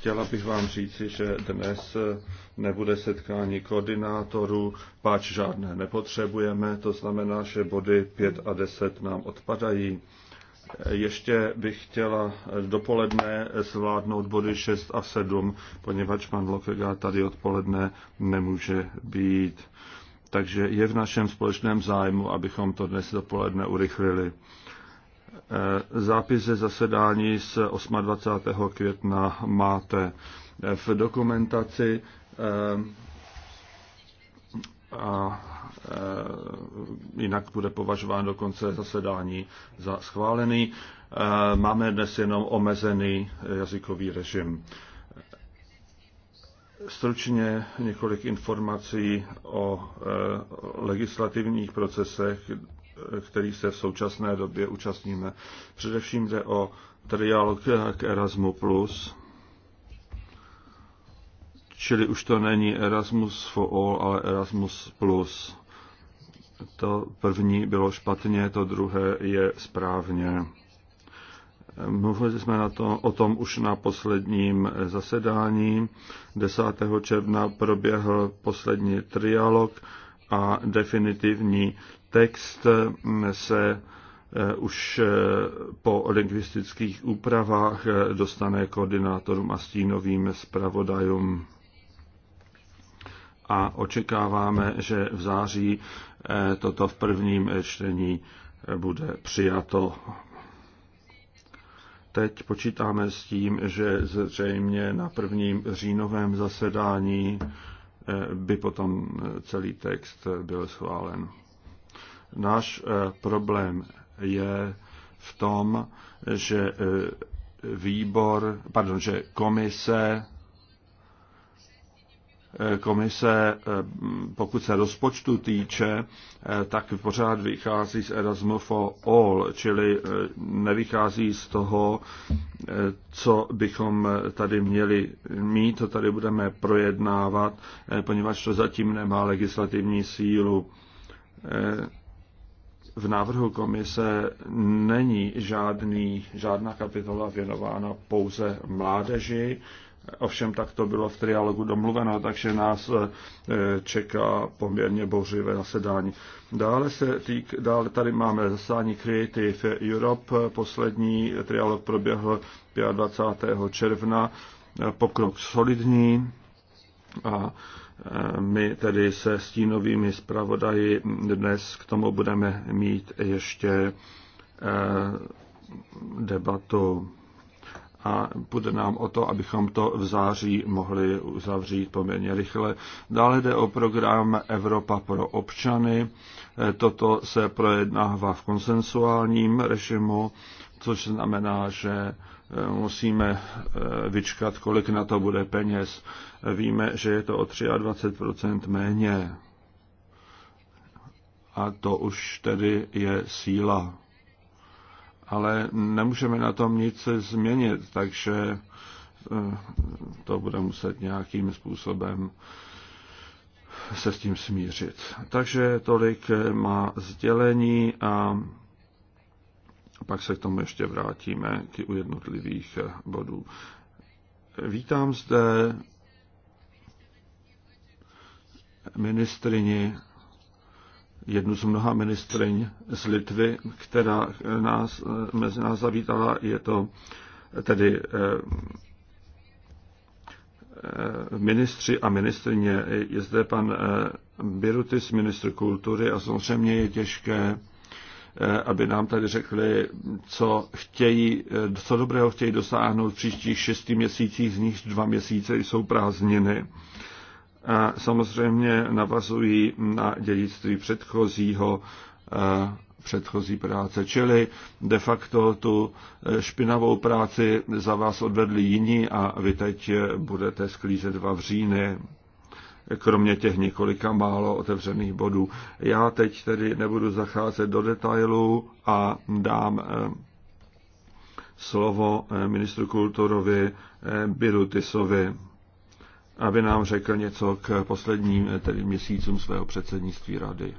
Chtěla bych vám říci, že dnes eh, nebude setkání koordinátorů, páč žádné nepotřebujeme, to znamená, že body 5 a 10 nám odpadají. Eh, ještě bych chtěla eh, dopoledne zvládnout body 6 a 7, poněvadž pan Lokega tady odpoledne nemůže být. Takže je v našem společném zájmu, abychom to dnes dopoledne urychlili. Eh, zápis ze zasedání z 28. května máte v dokumentaci eh, a eh, jinak bude považován do konce zasedání za schválený. Máme dnes jenom omezený jazykový režim. Stručně několik informací o legislativních procesech který se v současné době účastníme. Především jde o trialog k Erasmu+, čili už to není Erasmus for all, ale Erasmus+. Plus. To první bylo špatně, to druhé je správně. Mluvili jsme na to, o tom už na posledním zasedání. 10. června proběhl poslední trialog a definitivní text mm, se eh, už eh, po lingvistických úpravách eh, dostane koordinátorům a stínovým zpravodajům. A očekáváme, že v září toto v prvním čtení bude přijato. Teď počítáme s tím, že zřejmě na prvním říjnovém zasedání by potom celý text byl schválen. Náš eh, problém je v tom, že eh, výbor, pardon, že komise eh, komise, pokud se rozpočtu týče, tak pořád vychází z Erasmus for All, čili nevychází z toho, co bychom tady měli mít, to tady budeme projednávat, poněvadž to zatím nemá legislativní sílu v návrhu komise není žádný, žádná kapitola věnována pouze mládeži, ovšem tak to bylo v trialogu domluveno, takže nás e, čeká poměrně bouřivé zasedání. Dále, se týk, dále tady máme zasání Creative Europe. Poslední trialog proběhl 25. června. Pokrok solidní a my tedy se stínovými zpravodaji dnes k tomu budeme mít ještě eh, debatu a bude nám o to, abychom to v září mohli uzavřít poměrně rychle. Dále jde o program Evropa pro občany. Eh, toto se projednává v konsensuálním režimu, což znamená, že musíme eh, vyčkat, kolik na to bude peněz. Víme, že je to o 23% méně. A to už tedy je síla. Ale nemůžeme na tom nic změnit, takže eh, to bude muset nějakým způsobem se s tím smířit. Takže tolik má sdělení a pak se k tomu ještě vrátíme k jednotlivých eh, bodů. Vítám zde ministrini, jednu z mnoha ministrin z Litvy, která eh, nás, eh, mezi nás zavítala. Je to tedy ministři a ministrině. Je zde pan Birutis, ministr kultury a samozřejmě je těžké Eh, aby nám tady řekli, co chtějí, eh, co dobrého chtějí dosáhnout v příštích šesti měsících, z nich dva měsíce jsou prázdniny. A samozřejmě navazují na dědictví předchozího eh, předchozí práce. Čili de facto tu špinavou práci za vás odvedli jiní a vy teď budete sklízet vavříny kromě těch několika málo otevřených bodů. Já teď tedy nebudu zacházet do detailů a dám eh, slovo eh, ministru kulturovi eh, Bilu Tisovi, aby nám řekl něco k posledním tedy měsícům svého předsednictví rady.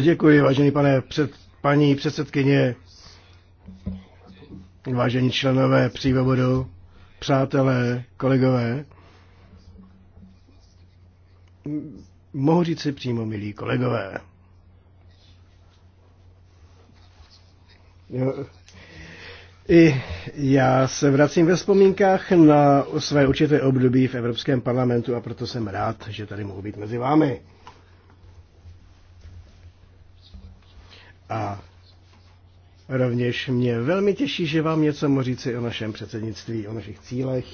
Děkuji, vážený pane před, paní předsedkyně vážení členové přívobodu, přátelé, kolegové, mohu říct si přímo, milí kolegové. Jo. I já se vracím ve vzpomínkách na své určité období v Evropském parlamentu a proto jsem rád, že tady mohu být mezi vámi. A Rovněž mě velmi těší, že vám něco mohu říci o našem předsednictví, o našich cílech.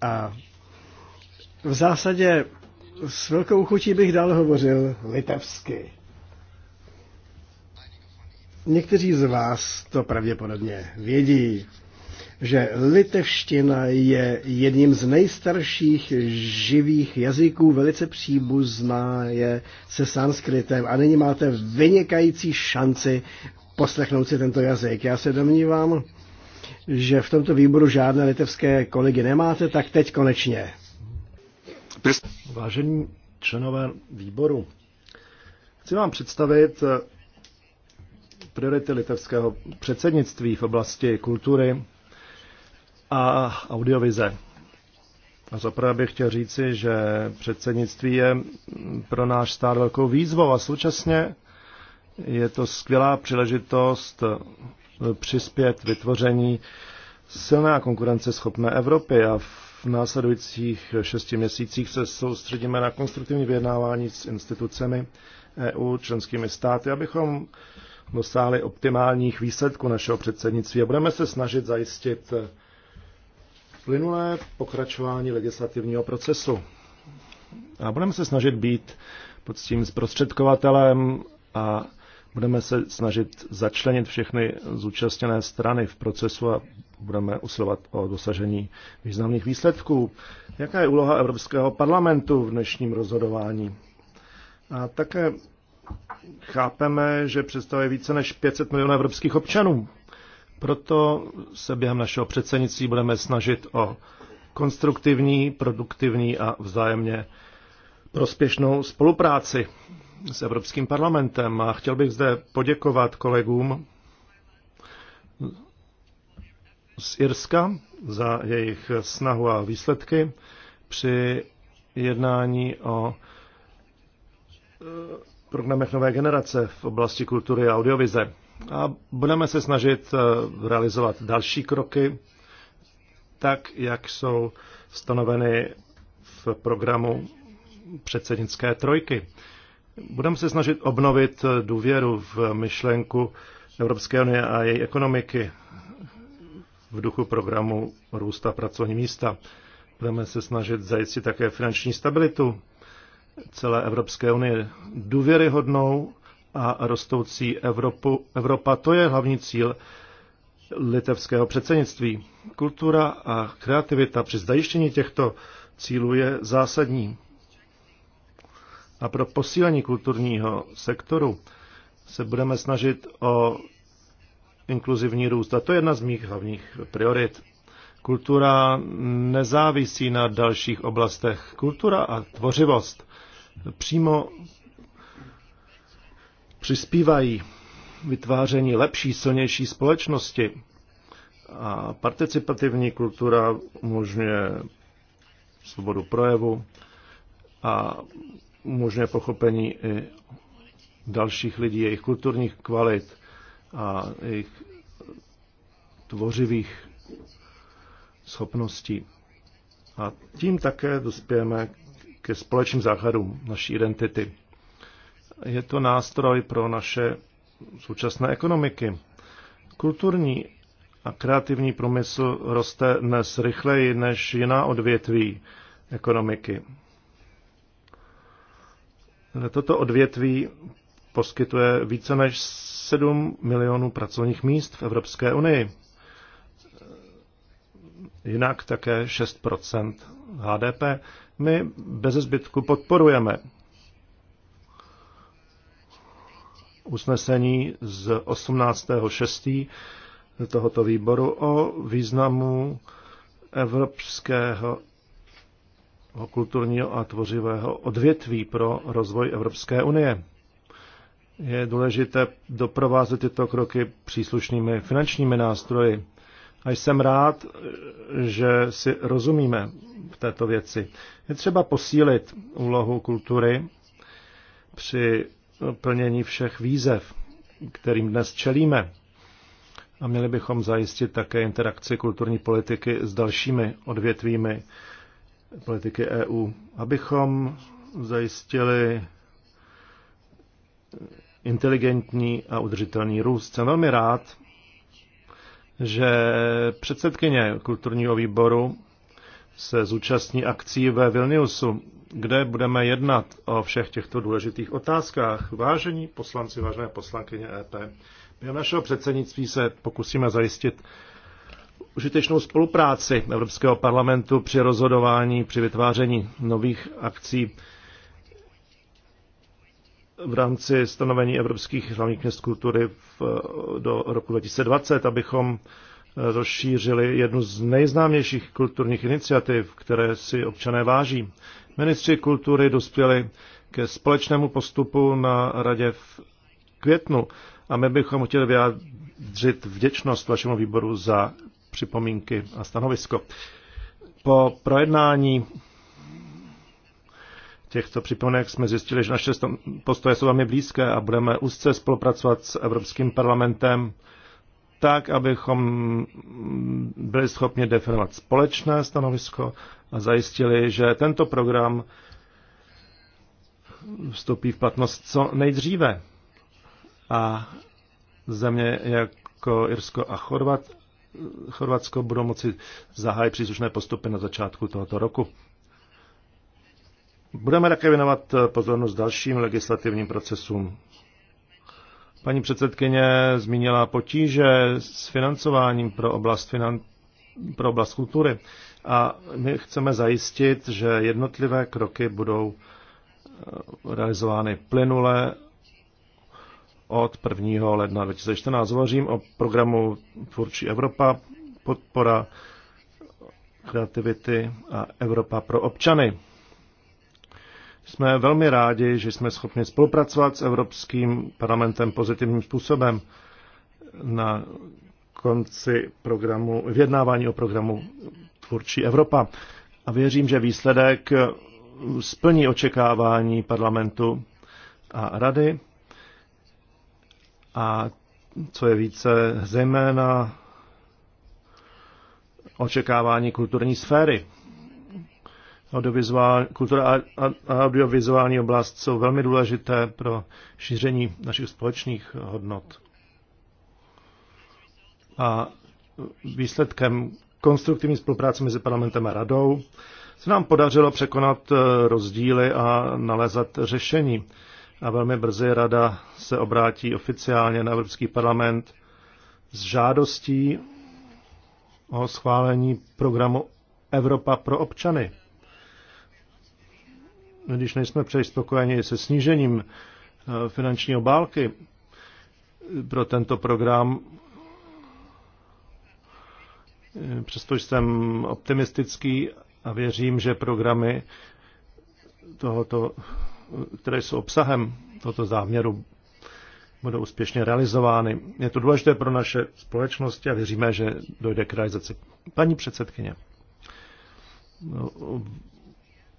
A v zásadě s velkou chutí bych dál hovořil litevsky. Někteří z vás to pravděpodobně vědí že litevština je jedním z nejstarších živých jazyků, velice příbuzná je se sanskritem a nyní máte vynikající šanci poslechnout si tento jazyk. Já se domnívám, že v tomto výboru žádné litevské kolegy nemáte, tak teď konečně. Vážení členové výboru, chci vám představit eh, priority litevského předsednictví v oblasti kultury, a audiovize. A zaprvé bych chtěl říci, že předsednictví je pro náš stát velkou výzvou a současně je to skvělá příležitost přispět vytvoření silné a konkurenceschopné Evropy a v následujících šesti měsících se soustředíme na konstruktivní vyjednávání s institucemi EU, členskými státy, abychom dosáhli optimálních výsledků našeho předsednictví a budeme se snažit zajistit plynulé pokračování legislativního procesu. A budeme se snažit být pod tím zprostředkovatelem a budeme se snažit začlenit všechny zúčastněné strany v procesu a budeme usilovat o dosažení významných výsledků. Jaká je úloha Evropského parlamentu v dnešním rozhodování? A také chápeme, že představuje více než 500 milionů evropských občanů. Proto se během našeho předsednictví budeme snažit o konstruktivní, produktivní a vzájemně prospěšnou spolupráci s Evropským parlamentem. A chtěl bych zde poděkovat kolegům z Irska za jejich snahu a výsledky při jednání o e, programech nové generace v oblasti kultury a audiovize a budeme se snažit eh, realizovat další kroky, tak jak jsou stanoveny v programu předsednické trojky. Budeme se snažit obnovit eh, důvěru v myšlenku Evropské unie a její ekonomiky v duchu programu Růsta pracovní místa. Budeme se snažit zajistit také finanční stabilitu celé Evropské unie důvěryhodnou a rostoucí Evropu. Evropa, to je hlavní cíl litevského předsednictví. Kultura a kreativita při zajištění těchto cílů je zásadní. A pro posílení kulturního sektoru se budeme snažit o inkluzivní růst. A to je jedna z mých hlavních priorit. Kultura nezávisí na dalších oblastech. Kultura a tvořivost přímo přispívají vytváření lepší, silnější společnosti. A participativní kultura umožňuje svobodu projevu a umožňuje pochopení i dalších lidí, jejich kulturních kvalit a jejich tvořivých schopností. A tím také dospějeme ke společným základům naší identity. Je to nástroj pro naše současné ekonomiky. Kulturní a kreativní průmysl roste dnes rychleji než jiná odvětví ekonomiky. Toto odvětví poskytuje více než 7 milionů pracovních míst v Evropské unii. Jinak také 6 HDP. My bez zbytku podporujeme usnesení z 18.6. tohoto výboru o významu evropského kulturního a tvořivého odvětví pro rozvoj Evropské unie. Je důležité doprovázet tyto kroky příslušnými finančními nástroji. A jsem rád, že si rozumíme v této věci. Je třeba posílit úlohu kultury při plnění všech výzev, kterým dnes čelíme. A měli bychom zajistit také interakci kulturní politiky s dalšími odvětvími politiky EU, abychom zajistili inteligentní a udržitelný růst. Jsem velmi rád, že předsedkyně kulturního výboru se zúčastní akcí ve Vilniusu kde budeme jednat o všech těchto důležitých otázkách. Vážení poslanci, vážené poslankyně EP, během našeho předsednictví se pokusíme zajistit užitečnou spolupráci Evropského parlamentu při rozhodování, při vytváření nových akcí v rámci stanovení evropských hlavních měst kultury v, do roku 2020, abychom rozšířili jednu z nejznámějších kulturních iniciativ, které si občané váží. Ministři kultury dospěli ke společnému postupu na radě v květnu a my bychom chtěli vyjádřit vděčnost vašemu výboru za připomínky a stanovisko. Po projednání těchto připomínek jsme zjistili, že naše postoje jsou velmi blízké a budeme úzce spolupracovat s Evropským parlamentem tak, abychom byli schopni definovat společné stanovisko a zajistili, že tento program vstoupí v platnost co nejdříve. A země jako Irsko a Chorvat, Chorvatsko budou moci zahájit příslušné postupy na začátku tohoto roku. Budeme také věnovat pozornost dalším legislativním procesům Paní předsedkyně zmínila potíže s financováním pro oblast, finan... pro oblast kultury a my chceme zajistit, že jednotlivé kroky budou eh, realizovány plynule od 1. ledna 2014. Hovořím o programu Tvůrčí Evropa, podpora kreativity a Evropa pro občany. Jsme velmi rádi, že jsme schopni spolupracovat s Evropským parlamentem pozitivním způsobem na konci programu, vyjednávání o programu Tvůrčí Evropa. A věřím, že výsledek splní očekávání parlamentu a rady. A co je více, zejména očekávání kulturní sféry audiovizuální, kultura a audiovizuální oblast jsou velmi důležité pro šíření našich společných hodnot. A výsledkem konstruktivní spolupráce mezi parlamentem a radou se nám podařilo překonat eh, rozdíly a nalézat řešení. A velmi brzy rada se obrátí oficiálně na Evropský parlament s žádostí o schválení programu Evropa pro občany když nejsme příliš spokojeni se snížením eh, finanční obálky pro tento program, eh, přestože jsem optimistický a věřím, že programy tohoto, které jsou obsahem tohoto záměru, budou úspěšně realizovány. Je to důležité pro naše společnosti a věříme, že dojde k realizaci. Paní předsedkyně, no,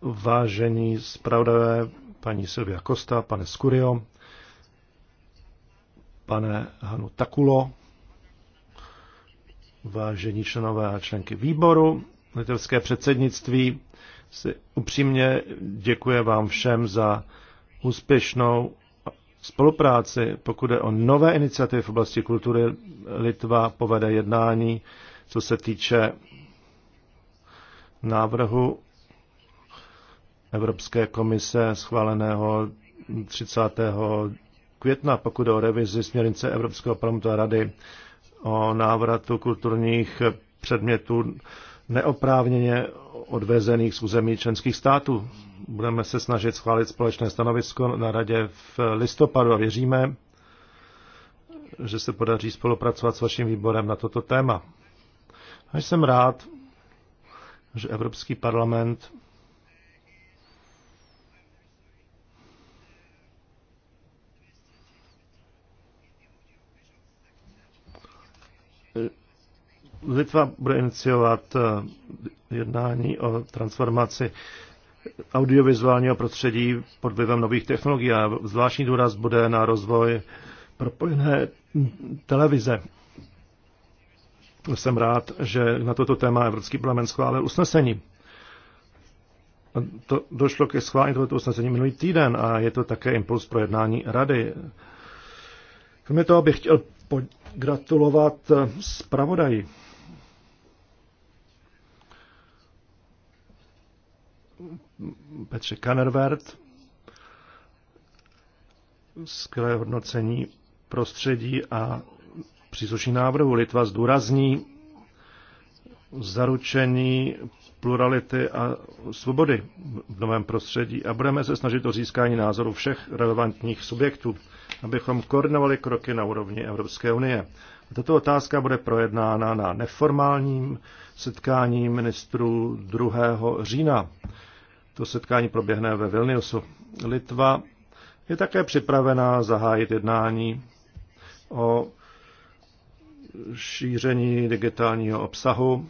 vážení zpravodajové, paní Silvia Kosta, pane Skurio, pane Hanu Takulo, vážení členové a členky výboru, litevské předsednictví si upřímně děkuje vám všem za úspěšnou spolupráci. Pokud je o nové iniciativy v oblasti kultury, Litva povede jednání, co se týče návrhu Evropské komise schváleného 30. května, pokud o revizi směrnice Evropského parlamentu a rady o návratu kulturních předmětů neoprávněně odvezených z území členských států. Budeme se snažit schválit společné stanovisko na radě v listopadu a věříme, že se podaří spolupracovat s vaším výborem na toto téma. A jsem rád, že Evropský parlament Litva bude iniciovat eh, jednání o transformaci audiovizuálního prostředí pod vlivem nových technologií a zvláštní důraz bude na rozvoj propojené televize. Jsem rád, že na toto téma Evropský parlament schválil usnesení. To došlo ke schválení tohoto usnesení minulý týden a je to také impuls pro jednání rady. Kromě toho bych chtěl gratulovat eh, zpravodaji. Petře Kanervert. Skvělé hodnocení prostředí a příslušný návrhu. Litva zdůrazní zaručení plurality a svobody v novém prostředí a budeme se snažit o získání názoru všech relevantních subjektů, abychom koordinovali kroky na úrovni Evropské unie. Tato otázka bude projednána na neformálním setkání ministrů 2. října. To setkání proběhne ve Vilniusu. Litva je také připravená zahájit jednání o šíření digitálního obsahu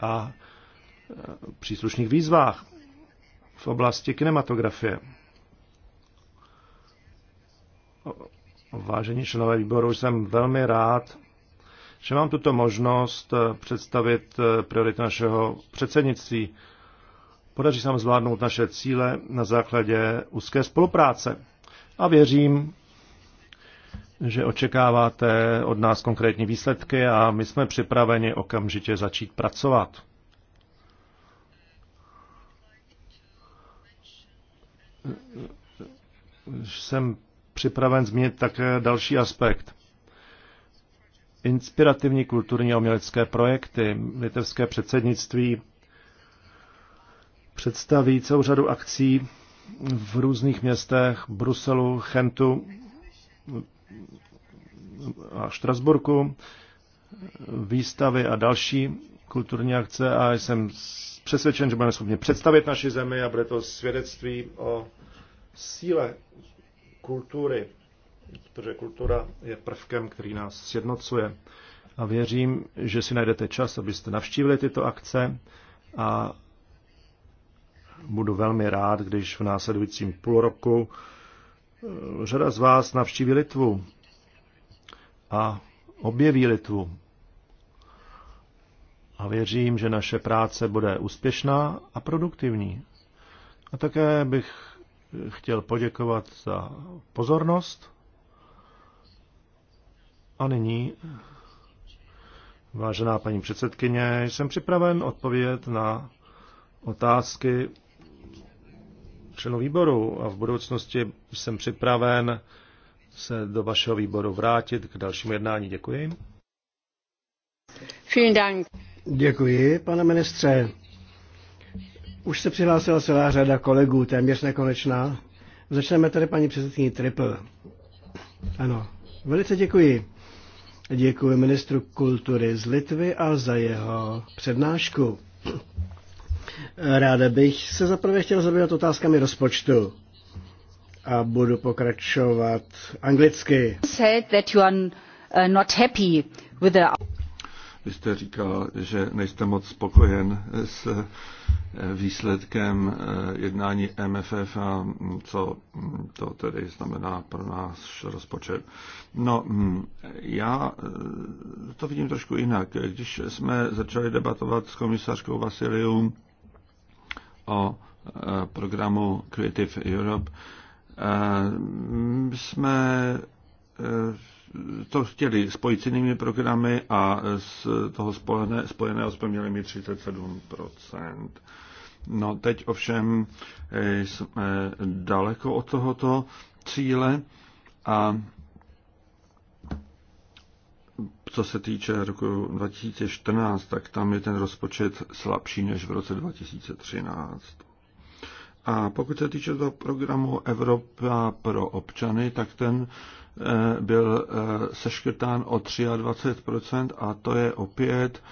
a e, příslušných výzvách v oblasti kinematografie. Vážení členové výboru, jsem velmi rád, že mám tuto možnost e, představit e, priority našeho předsednictví Podaří se nám zvládnout naše cíle na základě úzké spolupráce. A věřím, že očekáváte od nás konkrétní výsledky a my jsme připraveni okamžitě začít pracovat. Jsem připraven změnit také další aspekt. Inspirativní kulturní a umělecké projekty. Litevské předsednictví představí celou řadu akcí v různých městech, Bruselu, Chentu a Štrasburku, výstavy a další kulturní akce a jsem přesvědčen, že budeme schopni představit naši zemi a bude to svědectví o síle kultury, protože kultura je prvkem, který nás sjednocuje. A věřím, že si najdete čas, abyste navštívili tyto akce a budu velmi rád, když v následujícím půl roku eh, řada z vás navštíví Litvu a objeví Litvu. A věřím, že naše práce bude úspěšná a produktivní. A také bych chtěl poděkovat za pozornost. A nyní, vážená paní předsedkyně, jsem připraven odpovědět na otázky členů výboru a v budoucnosti jsem připraven se do vašeho výboru vrátit k dalšímu jednání. Děkuji. Děkuji, pane ministře. Už se přihlásila celá řada kolegů, téměř nekonečná. Začneme tady paní předsedkyní Triple. Ano, velice děkuji. Děkuji ministru kultury z Litvy a za jeho přednášku. Ráda bych se zaprvé chtěl zabývat otázkami rozpočtu. A budu pokračovat anglicky. Said that you are uh, not happy with the... Vy jste říkal, že nejste moc spokojen s eh, výsledkem eh, jednání MFF a mm, co mm, to tedy znamená pro nás rozpočet. No, mm, já eh, to vidím trošku jinak. Když jsme začali debatovat s komisařkou Vasilium o e, programu Creative Europe, e, jsme e, to chtěli spojit s jinými programy a z toho spojené, spojeného jsme měli mít 37%. No teď ovšem jsme daleko od tohoto cíle a co se týče roku 2014, tak tam je ten rozpočet slabší než v roce 2013. A pokud se týče toho programu Evropa pro občany, tak ten eh, byl eh, seškrtán o 23% a to je opět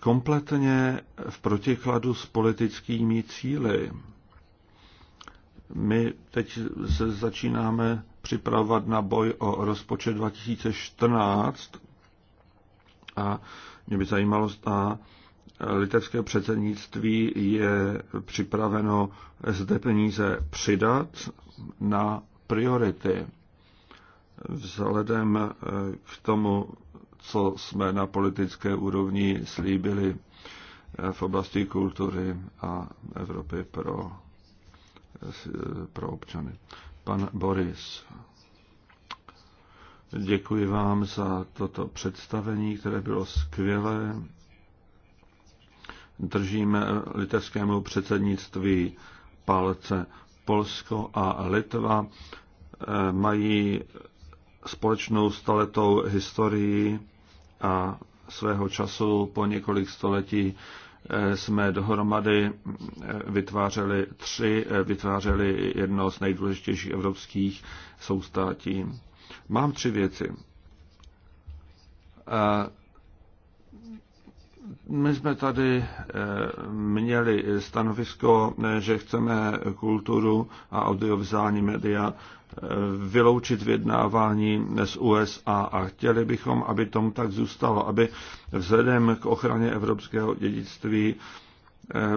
kompletně v protikladu s politickými cíly. My teď se začínáme připravovat na boj o rozpočet 2014 a mě by zajímalo, zda litevské předsednictví je připraveno zde peníze přidat na priority. Vzhledem eh, k tomu, co jsme na politické úrovni slíbili eh, v oblasti kultury a Evropy pro, eh, pro občany. Pan Boris. Děkuji vám za toto představení, které bylo skvělé. Držíme litevskému předsednictví palce. Polsko a Litva eh, mají společnou staletou historii a svého času po několik století eh, jsme dohromady eh, vytvářeli tři, vytvářeli jedno z nejdůležitějších evropských soustátí. Mám tři věci. Eh, my jsme tady eh, měli stanovisko, eh, že chceme kulturu a audiovizuální média vyloučit vyjednávání z USA a chtěli bychom, aby tomu tak zůstalo, aby vzhledem k ochraně evropského dědictví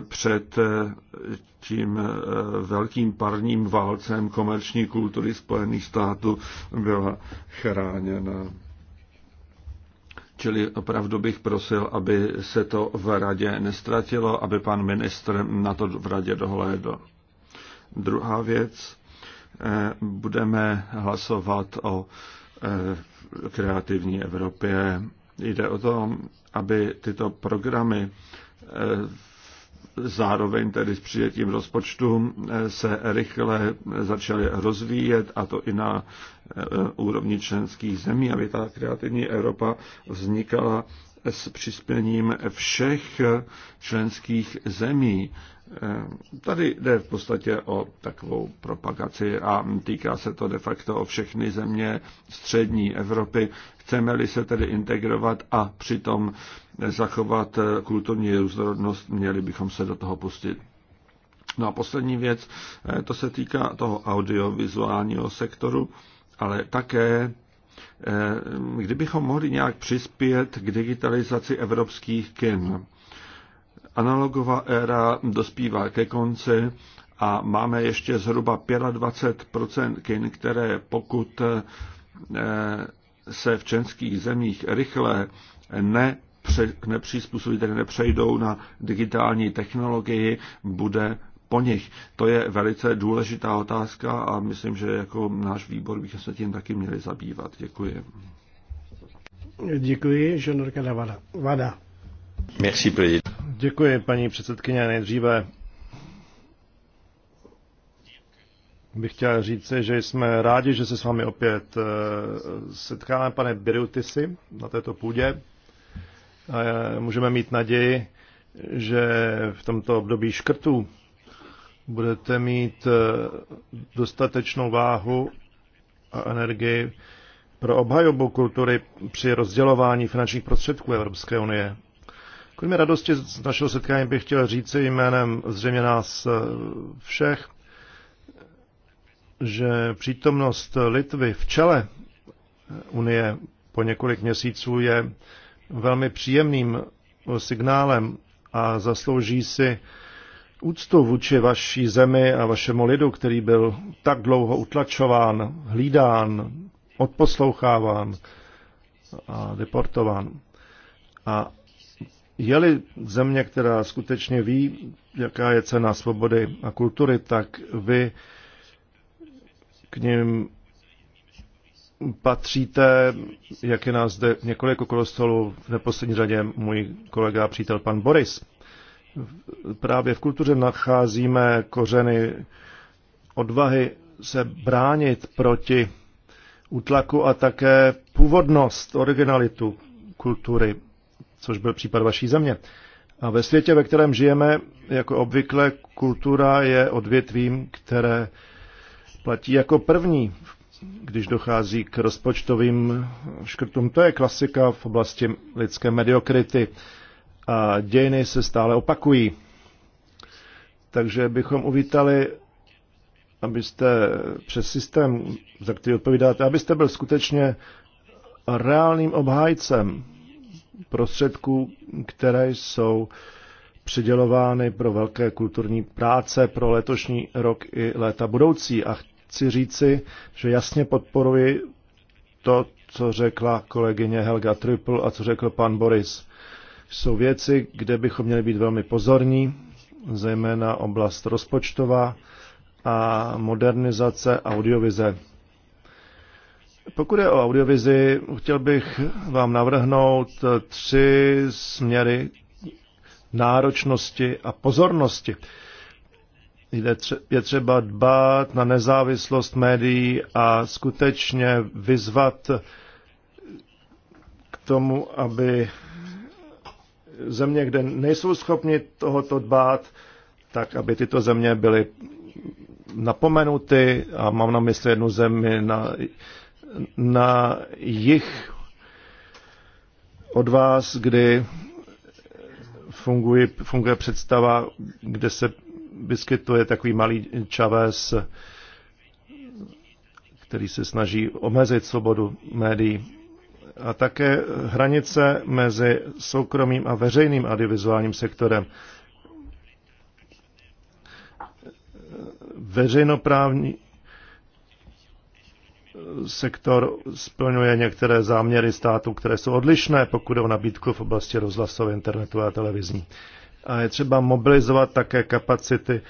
před eh, tím eh, velkým parním válcem komerční kultury Spojených států byla chráněna. Čili opravdu bych prosil, aby se to v radě nestratilo, aby pan ministr na to v radě dohlédl. Druhá věc, eh, budeme hlasovat o kreativní Evropě. Jde o to, aby tyto programy zároveň tedy s přijetím rozpočtu eh, se rychle eh, začaly rozvíjet, a to i na eh, úrovni členských zemí, aby ta kreativní Evropa vznikala s přispěním všech členských zemí Ehm, tady jde v podstatě o takovou propagaci a týká se to de facto o všechny země střední Evropy. Chceme-li se tedy integrovat a přitom zachovat kulturní různorodnost, měli bychom se do toho pustit. No a poslední věc, eh, to se týká toho audiovizuálního sektoru, ale také eh, kdybychom mohli nějak přispět k digitalizaci evropských kin Analogová éra dospívá ke konci a máme ještě zhruba 25 kin, které pokud eh, se v českých zemích rychle ne nepřizpůsobí, tedy nepřejdou na digitální technologii, bude po nich. To je velice důležitá otázka a myslím, že jako náš výbor bychom se tím taky měli zabývat. Děkuji. Děkuji, Žonorka Vada. Vada. Merci, prezident. Děkuji, paní předsedkyně. Nejdříve bych chtěl říci, že jsme rádi, že se s vámi opět eh, setkáme, pane Birutisi, na této půdě. A eh, můžeme mít naději, že v tomto období škrtů budete mít eh, dostatečnou váhu a energii pro obhajobu kultury při rozdělování finančních prostředků Evropské unie. Kromě radosti z našeho setkání bych chtěl říct jménem zřejmě nás eh, všech, že přítomnost Litvy v čele eh, Unie po několik měsíců je velmi příjemným eh, signálem a zaslouží si úctu vůči vaší zemi a vašemu lidu, který byl tak dlouho utlačován, hlídán, odposloucháván a deportován. A je-li země, která skutečně ví, jaká je cena svobody a kultury, tak vy k ním patříte, jak je nás zde několik okolo stolu, v neposlední řadě můj kolega a přítel pan Boris. Právě v kultuře nacházíme kořeny odvahy se bránit proti útlaku a také původnost, originalitu kultury což byl případ vaší země. A ve světě, ve kterém žijeme, jako obvykle, kultura je odvětvím, které platí jako první, když dochází k rozpočtovým škrtům. To je klasika v oblasti lidské mediokrity. A dějiny se stále opakují. Takže bychom uvítali, abyste přes systém, za který odpovídáte, abyste byl skutečně reálným obhájcem prostředků, které jsou přidělovány pro velké kulturní práce pro letošní rok i léta budoucí. A chci říci, že jasně podporuji to, co řekla kolegyně Helga Triple a co řekl pan Boris. Jsou věci, kde bychom měli být velmi pozorní, zejména oblast rozpočtová a modernizace audiovize. Pokud je o audiovizi, chtěl bych vám navrhnout tři směry náročnosti a pozornosti. Je třeba dbát na nezávislost médií a skutečně vyzvat k tomu, aby země, kde nejsou schopni tohoto dbát, tak aby tyto země byly napomenuty a mám na mysli jednu zemi na na jich od vás, kdy funguje, funguje představa, kde se vyskytuje takový malý Čavez, který se snaží omezit svobodu médií. A také hranice mezi soukromým a veřejným audiovizuálním sektorem. Veřejnoprávní sektor splňuje některé záměry států, které jsou odlišné, pokud o nabídku v oblasti rozhlasové, internetu a televizní. A je třeba mobilizovat také kapacity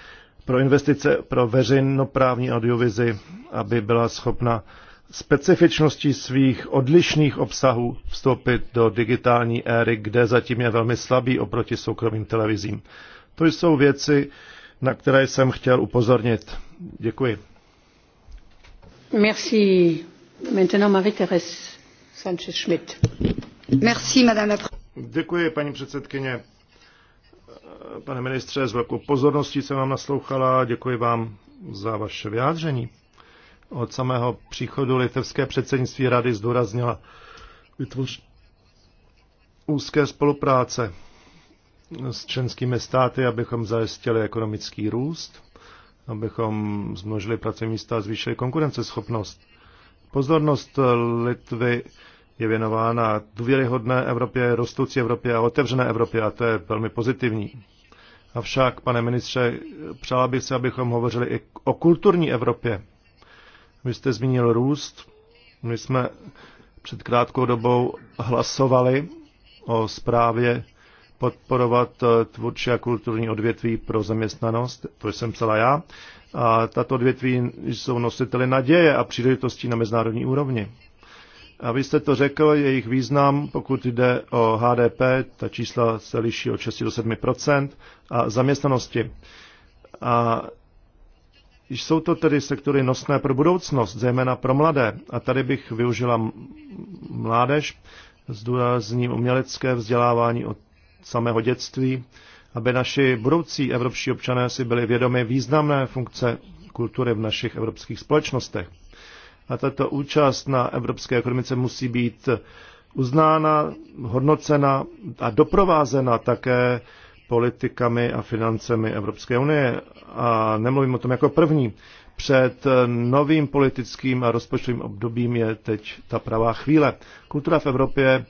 pro investice pro veřejnoprávní audiovizi, aby byla schopna specifičností svých odlišných obsahů vstoupit do digitální éry, kde zatím je velmi slabý oproti soukromým televizím. To jsou věci, na které jsem chtěl upozornit. Děkuji. Děkuji, paní předsedkyně. Pane ministře, s velkou pozorností jsem vám naslouchala. Děkuji vám za vaše vyjádření. Od samého příchodu litevské předsednictví rady zdůraznila vytvoř úzké spolupráce s členskými státy, abychom zajistili ekonomický růst abychom zmnožili pracovní místa a zvýšili konkurenceschopnost. Pozornost Litvy je věnována důvěryhodné Evropě, rostoucí Evropě a otevřené Evropě a to je velmi pozitivní. Avšak, pane ministře, přála bych se, abychom hovořili i o kulturní Evropě. Vy jste zmínil růst. My jsme před krátkou dobou hlasovali o zprávě podporovat eh, tvůrčí a kulturní odvětví pro zaměstnanost, to jsem psala já. A tato odvětví jsou nositeli naděje a příležitostí na mezinárodní úrovni. A vy jste to řekl, jejich význam, pokud jde o HDP, ta čísla se liší od 6 do 7 a zaměstnanosti. A jsou to tedy sektory nosné pro budoucnost, zejména pro mladé. A tady bych využila mládež, zdůrazním umělecké vzdělávání od samého dětství, aby naši budoucí evropští občané si byli vědomi významné funkce kultury v našich evropských společnostech. A tato účast na evropské ekonomice musí být uznána, hodnocena a doprovázena také politikami a financemi Evropské unie. A nemluvím o tom jako první. Před novým politickým a rozpočtovým obdobím je teď ta pravá chvíle. Kultura v Evropě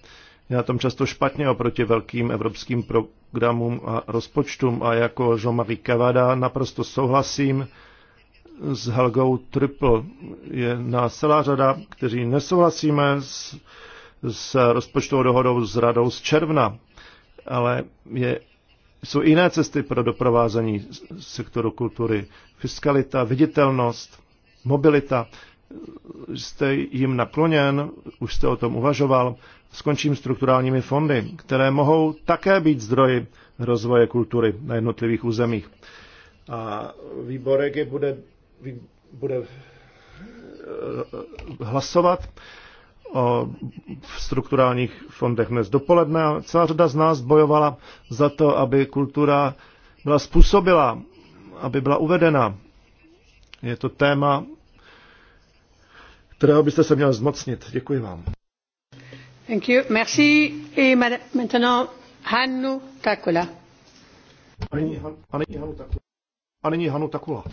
je na tom často špatně oproti velkým evropským programům a rozpočtům. A jako Jean-Marie Cavada naprosto souhlasím s Helgou Triple. Je na celá řada, kteří nesouhlasíme s, s rozpočtovou dohodou s radou z června, ale je, jsou jiné cesty pro doprovázení sektoru kultury. Fiskalita, viditelnost, mobilita jste jim nakloněn, už jste o tom uvažoval, skončím strukturálními fondy, které mohou také být zdroji rozvoje kultury na jednotlivých územích. A výborek je bude, bude eh, hlasovat o strukturálních fondech dnes dopoledne. Celá řada z nás bojovala za to, aby kultura byla způsobila, aby byla uvedena. Je to téma, kterého byste se měl zmocnit. Děkuji vám. Thank you. Merci. Et maintenant, Hannu Takula. A nyní, a nyní Hannu Takula. A nyní Hannu Takula.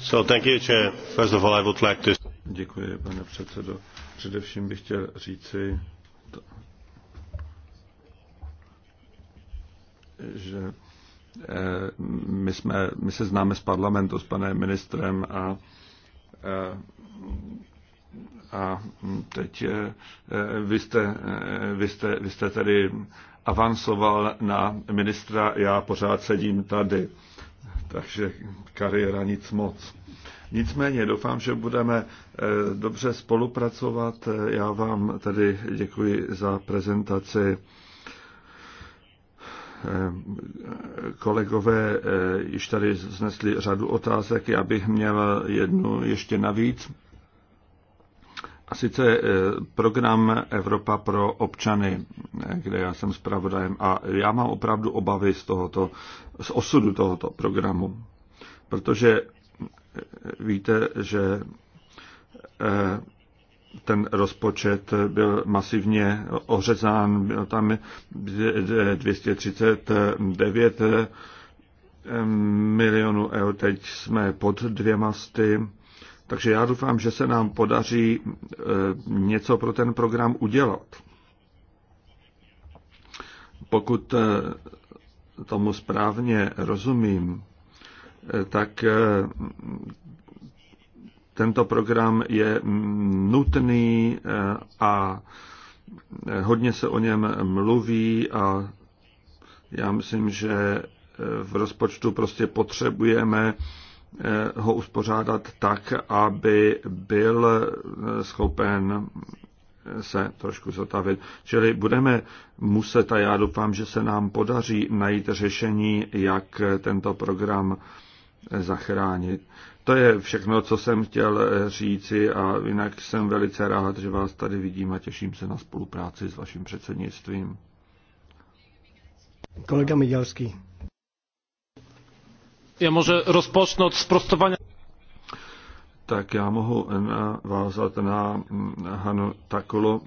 So, thank you, Chair. First of all, I would like to... Děkuji, pane předsedo. Především bych chtěl říci, to, že eh, my, jsme, my se známe s parlamentu, s panem ministrem a eh, a teď eh, eh, vy jste, vy jste, vy jste tedy avansoval na ministra, já pořád sedím tady. Takže kariéra nic moc. Nicméně doufám, že budeme eh, dobře spolupracovat. Já vám tedy děkuji za prezentaci. Kolegové již tady znesli řadu otázek, já bych měl jednu ještě navíc. A sice eh, program Evropa pro občany, eh, kde já jsem zpravodajem a já mám opravdu obavy z, tohoto, z osudu tohoto programu, protože eh, víte, že ten rozpočet byl masivně ořezán, byl tam 239 milionů eur, teď jsme pod dvěma sty takže já doufám, že se nám podaří e, něco pro ten program udělat. Pokud e, tomu správně rozumím, e, tak tento program je nutný a hodně se o něm mluví a já myslím, že v rozpočtu prostě potřebujeme Eh, ho uspořádat tak, aby byl eh, schopen eh, se trošku zotavit. Čili budeme muset, a já doufám, že se nám podaří najít řešení, jak tento program zachránit. To je všechno, co jsem chtěl říci a jinak jsem velice rád, že vás tady vidím a těším se na spolupráci s vaším předsednictvím. Kolega Migalský. Já może rozpoczną od sprostowania. Tak já mohu vázat na mm, Hanu Takolo.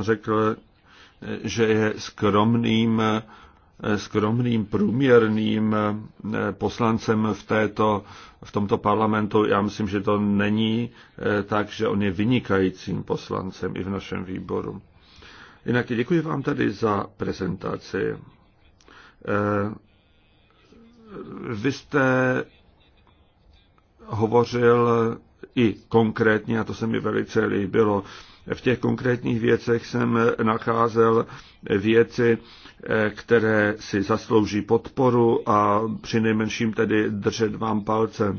Řekl, že je skromným, eh, skromným průměrným eh, poslancem v, této, v tomto parlamentu. Já myslím, že to není eh, tak, že on je vynikajícím poslancem i v našem výboru. Jinak děkuji vám tady za prezentaci vy jste hovořil i konkrétně, a to se mi velice líbilo, v těch konkrétních věcech jsem nacházel věci, které si zaslouží podporu a při nejmenším tedy držet vám palce.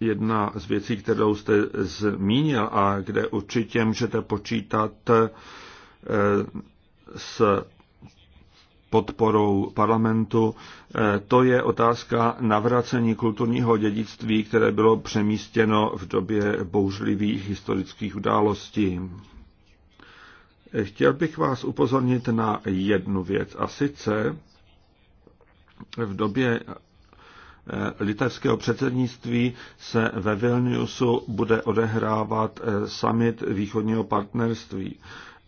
Jedna z věcí, kterou jste zmínil a kde určitě můžete počítat eh, s podporou parlamentu, e, to je otázka navracení kulturního dědictví, které bylo přemístěno v době bouřlivých historických událostí. E, chtěl bych vás upozornit na jednu věc, a sice v době e, litevského předsednictví se ve Vilniusu bude odehrávat summit východního partnerství.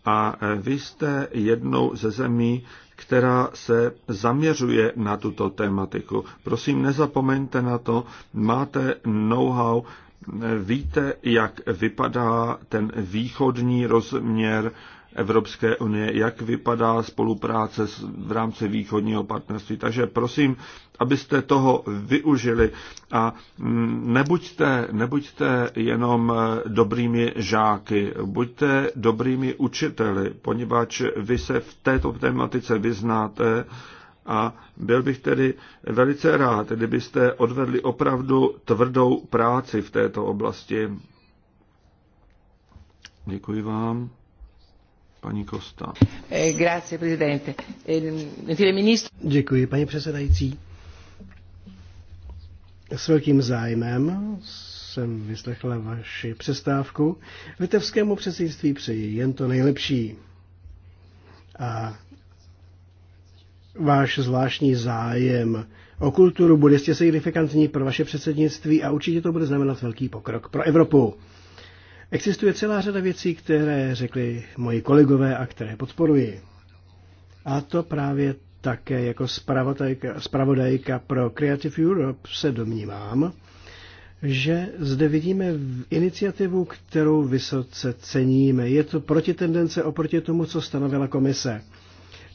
A vy jste jednou ze zemí, která se zaměřuje na tuto tématiku. Prosím, nezapomeňte na to, máte know-how, víte, jak vypadá ten východní rozměr Evropské unie, jak vypadá spolupráce v rámci východního partnerství. Takže prosím, abyste toho využili a mm, nebuďte, nebuďte jenom eh, dobrými žáky, buďte dobrými učiteli, poněvadž vy se v této tematice vyznáte a byl bych tedy velice rád, kdybyste odvedli opravdu tvrdou práci v této oblasti. Děkuji vám. Paní eh, eh, Děkuji, paní předsedající. S velkým zájmem jsem vyslechla vaši přestávku. Litevskému předsednictví přeji jen to nejlepší. A váš zvláštní zájem o kulturu bude jistě signifikantní pro vaše předsednictví a určitě to bude znamenat velký pokrok pro Evropu. Existuje celá řada věcí, které řekli moji kolegové a které podporuji. A to právě také jako spravodajka, pro Creative Europe se domnívám, že zde vidíme iniciativu, kterou vysoce ceníme. Je to protitendence oproti tomu, co stanovila komise.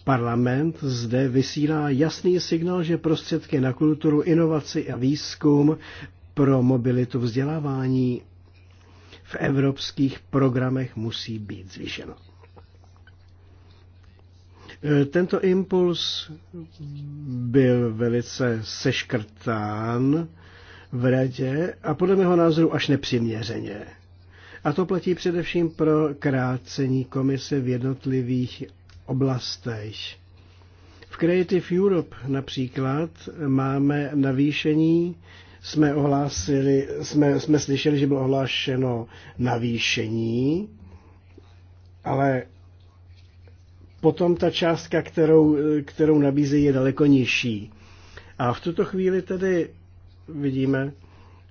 Parlament zde vysílá jasný signál, že prostředky na kulturu, inovaci a výzkum pro mobilitu vzdělávání v evropských programech musí být zvýšeno. E, tento impuls byl velice seškrtán v radě a podle mého názoru až nepřiměřeně. A to platí především pro krácení komise v jednotlivých oblastech. V Creative Europe například máme navýšení jsme, ohlásili, jsme, jsme slyšeli, že bylo ohlášeno navýšení, ale potom ta částka, kterou, kterou nabízejí, je daleko nižší. A v tuto chvíli tedy vidíme,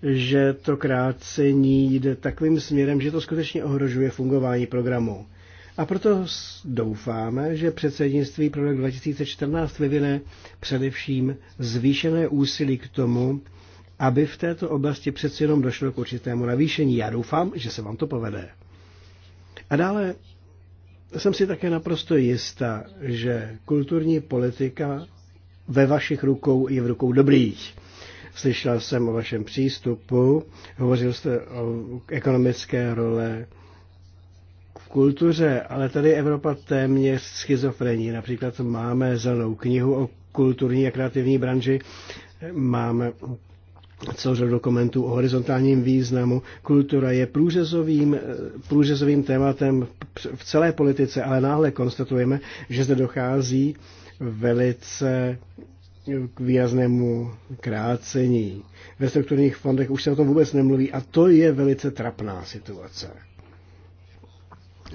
že to krácení jde takovým směrem, že to skutečně ohrožuje fungování programu. A proto doufáme, že předsednictví pro rok 2014 vyvine především zvýšené úsilí k tomu, aby v této oblasti přeci jenom došlo k určitému navýšení. Já doufám, že se vám to povede. A dále jsem si také naprosto jistá, že kulturní politika ve vašich rukou je v rukou dobrých. Slyšel jsem o vašem přístupu, hovořil jste o ekonomické role v kultuře, ale tady Evropa téměř schizofrení. Například máme zelenou knihu o kulturní a kreativní branži, máme celou řadu dokumentů o horizontálním významu. Kultura je průřezovým, eh, průřezovým tématem v celé politice, ale náhle konstatujeme, že zde dochází velice k výraznému krácení. Ve strukturních fondech už se o tom vůbec nemluví a to je velice trapná situace.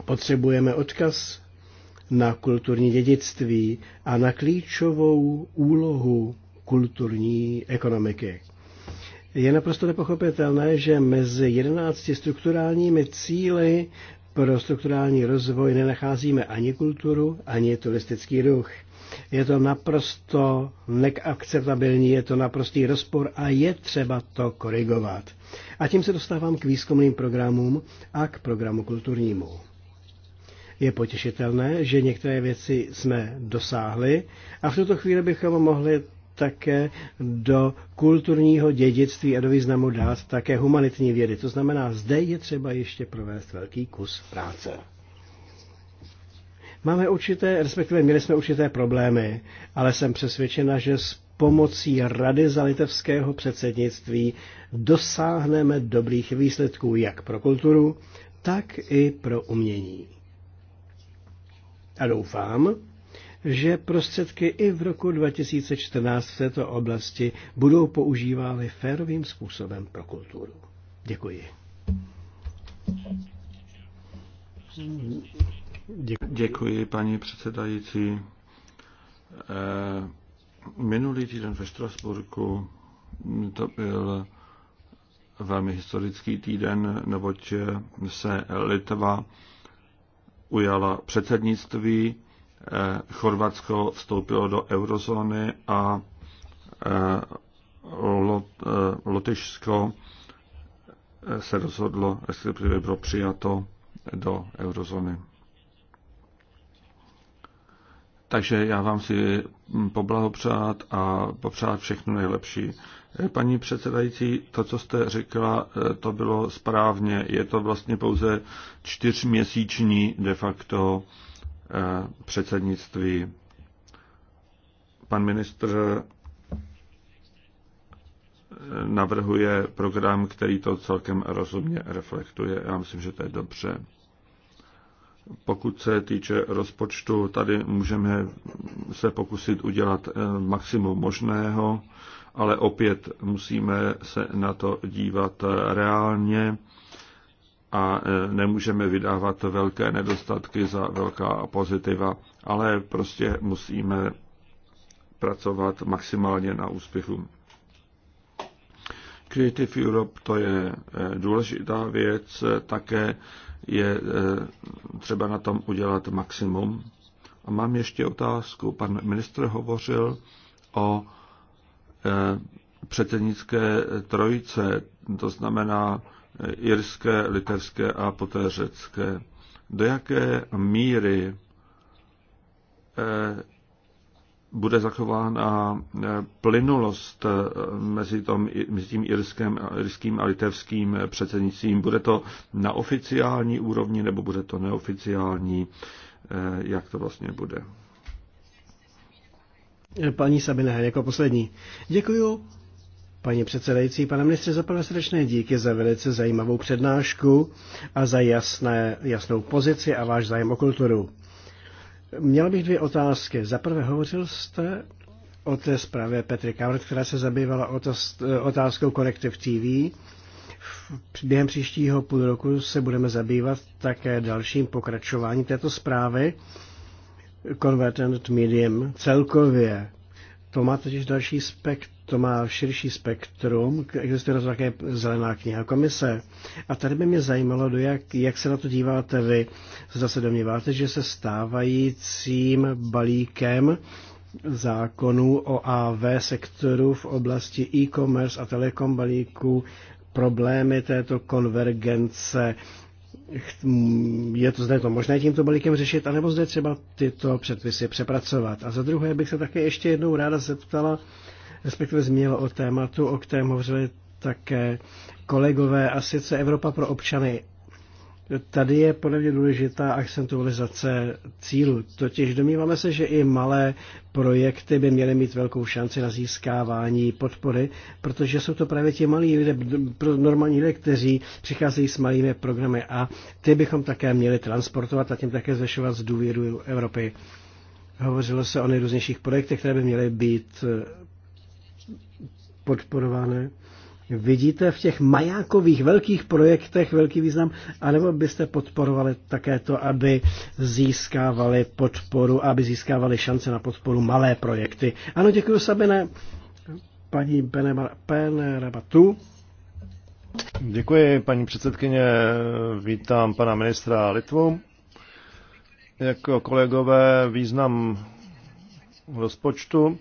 Potřebujeme odkaz na kulturní dědictví a na klíčovou úlohu kulturní ekonomiky. Je naprosto nepochopitelné, že mezi 11 strukturálními cíly pro strukturální rozvoj nenacházíme ani kulturu, ani turistický ruch. Je to naprosto neakceptabilní, je to naprostý rozpor a je třeba to korigovat. A tím se dostávám k výzkumným programům a k programu kulturnímu. Je potěšitelné, že některé věci jsme dosáhli a v tuto chvíli bychom mohli také do kulturního dědictví a do významu dát také humanitní vědy. To znamená, zde je třeba ještě provést velký kus práce. Máme určité, respektive měli jsme určité problémy, ale jsem přesvědčena, že s pomocí Rady za litevského předsednictví dosáhneme dobrých výsledků jak pro kulturu, tak i pro umění. A doufám, že prostředky i v roku 2014 v této oblasti budou používány férovým způsobem pro kulturu. Děkuji. Děkuji, paní předsedající. Eh, minulý týden ve Štrasburku to byl velmi historický týden, neboť se Litva ujala předsednictví Eh, Chorvatsko vstoupilo do eurozóny a eh, eh, Lotyšsko se rozhodlo, respektive bylo přijato do eurozóny. Takže já vám si poblahopřát a popřát všechno nejlepší. Paní předsedající, to, co jste řekla, to bylo správně. Je to vlastně pouze čtyřměsíční de facto Eh, předsednictví. Pan ministr eh, navrhuje program, který to celkem rozumně reflektuje. Já myslím, že to je dobře. Pokud se týče rozpočtu, tady můžeme se pokusit udělat eh, maximum možného, ale opět musíme se na to dívat reálně a e, nemůžeme vydávat velké nedostatky za velká pozitiva, ale prostě musíme pracovat maximálně na úspěchu. Creative Europe to je e, důležitá věc, e, také je třeba na tom udělat maximum. A mám ještě otázku. Pan ministr hovořil o předsednické trojice, to znamená irské, litevské a poté řecké. Do jaké míry eh, bude zachována eh, plynulost eh, mezi, tom, mezi tím irským, irským a litevským předsednictvím? Bude to na oficiální úrovni nebo bude to neoficiální? Jak to vlastně bude? Paní Sabine, jako poslední. Děkuju. Paní předsedající, pane ministře, za prvé srdečné díky za velice zajímavou přednášku a za jasné, jasnou pozici a váš zájem o kulturu. Měl bych dvě otázky. Za prvé hovořil jste o té zprávě Petry Kavrt, která se zabývala otázkou Connective TV. Během příštího půl roku se budeme zabývat také dalším pokračováním této zprávy Convertent Medium celkově to má totiž další spekt, to má širší spektrum, existuje na to také zelená kniha komise. A tady by mě zajímalo, do jak, jak se na to díváte vy. Zda se domníváte, že se stávajícím balíkem zákonů o AV sektoru v oblasti e-commerce a telekom balíku problémy této konvergence je to zde to možné tímto balíkem řešit, anebo zde třeba tyto předpisy přepracovat. A za druhé bych se také ještě jednou ráda zeptala, respektive zmínila o tématu, o kterém hovořili také kolegové, a sice Evropa pro občany. Tady je podle mě důležitá akcentualizace cílu. Totiž domníváme se, že i malé projekty by měly mít velkou šanci na získávání podpory, protože jsou to právě ti malí lidé, normální lidé, kteří přicházejí s malými programy a ty bychom také měli transportovat a tím také zvyšovat z důvěru Evropy. Hovořilo se o nejrůznějších projektech, které by měly být podporované vidíte v těch majákových velkých projektech velký význam, anebo byste podporovali také to, aby získávali podporu, aby získávali šance na podporu malé projekty. Ano, děkuji Sabine, paní Penerabatu. Děkuji, paní předsedkyně. Vítám pana ministra Litvu. Jako kolegové význam rozpočtu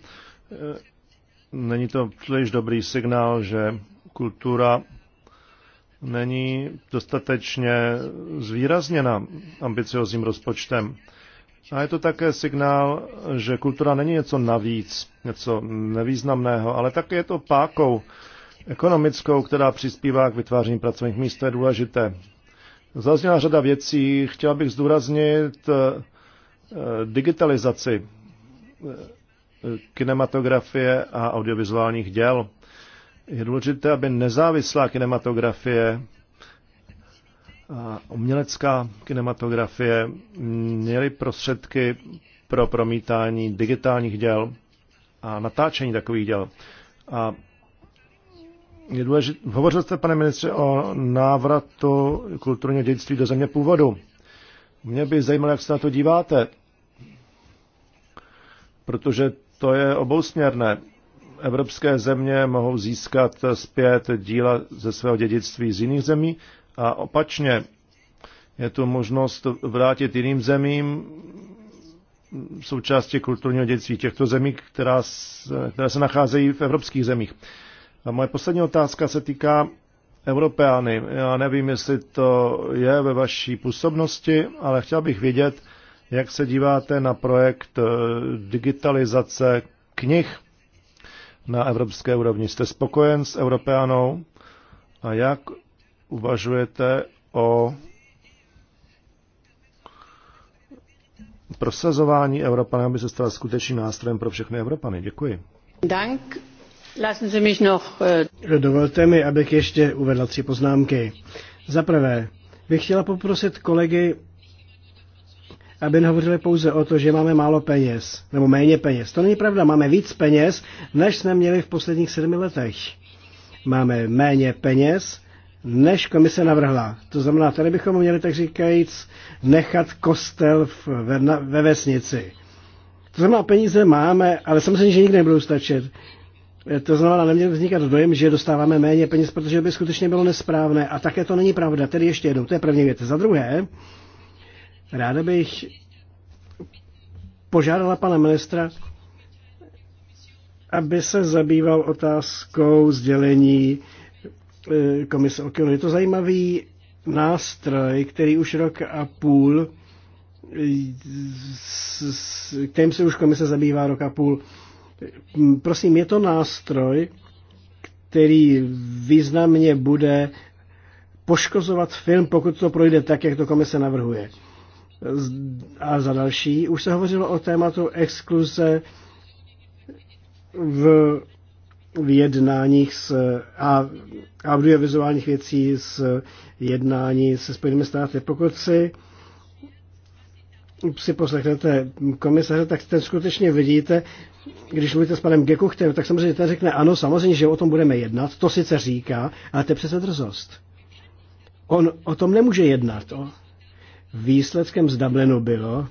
Není to příliš dobrý signál, že kultura není dostatečně zvýrazněna ambiciozním rozpočtem. A je to také signál, že kultura není něco navíc, něco nevýznamného, ale také je to pákou ekonomickou, která přispívá k vytváření pracovních míst. To je důležité. Zazněla řada věcí. Chtěla bych zdůraznit eh, digitalizaci eh, kinematografie a audiovizuálních děl je důležité, aby nezávislá kinematografie a umělecká kinematografie měly prostředky pro promítání digitálních děl a natáčení takových děl. A je důležité, hovořil jste, pane ministře, o návratu kulturního dědictví do země původu. Mě by zajímalo, jak se na to díváte, protože to je obousměrné evropské země mohou získat zpět díla ze svého dědictví z jiných zemí a opačně je tu možnost vrátit jiným zemím součástí kulturního dědictví těchto zemí, která se, které se nacházejí v evropských zemích. A moje poslední otázka se týká Europeány. Já nevím, jestli to je ve vaší působnosti, ale chtěl bych vědět, jak se díváte na projekt eh, digitalizace knih na evropské úrovni. Jste spokojen s Europeanou a jak uvažujete o prosazování Evropany, aby se stala skutečným nástrojem pro všechny Evropany? Děkuji. Dank. Lassen Sie mich noch... Eh, Dovolte mi, abych ještě uvedla tři poznámky. Za prvé, bych chtěla poprosit kolegy, aby nehovořili pouze o to, že máme málo peněz, nebo méně peněz. To není pravda, máme víc peněz, než jsme měli v posledních sedmi letech. Máme méně peněz, než komise navrhla. To znamená, tady bychom měli, tak říkajíc, nechat kostel v, ve, na, ve vesnici. To znamená, peníze máme, ale samozřejmě, že nikdy nebudou stačit. To znamená, neměl vznikat dojem, že dostáváme méně peněz, protože by skutečně bylo nesprávné. A také to není pravda. Tedy ještě jednou, to je první věc. Za druhé, Ráda bych požádala pana ministra, aby se zabýval otázkou sdělení eh, komise Okilu. Je to zajímavý nástroj, který už rok a půl, eh, kterým se už komise zabývá rok a půl. Hmm, prosím, je to nástroj, který významně bude poškozovat film, pokud to projde tak, jak to komise navrhuje. A za další, už se hovořilo o tématu exkluze v vyjednáních jednáních s, a audiovizuálních věcí s jednání se Spojenými státy. Pokud si, si poslechnete komisaře, tak ten skutečně vidíte, když mluvíte s panem Gekuchtem, tak samozřejmě ten řekne ano, samozřejmě, že o tom budeme jednat, to sice říká, ale to je přece drzost. On o tom nemůže jednat. O, Výsledkem z Dublinu bylo,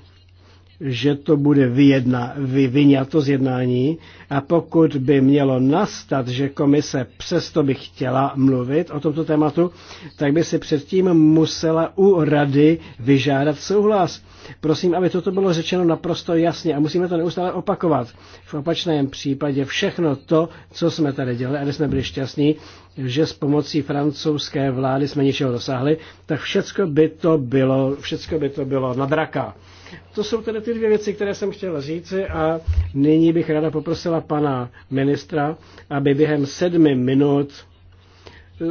že to bude vyjedna, vy, vyňato z jednání a pokud by mělo nastat, že komise přesto by chtěla mluvit o tomto tématu, tak by si předtím musela u rady vyžádat souhlas. Prosím, aby toto bylo řečeno naprosto jasně a musíme to neustále opakovat. V opačném případě všechno to, co jsme tady dělali a kde jsme byli šťastní, že s pomocí francouzské vlády jsme ničeho dosáhli, tak všecko by to bylo, všecko by to bylo na draka. To jsou tedy ty dvě věci, které jsem chtěla říci a nyní bych ráda poprosila pana ministra, aby během sedmi minut eh,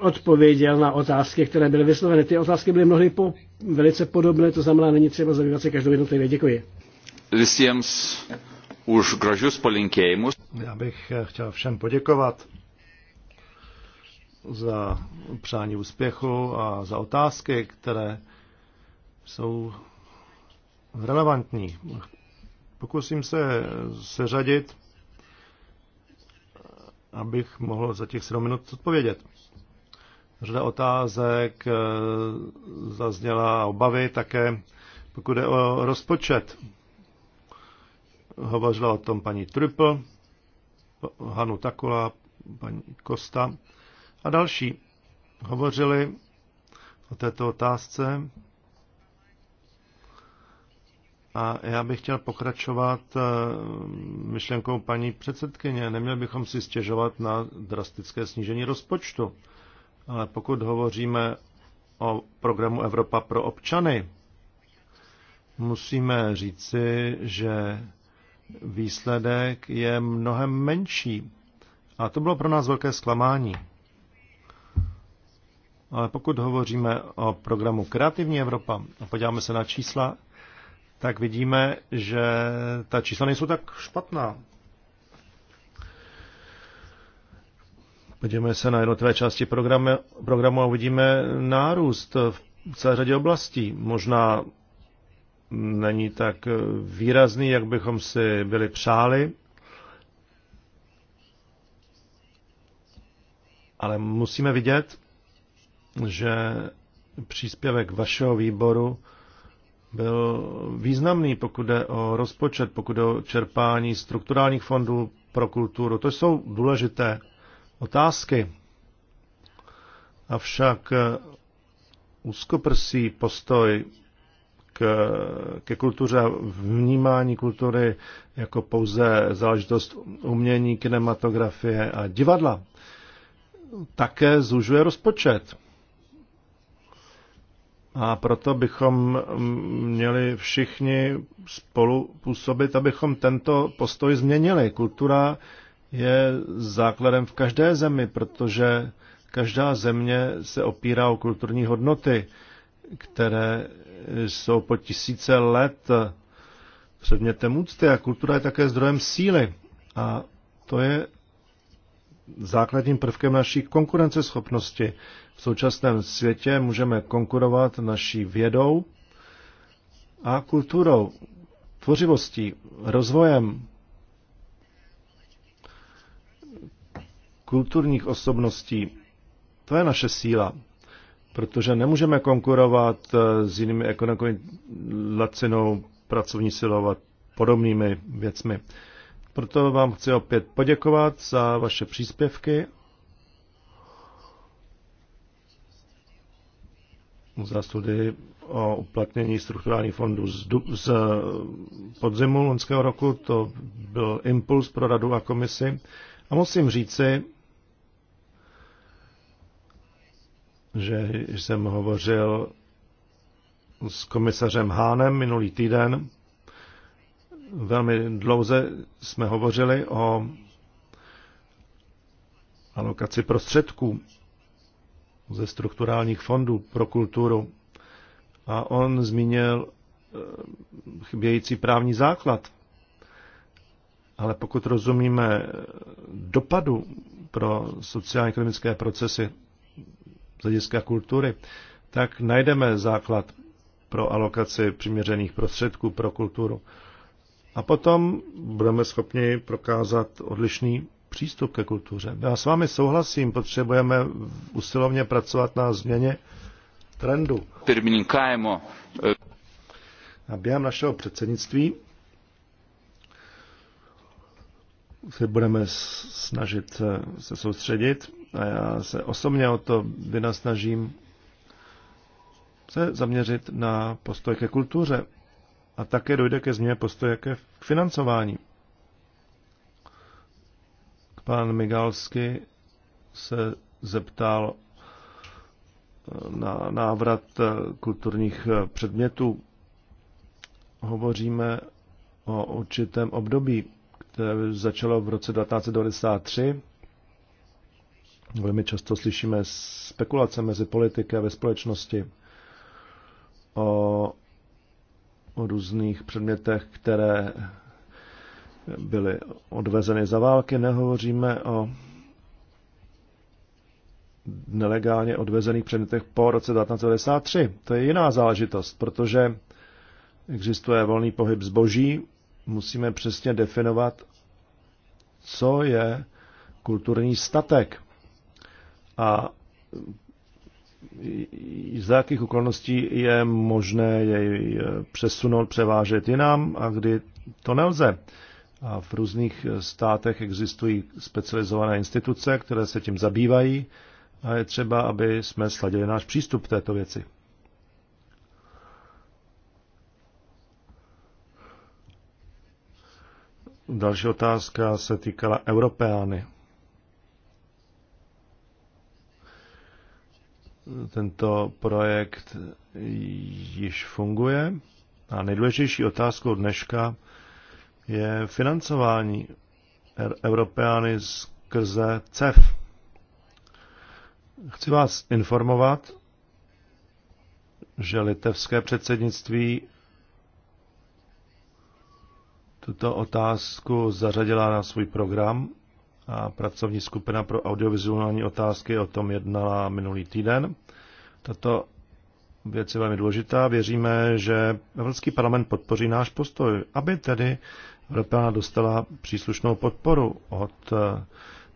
odpověděl na otázky, které byly vysloveny. Ty otázky byly mnohdy po, velice podobné, to znamená, není třeba zabývat se každou jednotlivě. Děkuji. Visiems už gražius palinkėjimus. Já bych chtěl všem poděkovat za přání úspěchu a za otázky, které jsou relevantní. Pokusím se seřadit, abych mohl za těch 7 minut odpovědět. Řada otázek eh, zazněla obavy také, pokud je o rozpočet. Hovořila o tom paní Triple, Hanu Takula, paní Kosta a další hovořili o této otázce. A já bych chtěl pokračovat eh, myšlenkou paní předsedkyně. Neměli bychom si stěžovat na drastické snížení rozpočtu. Ale pokud hovoříme o programu Evropa pro občany, musíme říci, že výsledek je mnohem menší. A to bylo pro nás velké zklamání. Ale pokud hovoříme o programu Kreativní Evropa a podíváme se na čísla, tak vidíme, že ta čísla nejsou tak špatná. Podíváme se na jednotlivé části programu, programu a uvidíme nárůst v celé řadě oblastí. Možná není tak výrazný, jak bychom si byli přáli, ale musíme vidět, že příspěvek vašeho výboru byl významný, pokud jde o rozpočet, pokud jde o čerpání strukturálních fondů pro kulturu. To jsou důležité otázky. Avšak eh, úzkoprsý postoj k, ke kultuře a vnímání kultury jako pouze záležitost umění, kinematografie a divadla také zužuje rozpočet. A proto bychom mm, měli všichni spolu působit, abychom tento postoj změnili. Kultura je základem v každé zemi, protože každá země se opírá o kulturní hodnoty, které jsou po tisíce let předmětem úcty a kultura je také zdrojem síly. A to je základním prvkem naší konkurenceschopnosti. V současném světě můžeme konkurovat naší vědou a kulturou, tvořivostí, rozvojem kulturních osobností. To je naše síla, protože nemůžeme konkurovat eh, s jinými ekonomikou, lacinou, pracovní silou a podobnými věcmi. Proto vám chci opět poděkovat za vaše příspěvky za studii o uplatnění strukturálních fondů z, z podzimu loňského roku. To byl impuls pro radu a komisi. A musím říci, že jsem hovořil s komisařem Hánem minulý týden. Velmi dlouze jsme hovořili o alokaci prostředků ze strukturálních fondů pro kulturu a on zmínil eh, chybějící právní základ. Ale pokud rozumíme eh, dopadu pro sociálně ekonomické procesy z hlediska kultury, tak najdeme základ pro alokaci přiměřených prostředků pro kulturu. A potom budeme schopni prokázat odlišný přístup ke kultuře. Já s vámi souhlasím, potřebujeme usilovně pracovat na změně trendu. Pirmininkájmo. Eh, a během našeho předsednictví se budeme snažit eh, se soustředit a já se osobně o to vynasnažím se zaměřit na postoj ke kultuře a také dojde ke změně postoje ke financování. Pan Migalsky se zeptal eh, na návrat eh, kulturních eh, předmětů. Hovoříme o určitém období, které začalo v roce 1993. Velmi často slyšíme spekulace mezi politiky a ve společnosti o, o různých předmětech, které byly odvezeny za války. Nehovoříme o nelegálně odvezených předmětech po roce 1993. To je jiná záležitost, protože existuje volný pohyb zboží, musíme přesně definovat, co je kulturní statek a z jakých okolností je možné jej eh, přesunout, převážet jinam a kdy to nelze. A v různých eh, státech existují specializované instituce, které se tím zabývají a je třeba, aby jsme sladili náš přístup k této věci. Další otázka se týkala Europeány. Tento projekt již funguje. A nejdůležitější otázkou dneška je financování e- Europeany skrze CEF. Chci vás informovat, že litevské předsednictví tuto otázku zařadila na svůj program a pracovní skupina pro audiovizuální otázky o tom jednala minulý týden. Tato věc je velmi důležitá. Věříme, že Evropský parlament podpoří náš postoj, aby tedy Evropa dostala příslušnou podporu od eh,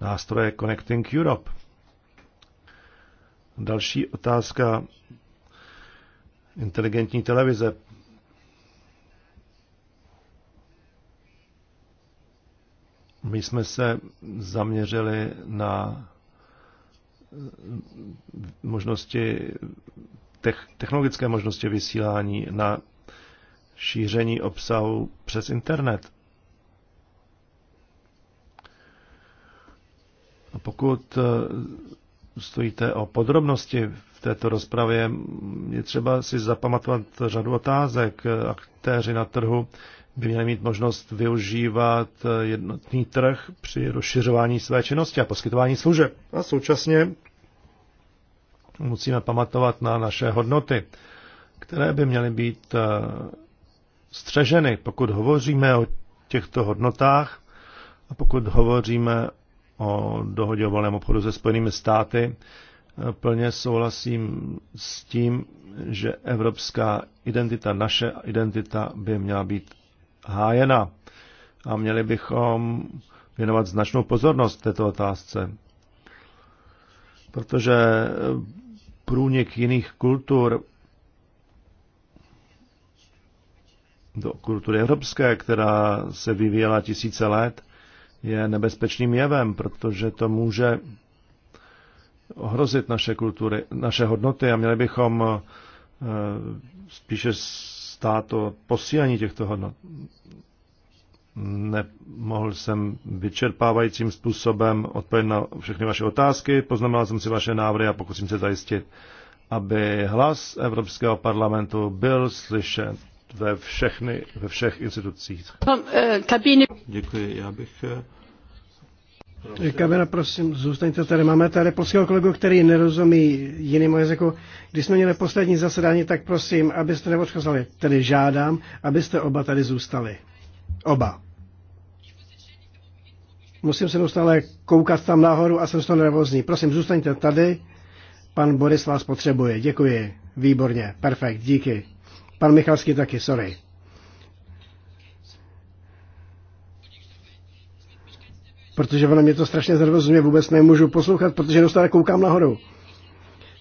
nástroje Connecting Europe. Další otázka inteligentní televize. My jsme se zaměřili na eh, možnosti, technologické možnosti vysílání, na šíření obsahu přes internet. A pokud eh, stojíte o podrobnosti v této rozpravě, je třeba si zapamatovat řadu otázek. Aktéři na trhu by měli mít možnost využívat eh, jednotný trh při rozšiřování své činnosti a poskytování služeb. A současně musíme pamatovat na naše hodnoty, které by měly být eh, střeženy. Pokud hovoříme o těchto hodnotách a pokud hovoříme o dohodě o volném obchodu se Spojenými státy. Plně souhlasím s tím, že evropská identita, naše identita by měla být hájena a měli bychom věnovat značnou pozornost této otázce. Protože průnik jiných kultur do kultury evropské, která se vyvíjela tisíce let, je nebezpečným jevem, protože to může ohrozit naše kultury, naše hodnoty a měli bychom eh, spíše stát o posílení těchto hodnot. Nemohl jsem vyčerpávajícím způsobem odpovědět na všechny vaše otázky, poznamenal jsem si vaše návrhy a pokusím se zajistit, aby hlas Evropského parlamentu byl slyšen ve, všechny, ve všech institucích. Eh, Děkuji, já bych... Eh, eh, Kamera, prosím, zůstaňte tady. Máme tady polského kolegu, který nerozumí jinému jazyku. Když jsme měli poslední zasedání, tak prosím, abyste neodcházeli. Tedy žádám, abyste oba tady zůstali. Oba. Musím se neustále koukat tam nahoru a jsem z toho nervózní. Prosím, zůstaňte tady. Pan Boris vás potřebuje. Děkuji. Výborně. Perfekt. Díky. Pan Michalský taky, sorry. Protože ono mě to strašně zrozumě, vůbec nemůžu poslouchat, protože stále koukám nahoru.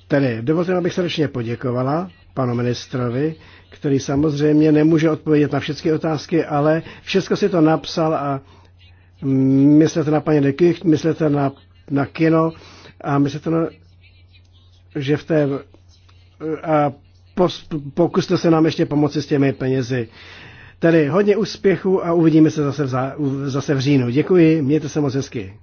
Tedy, dovolte abych srdečně poděkovala panu ministrovi, který samozřejmě nemůže odpovědět na všechny otázky, ale všechno si to napsal a myslete na paní Dekicht, myslete na, na kino a myslete na, že v té a pokuste se nám ještě pomoci s těmi penězi. Tedy hodně úspěchu a uvidíme se zase v, zá, zase v říjnu. Děkuji, mějte se moc hezky.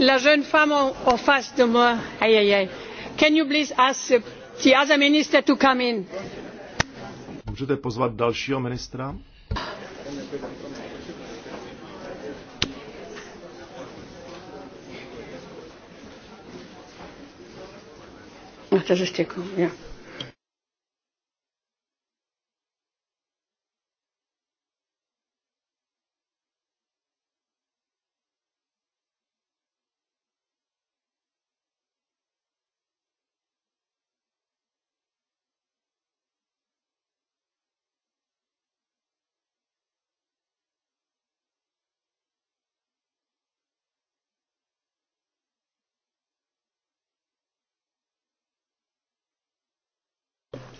la jeune femme en face de moi aïe aïe aïe can you please ask the other minister to come in Můžete pozvat dalšího ministra? Ach, no, to je ještě jako, yeah.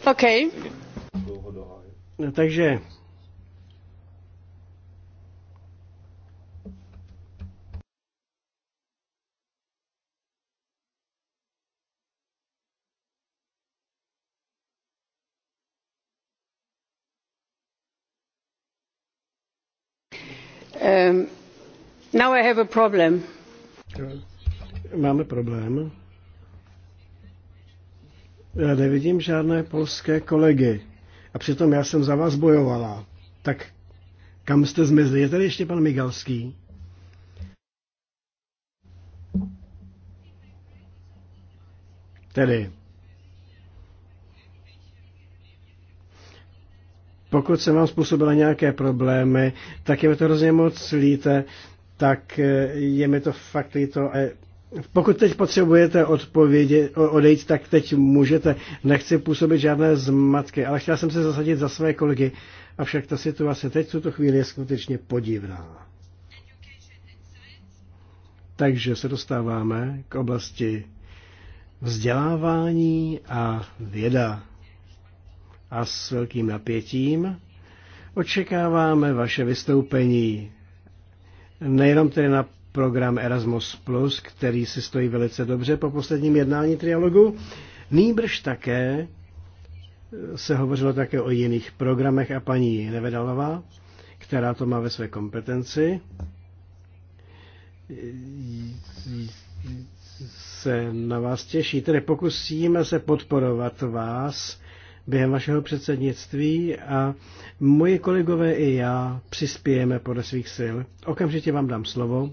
OK. No, takže Um, now I have a problem. Máme problém. Já nevidím žádné polské kolegy. A přitom já jsem za vás bojovala. Tak kam jste zmizli? Je tady ještě pan Migalský? Tedy, pokud se vám způsobila nějaké problémy, tak je mi to hrozně moc líte, tak je mi to fakt líto. A pokud teď potřebujete odpovědi, odejít, tak teď můžete. Nechci působit žádné zmatky, ale chtěl jsem se zasadit za své kolegy. Avšak ta situace teď v tuto chvíli je skutečně podivná. Takže se dostáváme k oblasti vzdělávání a věda. A s velkým napětím očekáváme vaše vystoupení. Nejenom tedy na program Erasmus+, který si stojí velice dobře po posledním jednání trialogu. Nýbrž také se hovořilo také o jiných programech a paní Nevedalová, která to má ve své kompetenci, se na vás těší. Tedy pokusíme se podporovat vás během vašeho předsednictví a moji kolegové i já přispějeme podle svých sil. Okamžitě vám dám slovo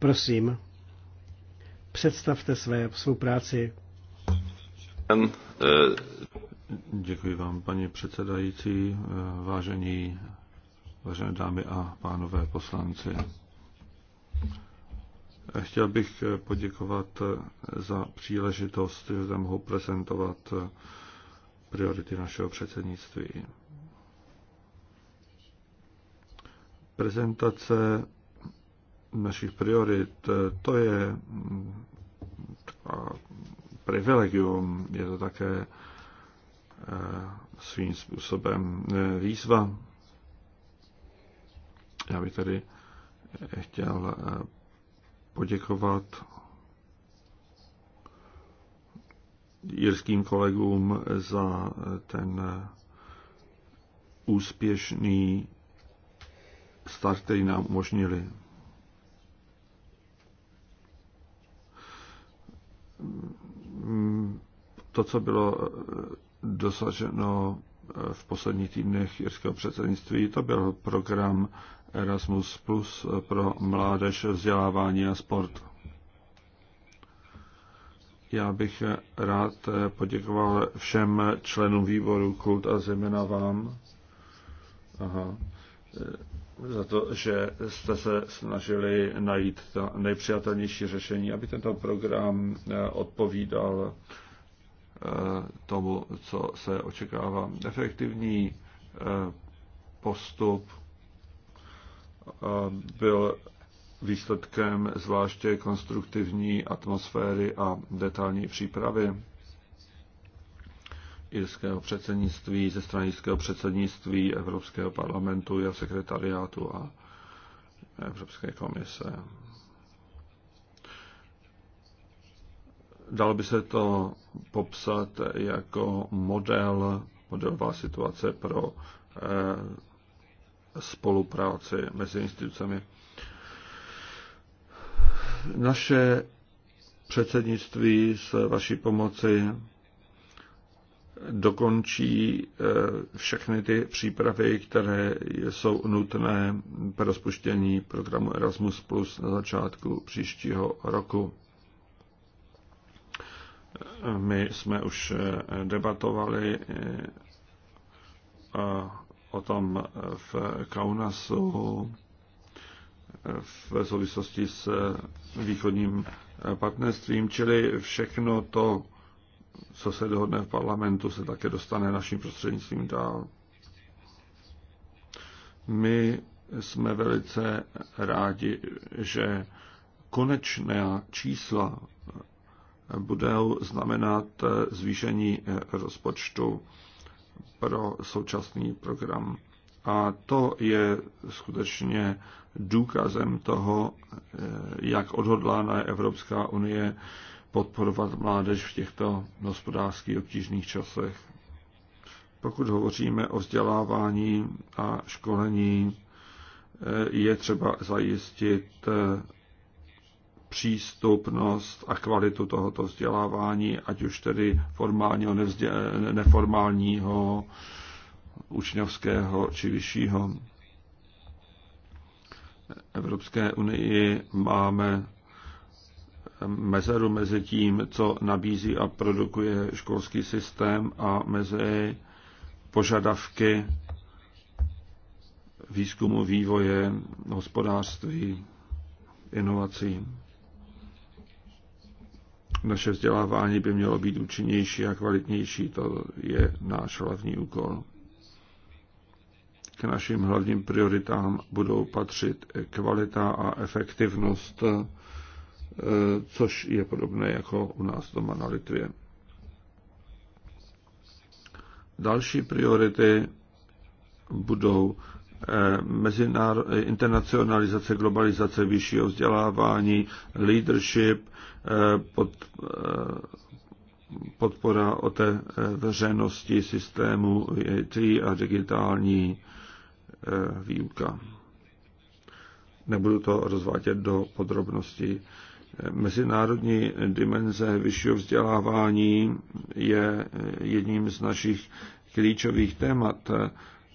Prosím, představte své, svou práci. E, Děkuji vám, paní předsedající, e, vážení, vážené dámy a pánové poslanci. Chtěl bych poděkovat za příležitost, že zde mohu prezentovat priority našeho předsednictví. Prezentace našich priorit, to je privilegium, je to také eh, svým způsobem eh, výzva. Já bych tady chtěl eh, poděkovat jirským kolegům za ten úspěšný start, který nám umožnili. to, co bylo eh, dosaženo eh, v posledních týdnech jirského předsednictví, to byl program Erasmus Plus pro mládež, vzdělávání a sport. Já bych eh, rád poděkoval všem členům výboru Kult a zejména vám. Aha za to, že jste se snažili najít ta nejpřijatelnější řešení, aby tento program eh, odpovídal eh, tomu, co se očekává. Efektivní eh, postup byl výsledkem zvláště konstruktivní atmosféry a detailní přípravy irského předsednictví, ze strany irského předsednictví Evropského parlamentu, a sekretariátu a Evropské komise. Dalo by se to popsat jako model, modelová situace pro eh, spolupráci mezi institucemi. Naše předsednictví s vaší pomoci dokončí eh, všechny ty přípravy, které jsou nutné pro spuštění programu Erasmus Plus na začátku příštího roku. My jsme už eh, debatovali eh, o tom v Kaunasu v souvislosti s východním partnerstvím, čili všechno to co se dohodne v parlamentu, se také dostane naším prostřednictvím dál. My jsme velice rádi, že konečné čísla budou znamenat zvýšení rozpočtu pro současný program. A to je skutečně důkazem toho, jak odhodlána je Evropská unie podporovat mládež v těchto hospodářských obtížných časech. Pokud hovoříme o vzdělávání a školení, eh, je třeba zajistit eh, přístupnost a kvalitu tohoto vzdělávání, ať už tedy formálního, nevzdě, neformálního, učňovského či vyššího. Evropské unii máme mezeru mezi tím, co nabízí a produkuje školský systém a mezi požadavky výzkumu, vývoje, hospodářství, inovací. Naše vzdělávání by mělo být účinnější a kvalitnější, to je náš hlavní úkol. K našim hlavním prioritám budou patřit kvalita a efektivnost Eh, což je podobné jako u nás doma na Litvě. Další priority budou eh, eh, internacionalizace, globalizace vyššího vzdělávání, leadership, pod, podpora otevřenosti systému IT a digitální výuka. Nebudu to rozvádět do podrobností. Mezinárodní dimenze vyššího vzdělávání je jedním z našich klíčových témat.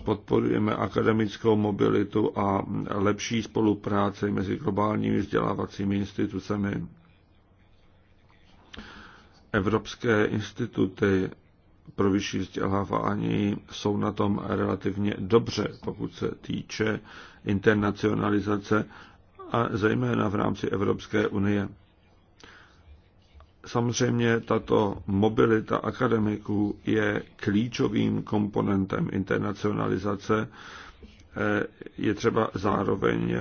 Podporujeme akademickou mobilitu a lepší spolupráci mezi globálními vzdělávacími institucemi. Evropské instituty pro vyšší vzdělávání jsou na tom relativně dobře, pokud se týče internacionalizace a zejména v rámci Evropské unie. Samozřejmě tato mobilita akademiků je klíčovým komponentem internacionalizace. Je třeba zároveň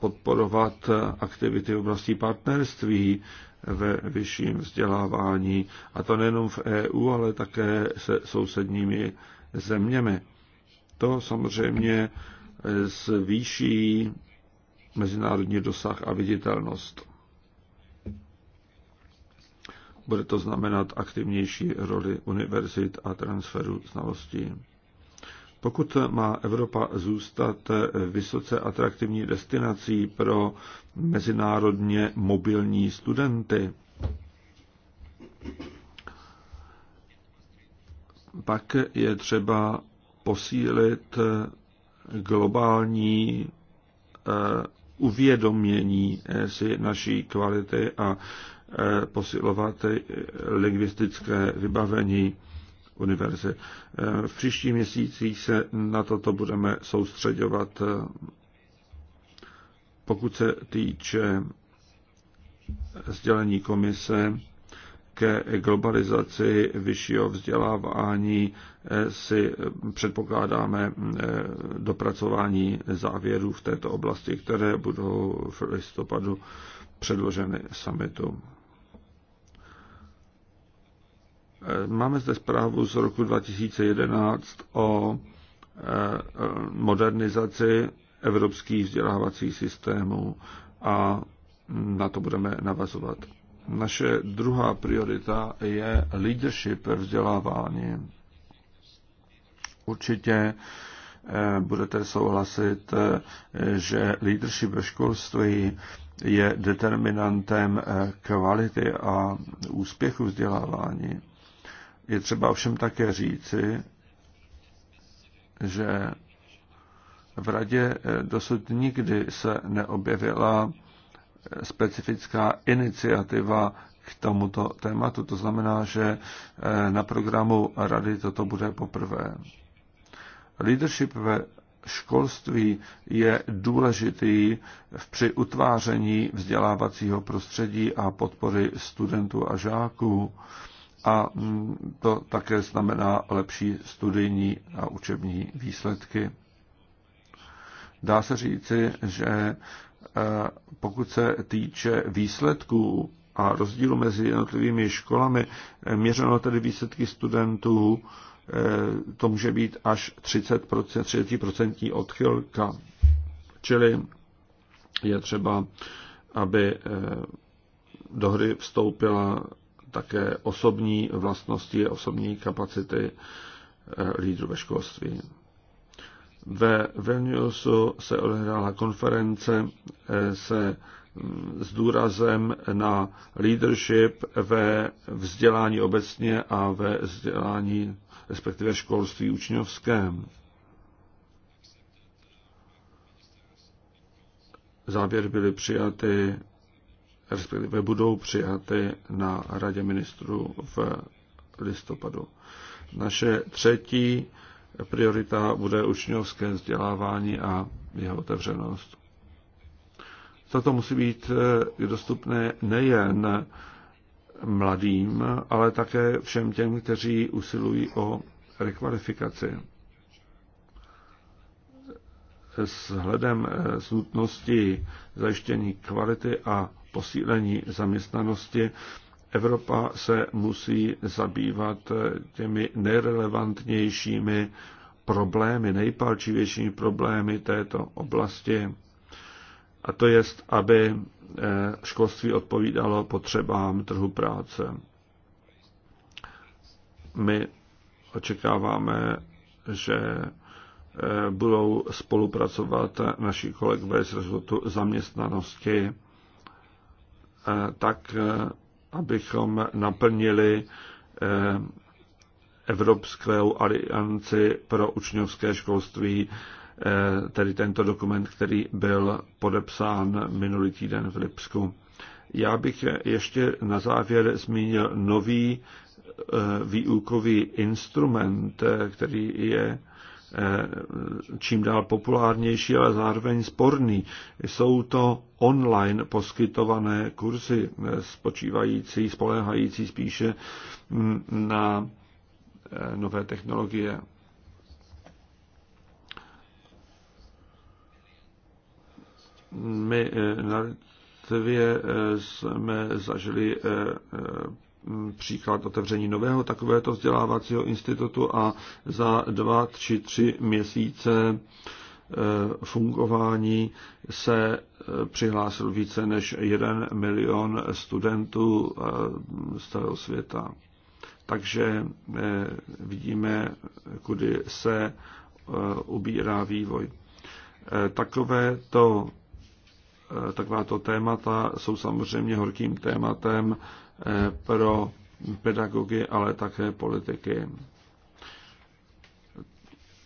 podporovat aktivity v oblasti partnerství ve vyšším vzdělávání, a to nejenom v EU, ale také se sousedními zeměmi. To samozřejmě zvýší mezinárodní dosah a viditelnost. Bude to znamenat aktivnější roli univerzit a transferu znalostí. Pokud má Evropa zůstat vysoce atraktivní destinací pro mezinárodně mobilní studenty, pak je třeba posílit globální eh, uvědomění eh, si naší kvality a eh, posilovat eh, lingvistické vybavení univerzy. V příštích měsících se na toto budeme soustředovat, pokud se týče sdělení komise ke globalizaci vyššího vzdělávání eh, si eh, předpokládáme eh, dopracování závěrů v této oblasti, které budou v listopadu předloženy summitu. Máme zde zprávu z roku 2011 o modernizaci evropských vzdělávacích systémů a na to budeme navazovat. Naše druhá priorita je leadership vzdělávání. Určitě eh, budete souhlasit, eh, že leadership ve školství je determinantem eh, kvality a úspěchu vzdělávání. Je třeba ovšem také říci, že v radě dosud nikdy se neobjevila specifická iniciativa k tomuto tématu. To znamená, že eh, na programu Rady toto bude poprvé. Leadership ve školství je důležitý při utváření vzdělávacího prostředí a podpory studentů a žáků. A mm, to také znamená lepší studijní a učební výsledky. Dá se říci, že pokud se týče výsledků a rozdílu mezi jednotlivými školami, eh, měřeno tedy výsledky studentů, eh, to může být až 30%, 30% odchylka. Čili je třeba, aby eh, do hry vstoupila také osobní vlastnosti, osobní kapacity lídru ve školství. Ve Vilniusu se odehrála konference eh, se mm, s důrazem na leadership ve vzdělání obecně a ve vzdělání, respektive školství učňovském. Závěry byly přijaty, respektive budou přijaty na Radě ministrů v listopadu. Naše třetí priorita bude učňovské vzdělávání a jeho otevřenost. Toto musí být eh, dostupné nejen mladým, ale také všem těm, kteří usilují o rekvalifikaci. S hledem z eh, nutnosti zajištění kvality a posílení zaměstnanosti Evropa se musí zabývat těmi nejrelevantnějšími problémy, nejpalčivějšími problémy této oblasti. A to je, aby eh, školství odpovídalo potřebám trhu práce. My očekáváme, že eh, budou spolupracovat naši kolegové z rezultu zaměstnanosti eh, tak, abychom naplnili eh, Evropskou alianci pro učňovské školství, eh, tedy tento dokument, který byl podepsán minulý týden v Lipsku. Já bych ještě na závěr zmínil nový eh, výukový instrument, který je Eh, čím dál populárnější, ale zároveň sporný. Jsou to online poskytované kurzy, eh, spočívající, spolehající spíše mm, na eh, nové technologie. My na Litvě jsme zažili Mm, příklad otevření nového takovéto vzdělávacího institutu a za dva, tři, tři měsíce eh, fungování se eh, přihlásil více než jeden milion studentů eh, z celého světa. Takže vidíme, kudy se ubírá vývoj. Takové to, takováto témata jsou samozřejmě horkým tématem pro pedagogy, ale také politiky.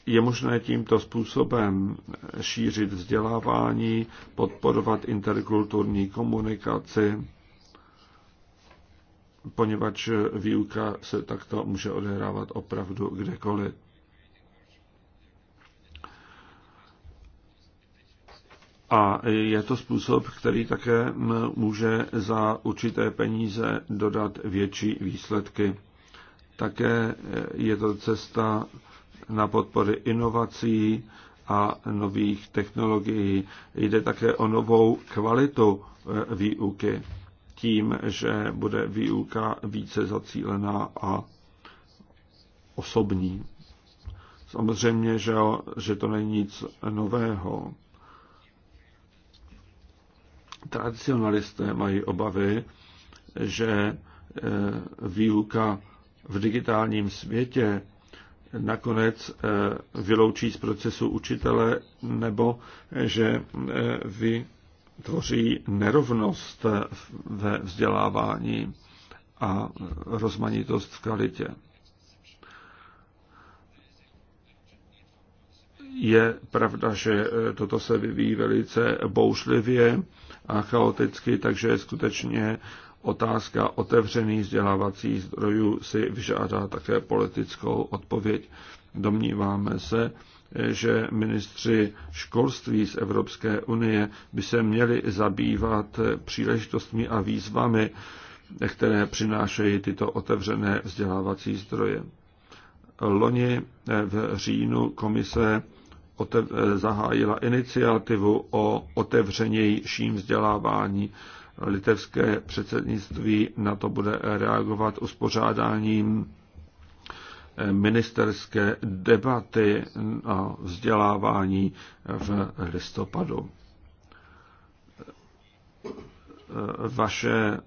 Je možné tímto způsobem šířit vzdělávání, podporovat interkulturní komunikaci, poněvadž výuka se takto může odehrávat opravdu kdekoliv. A je to způsob, který také může za určité peníze dodat větší výsledky. Také e, je to cesta na podpory inovací a nových technologií. Jde také o novou kvalitu e, výuky tím, že bude výuka více zacílená a osobní. Samozřejmě, že, že to není nic nového Tradicionalisté mají obavy, že e, výuka v digitálním světě nakonec e, vyloučí z procesu učitele nebo že e, vytvoří nerovnost ve vzdělávání a rozmanitost v kvalitě. Je pravda, že toto se vyvíjí velice boušlivě a chaoticky, takže je skutečně otázka otevřených vzdělávacích zdrojů si vyžádá také politickou odpověď. Domníváme se, že ministři školství z Evropské unie by se měli zabývat příležitostmi a výzvami, které přinášejí tyto otevřené vzdělávací zdroje. Loni v říjnu komise zahájila iniciativu o otevřenějším vzdělávání. Litevské předsednictví na to bude reagovat uspořádáním eh, ministerské debaty a vzdělávání v listopadu. Eh, vaše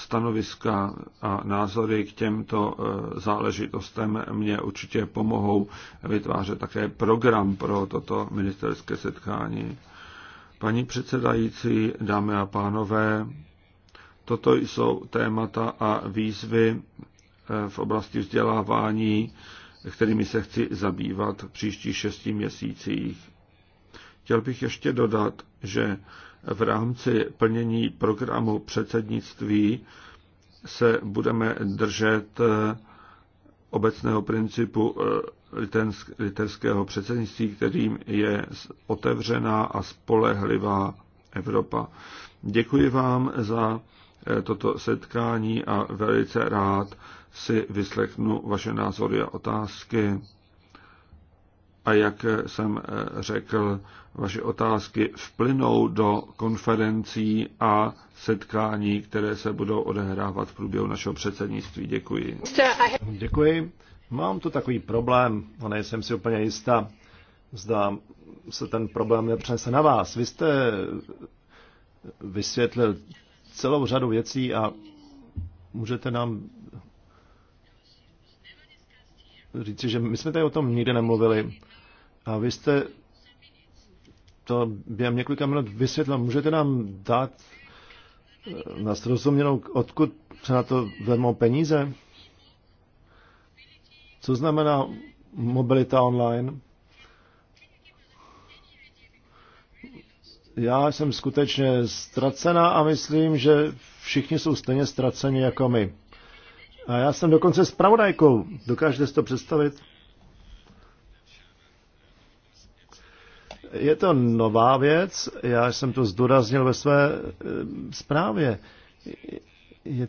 stanoviska a názory k těmto e, záležitostem mě určitě pomohou vytvářet také program pro toto ministerské setkání. Paní předsedající, dámy a pánové, toto jsou témata a výzvy e, v oblasti vzdělávání, kterými se chci zabývat v příštích šesti měsících. Chtěl bych ještě dodat, že v rámci plnění programu předsednictví se budeme držet eh, obecného principu eh, litevského předsednictví, kterým je otevřená a spolehlivá Evropa. Děkuji vám za eh, toto setkání a velice rád si vyslechnu vaše názory a otázky a jak jsem eh, řekl, vaše otázky vplynou do konferencí a setkání, které se budou odehrávat v průběhu našeho předsednictví. Děkuji. Děkuji. Mám tu takový problém a nejsem si úplně jistá, zda se ten problém nepřenese na vás. Vy jste vysvětlil celou řadu věcí a můžete nám říci, že my jsme tady o tom nikdy nemluvili a vy jste to během několika minut vysvětlil. Můžete nám dát eh, na srozuměnou, odkud se na to vezmou peníze? Co znamená mobilita online? Já jsem skutečně ztracená a myslím, že všichni jsou stejně ztraceni jako my. A já jsem dokonce s pravodajkou. Dokážete si to představit? Je to nová věc, já jsem to zdůraznil ve své eh, zprávě. Je,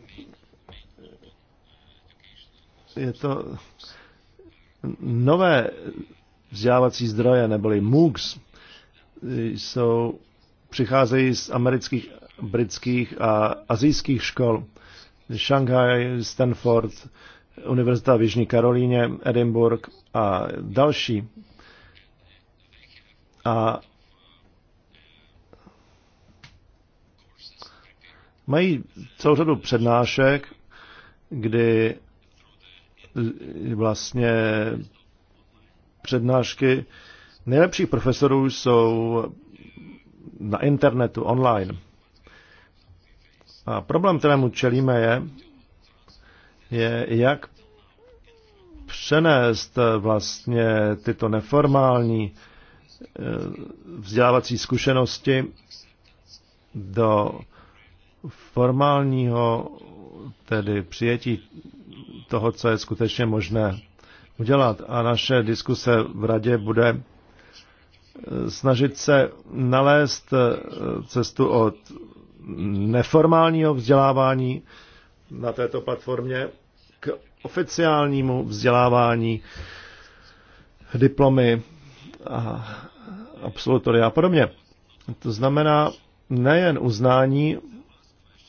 je to nové vzdělávací zdroje, neboli MOOCs, jsou, přicházejí z amerických, britských a azijských škol. Shanghai, Stanford, Univerzita v Jižní Karolíně, Edinburgh a další a mají celou řadu přednášek, kdy vlastně přednášky nejlepších profesorů jsou na internetu, online. A problém, kterému čelíme, je, je jak přenést vlastně tyto neformální Eh, vzdělávací zkušenosti do formálního tedy přijetí toho, co je skutečně možné udělat. A naše diskuse v radě bude eh, snažit se nalézt eh, cestu od neformálního vzdělávání na této platformě k oficiálnímu vzdělávání, diplomy a absolutoria a podobně. To znamená nejen uznání,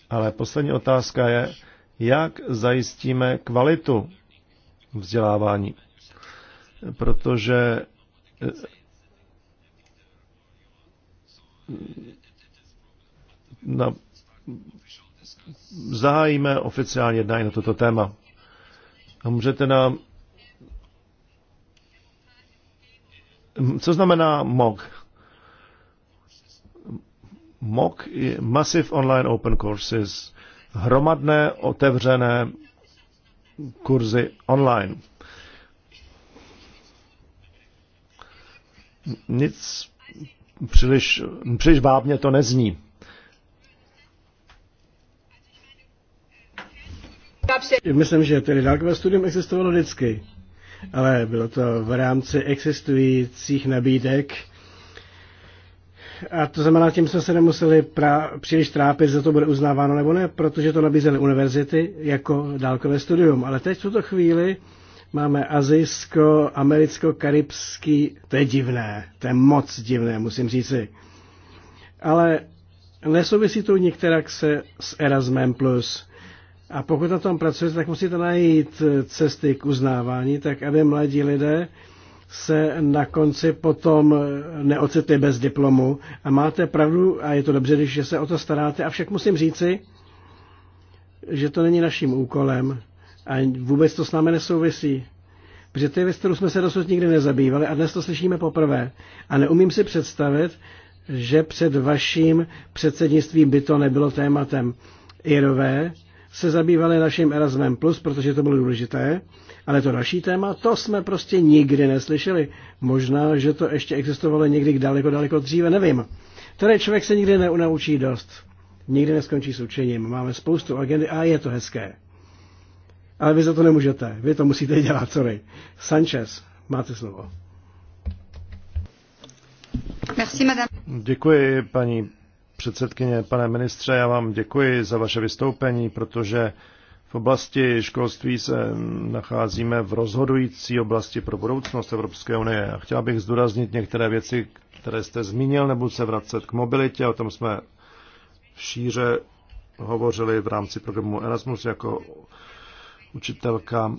ale poslední otázka je, jak zajistíme kvalitu vzdělávání. Protože eh, na, zahájíme oficiální jednání na toto téma. A můžete nám Co znamená MOG? MOG je Massive Online Open Courses, hromadné otevřené kurzy online. Nic příliš, příliš vábně to nezní. Myslím, že tedy dálkové studium existovalo vždycky ale bylo to v rámci existujících nabídek. A to znamená, tím jsme se nemuseli pra, příliš trápit, za to bude uznáváno nebo ne, protože to nabízely univerzity jako dálkové studium. Ale teď v tuto chvíli máme azijsko, americko, karibský, to je divné, to je moc divné, musím říci. Ale nesouvisí to některak se s Erasmem+. Plus. A pokud na tom pracujete, tak musíte najít cesty k uznávání, tak aby mladí lidé se na konci potom neocitli bez diplomu. A máte pravdu, a je to dobře, když se o to staráte. A však musím říci, že to není naším úkolem a vůbec to s námi nesouvisí. Protože to je věc, kterou jsme se dosud nikdy nezabývali a dnes to slyšíme poprvé. A neumím si představit, že před vaším předsednictvím by to nebylo tématem. Irové se zabývali naším Erasmem+, Plus, protože to bylo důležité, ale to další téma, to jsme prostě nikdy neslyšeli. Možná, že to ještě existovalo někdy daleko, daleko dříve, nevím. Tady člověk se nikdy neunaučí dost. Nikdy neskončí s učením. Máme spoustu agendy a je to hezké. Ale vy za to nemůžete. Vy to musíte dělat, sorry. Sanchez, máte slovo. Merci, madame. Děkuji, paní předsedkyně, pane ministře, já vám děkuji za vaše vystoupení, protože v oblasti školství se nacházíme v rozhodující oblasti pro budoucnost Evropské unie. A chtěl bych zdůraznit některé věci, které jste zmínil, nebo se vracet k mobilitě, o tom jsme v šíře hovořili v rámci programu Erasmus jako učitelka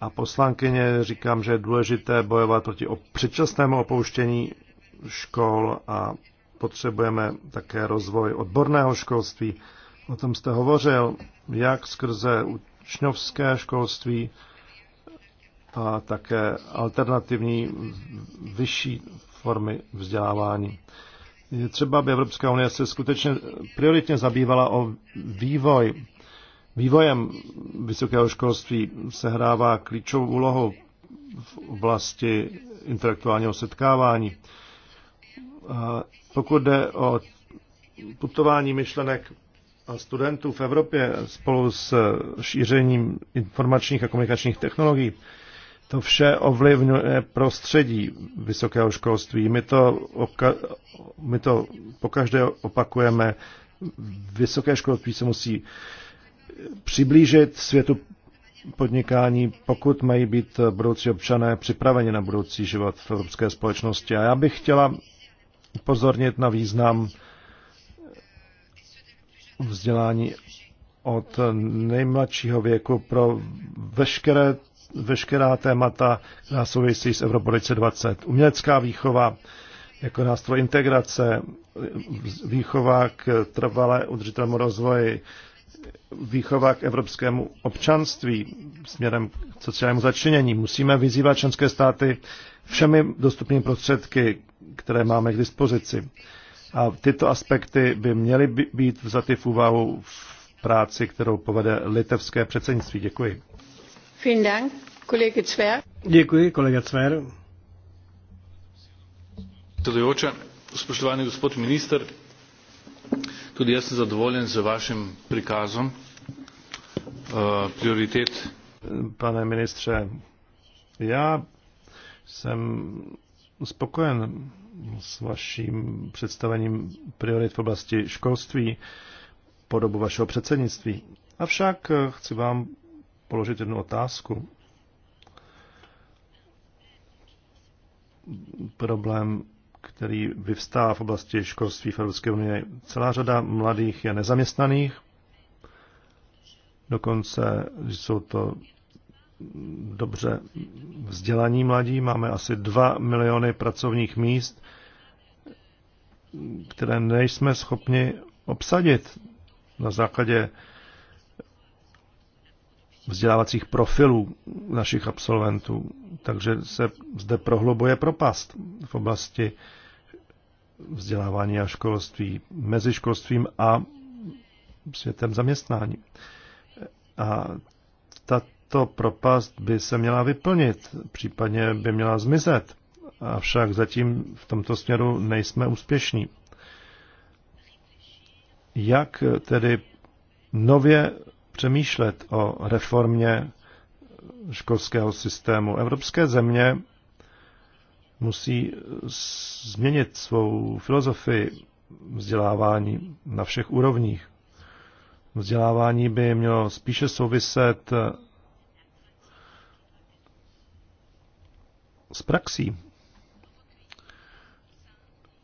a poslankyně. Říkám, že je důležité bojovat proti předčasnému opouštění škol a potřebujeme také rozvoj odborného školství. O tom jste hovořil, jak skrze učňovské školství a také alternativní vyšší formy vzdělávání. Je třeba, aby Evropská unie se skutečně prioritně zabývala o vývoj. Vývojem vysokého školství hrává klíčovou úlohu v oblasti intelektuálního setkávání pokud jde o putování myšlenek a studentů v Evropě spolu s šířením informačních a komunikačních technologií, to vše ovlivňuje prostředí vysokého školství. My to, my to pokaždé opakujeme. Vysoké školství se musí přiblížit světu podnikání, pokud mají být budoucí občané připraveni na budoucí život v evropské společnosti. A já bych chtěla upozornit na význam vzdělání od nejmladšího věku pro veškeré, veškerá témata, která souvisí s Evropou 2020. Umělecká výchova jako nástroj integrace, výchova k trvalé udržitelnému rozvoji, výchova k evropskému občanství směrem k sociálnímu začlenění. Musíme vyzývat členské státy všemi dostupnými prostředky které máme k dispozici. A tyto aspekty by měly být vzaty v úvahu v práci, kterou povede litevské předsednictví. Děkuji. Děkuji, kolega Cver. Predsedujoča, spoštovani gospod minister, tudi jaz sem zadovoljen z vašim prikazom eh, prioritet. Pane ministře, já jsem spokojen s vaším představením priorit v oblasti školství po dobu vašeho předsednictví. Avšak eh, chci vám položit jednu otázku. Problém, který vyvstává v oblasti školství v Evropské unii. Celá řada mladých je nezaměstnaných, dokonce jsou to dobře vzdělaní mladí, máme asi 2 miliony pracovních míst, které nejsme schopni obsadit na základě vzdělávacích profilů našich absolventů. Takže se zde prohlubuje propast v oblasti vzdělávání a školství, mezi školstvím a světem zaměstnání. A ta, tato propast by se měla vyplnit, případně by měla zmizet. Avšak zatím v tomto směru nejsme úspěšní. Jak tedy nově přemýšlet o reformě školského systému? Evropské země musí změnit svou filozofii vzdělávání na všech úrovních. Vzdělávání by mělo spíše souviset s praxí,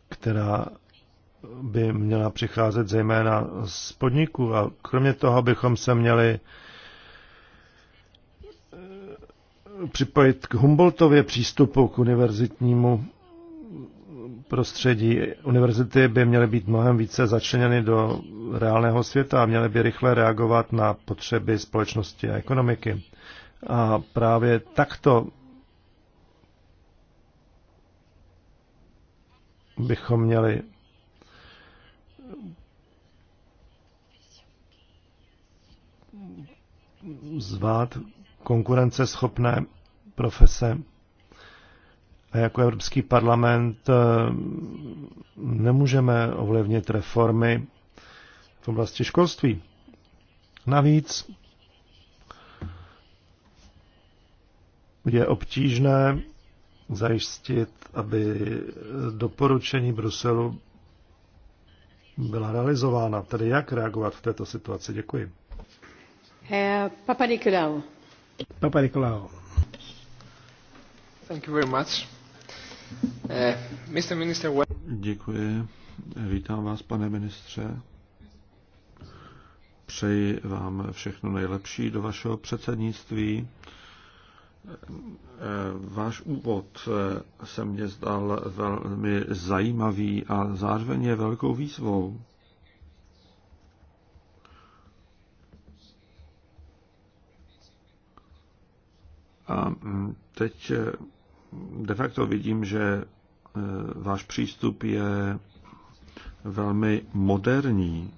která by měla přicházet zejména z podniku. A kromě toho bychom se měli eh, připojit k Humboldtově přístupu k univerzitnímu prostředí. Univerzity by měly být mnohem více začleněny do reálného světa a měly by rychle reagovat na potřeby společnosti a ekonomiky. A právě takto bychom měli zvát konkurenceschopné profese. A jako Evropský parlament eh, nemůžeme ovlivnit reformy v oblasti školství. Navíc je obtížné zajistit, aby doporučení Bruselu byla realizována. Tedy jak reagovat v této situaci? Děkuji. Eh, Papa Nikolau. Papa Nikolau. Eh, minister, Děkuji. Vítám vás, pane ministře. Přeji vám všechno nejlepší do vašeho předsednictví Eh, váš úvod eh, se mně zdal velmi zajímavý a zároveň je velkou výzvou. A mm, teď eh, de facto vidím, že váš přístup je velmi moderní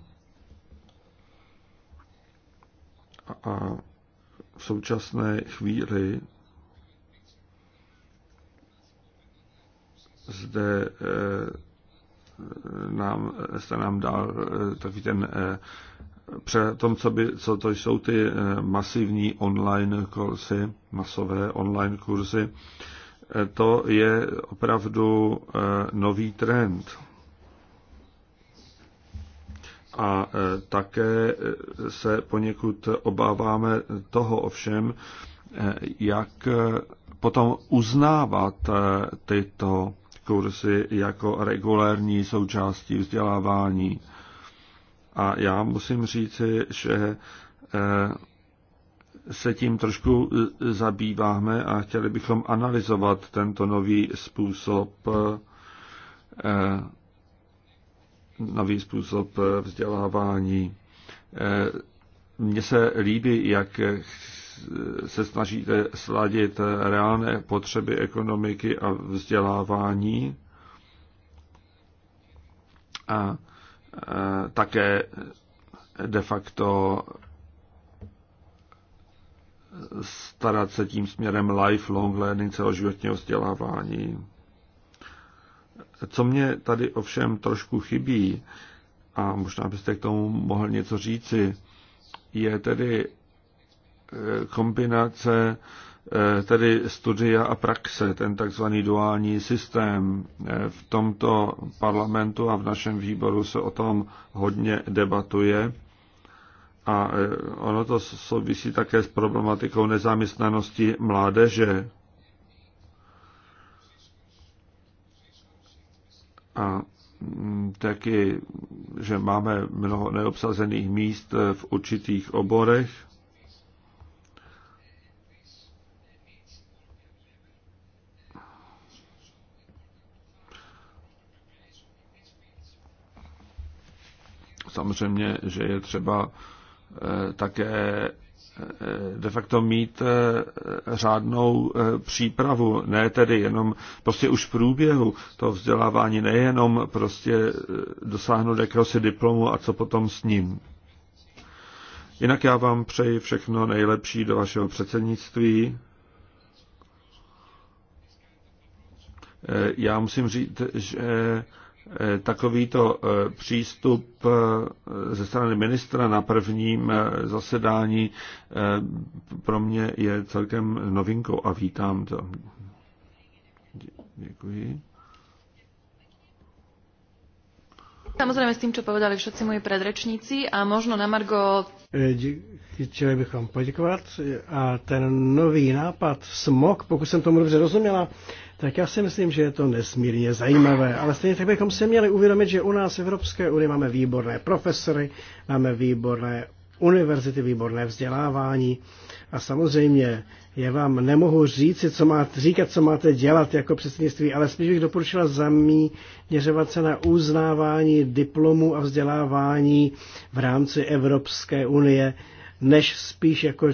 a v současné chvíli zde eh, nám, jste nám dá eh, takový ten eh, pře tom, co, by, co to jsou ty masivní online kurzy, masové online kurzy, to je opravdu nový trend. A také se poněkud obáváme toho ovšem, jak potom uznávat tyto kurzy jako regulérní součástí vzdělávání. A já musím říci, že eh, se tím trošku eh, zabýváme a chtěli bychom analyzovat tento nový způsob eh, nový způsob vzdělávání. Mně se líbí, jak se snažíte sladit reálné potřeby ekonomiky a vzdělávání a také de facto starat se tím směrem lifelong learning, celoživotního vzdělávání. Co mě tady ovšem trošku chybí, a možná byste k tomu mohl něco říci, je tedy Eh, kombinace eh, tedy studia a praxe, ten takzvaný duální systém. Eh, v tomto parlamentu a v našem výboru se o tom hodně debatuje a ono to souvisí také s problematikou nezaměstnanosti mládeže. A mm, taky, že máme mnoho neobsazených míst v určitých oborech samozřejmě, že je třeba eh, také eh, de facto mít eh, řádnou přípravu, ne tedy jenom prostě už v průběhu toho vzdělávání, nejenom prostě dosáhnout jakéhosi diplomu a co potom s ním. Jinak já vám přeji všechno nejlepší do vašeho předsednictví. Já musím říct, že Eh, takovýto eh, přístup eh, ze strany ministra na prvním zasedání pro mě je celkem novinkou a vítám to. Děkuji. Samozřejmě s tím, co povedali všetci moji předřečníci a možno na Margo... Chtěli bychom poděkovat a ten nový nápad, smog, pokud jsem tomu dobře rozuměla, tak já si myslím, že je to nesmírně zajímavé. Ale stejně tak bychom se měli uvědomit, že u nás v Evropské unii máme výborné profesory, máme výborné univerzity, výborné vzdělávání a samozřejmě já vám nemohu říct, co máte, říkat, co máte dělat jako předsednictví, ale spíš bych doporučila zaměřovat se na uznávání diplomů a vzdělávání v rámci Evropské unie, než spíš jako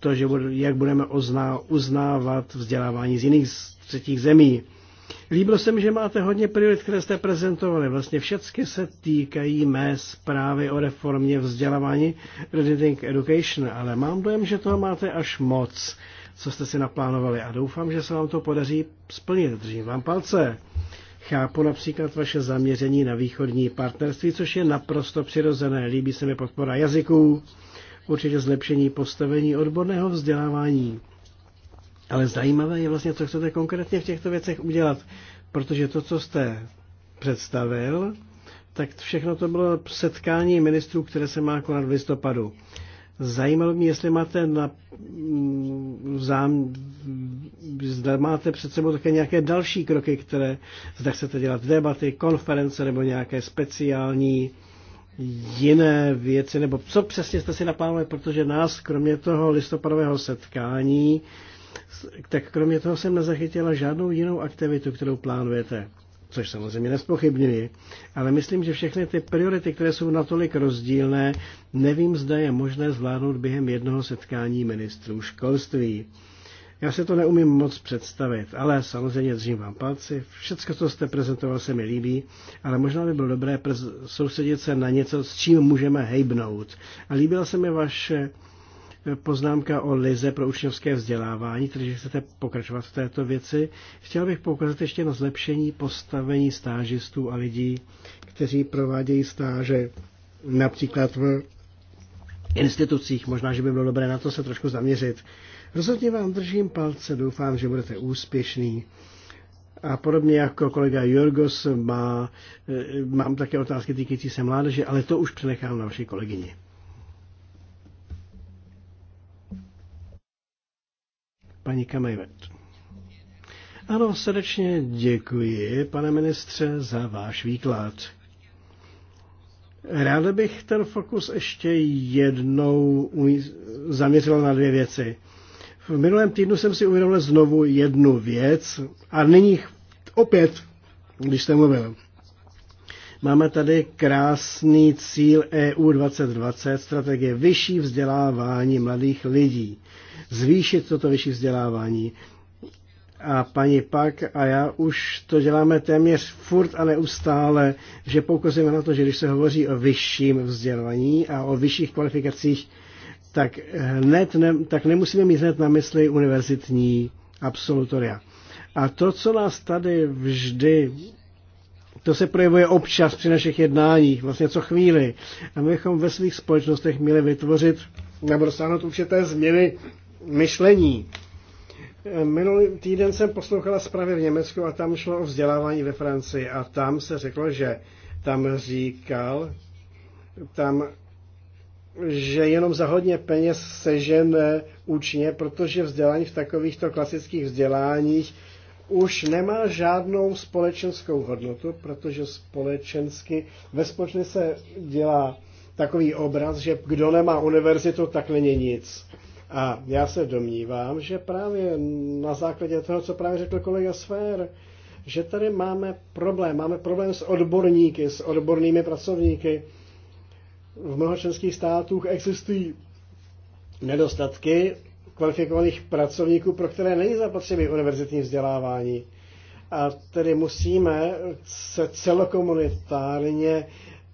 to, že jak budeme uznávat vzdělávání z jiných třetích zemí. Líbilo se mi, že máte hodně priorit, které jste prezentovali. Vlastně všechny se týkají mé zprávy o reformě vzdělávání Reading Education, ale mám dojem, že toho máte až moc, co jste si naplánovali a doufám, že se vám to podaří splnit. Držím vám palce. Chápu například vaše zaměření na východní partnerství, což je naprosto přirozené. Líbí se mi podpora jazyků, určitě zlepšení postavení odborného vzdělávání. Ale zajímavé je vlastně, co chcete konkrétně v těchto věcech udělat, protože to, co jste představil, tak všechno to bylo setkání ministrů, které se má konat v listopadu. Zajímalo mě, jestli máte na, mm, zám, zda máte před sebou také nějaké další kroky, které zda chcete dělat debaty, konference nebo nějaké speciální jiné věci, nebo co přesně jste si naplánovali, protože nás kromě toho listopadového setkání tak kromě toho jsem nezachytila žádnou jinou aktivitu, kterou plánujete což samozřejmě nespochybňuji, ale myslím, že všechny ty priority, které jsou natolik rozdílné, nevím, zda je možné zvládnout během jednoho setkání ministrů školství. Já se to neumím moc představit, ale samozřejmě držím vám palci. Všecko, co jste prezentoval, se mi líbí, ale možná by bylo dobré soustředit se na něco, s čím můžeme hejbnout. A líbila se mi vaše poznámka o lize pro učňovské vzdělávání, tedy že chcete pokračovat v této věci. Chtěl bych poukázat ještě na zlepšení postavení stážistů a lidí, kteří provádějí stáže například v institucích. Možná, že by bylo dobré na to se trošku zaměřit. Rozhodně vám držím palce, doufám, že budete úspěšný. A podobně jako kolega Jorgos má, e, mám také otázky týkající se mládeže, ale to už přenechám na vaší kolegyni. Paní Kamejvet. Ano, srdečně děkuji, pane ministře, za váš výklad. Ráda bych ten fokus ještě jednou zaměřila na dvě věci. V minulém týdnu jsem si uvědomil znovu jednu věc a nyní opět, když jste mluvil. Máme tady krásný cíl EU 2020, strategie vyšší vzdělávání mladých lidí. Zvýšit toto vyšší vzdělávání. A paní Pak a já už to děláme téměř furt a neustále, že poukazujeme na to, že když se hovoří o vyšším vzdělání a o vyšších kvalifikacích, tak, hned ne, tak nemusíme mít hned na mysli univerzitní absolutoria. A to, co nás tady vždy to se projevuje občas při našich jednáních, vlastně co chvíli. A my bychom ve svých společnostech měli vytvořit nebo dosáhnout určité změny myšlení. Minulý týden jsem poslouchala zprávy v Německu a tam šlo o vzdělávání ve Francii a tam se řeklo, že tam říkal, tam, že jenom za hodně peněz sežene učně, protože vzdělání v takovýchto klasických vzděláních už nemá žádnou společenskou hodnotu, protože společensky ve společně se dělá takový obraz, že kdo nemá univerzitu, tak není nic. A já se domnívám, že právě na základě toho, co právě řekl kolega Sfér, že tady máme problém. Máme problém s odborníky, s odbornými pracovníky. V mnoha členských státech existují nedostatky kvalifikovaných pracovníků, pro které není zapotřebí univerzitní vzdělávání. A tedy musíme se celokomunitárně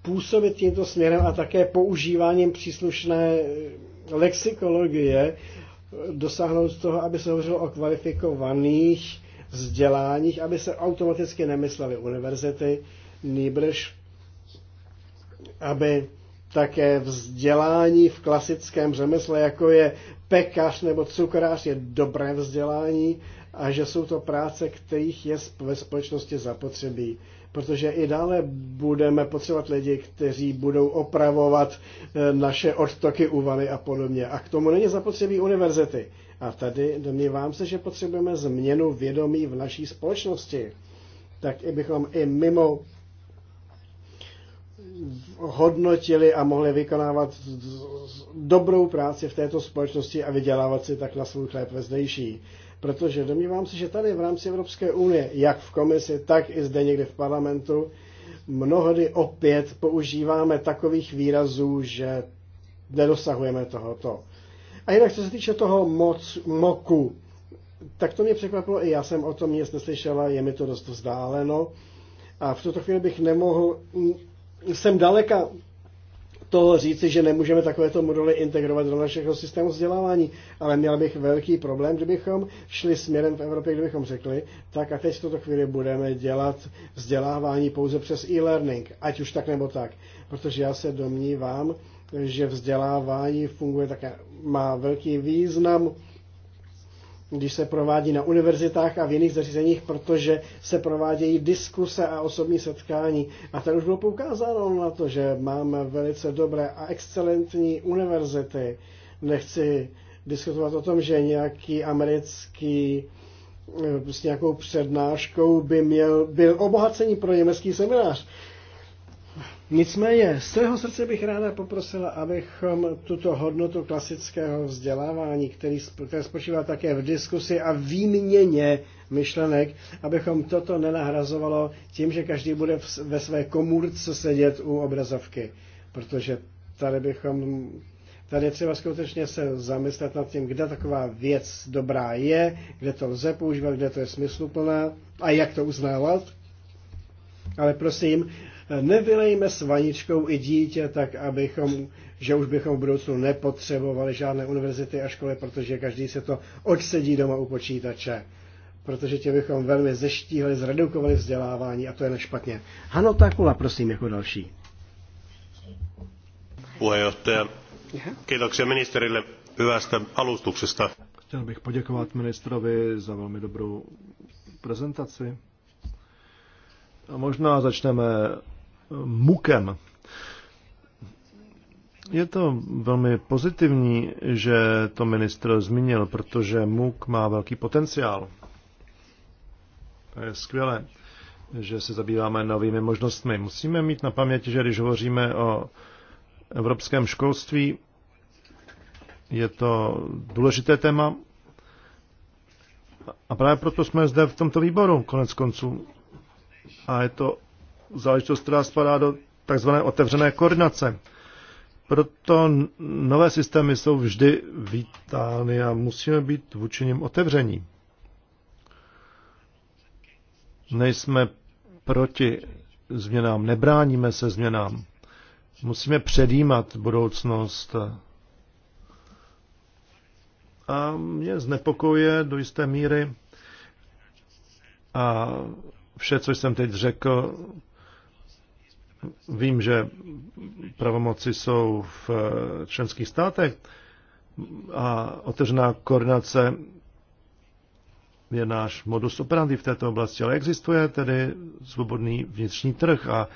působit tímto směrem a také používáním příslušné lexikologie dosáhnout toho, aby se hovořilo o kvalifikovaných vzděláních, aby se automaticky nemyslely univerzity, nýbrž aby také vzdělání v klasickém řemesle, jako je pekař nebo cukrář je dobré vzdělání a že jsou to práce, kterých je ve společnosti zapotřebí. Protože i dále budeme potřebovat lidi, kteří budou opravovat eh, naše odtoky, uvaly a podobně. A k tomu není zapotřebí univerzity. A tady domnívám se, že potřebujeme změnu vědomí v naší společnosti. Tak i bychom i mimo hodnotili a mohli vykonávat dobrou práci v této společnosti a vydělávat si tak na svůj chléb ve zdejší. Protože domnívám se, že tady v rámci Evropské unie, jak v komisi, tak i zde někde v parlamentu, mnohdy opět používáme takových výrazů, že nedosahujeme tohoto. A jinak, co se týče toho moc, moku, tak to mě překvapilo, i já jsem o tom nic neslyšela, je mi to dost vzdáleno. A v tuto chvíli bych nemohl jsem daleka toho říci, že nemůžeme takovéto moduly integrovat do našeho systému vzdělávání, ale měl bych velký problém, kdybychom šli směrem v Evropě, kdybychom řekli, tak a teď v tuto chvíli budeme dělat vzdělávání pouze přes e-learning, ať už tak nebo tak, protože já se domnívám, že vzdělávání funguje také, má velký význam když se provádí na univerzitách a v jiných zařízeních, protože se provádějí diskuse a osobní setkání. A tady už bylo poukázáno na to, že máme velice dobré a excelentní univerzity. Nechci diskutovat o tom, že nějaký americký eh, s nějakou přednáškou by měl, byl obohacení pro německý seminář. Nicméně z celého srdce bych ráda poprosila, abychom tuto hodnotu klasického vzdělávání, který, které spočívá také v diskusi a výměně myšlenek, abychom toto nenahrazovalo tím, že každý bude ve své komůrce sedět u obrazovky. Protože tady bychom Tady je třeba skutečně se zamyslet nad tím, kde taková věc dobrá je, kde to lze používat, kde to je smysluplné a jak to uznávat. Ale prosím, nevylejme s vaničkou i dítě, tak abychom, že už bychom v budoucnu nepotřebovali žádné univerzity a školy, protože každý se to odsedí doma u počítače. Protože tě bychom velmi zeštíhli, zredukovali vzdělávání a to je nešpatně. Hano Takula, prosím, jako další. Puheenjohtaja, kiitoksia ministerille hyvästä alustuksesta. Chtěl bych poděkovat ministrovi za velmi dobrou prezentaci. A možná začneme mukem. Je to velmi pozitivní, že to ministr zmínil, protože MUK má velký potenciál. To je skvělé, že se zabýváme novými možnostmi. Musíme mít na paměti, že když hovoříme o evropském školství, je to důležité téma. A právě proto jsme zde v tomto výboru, konec konců. A je to záležitost, která spadá do takzvané otevřené koordinace. Proto nové systémy jsou vždy vítány a musíme být vůči nim otevření. Nejsme proti změnám, nebráníme se změnám. Musíme předjímat budoucnost. A mě znepokojuje do jisté míry a vše, co jsem teď řekl, Vím, že pravomoci jsou v členských státech a otevřená koordinace je náš modus operandi v této oblasti, ale existuje tedy svobodný vnitřní trh a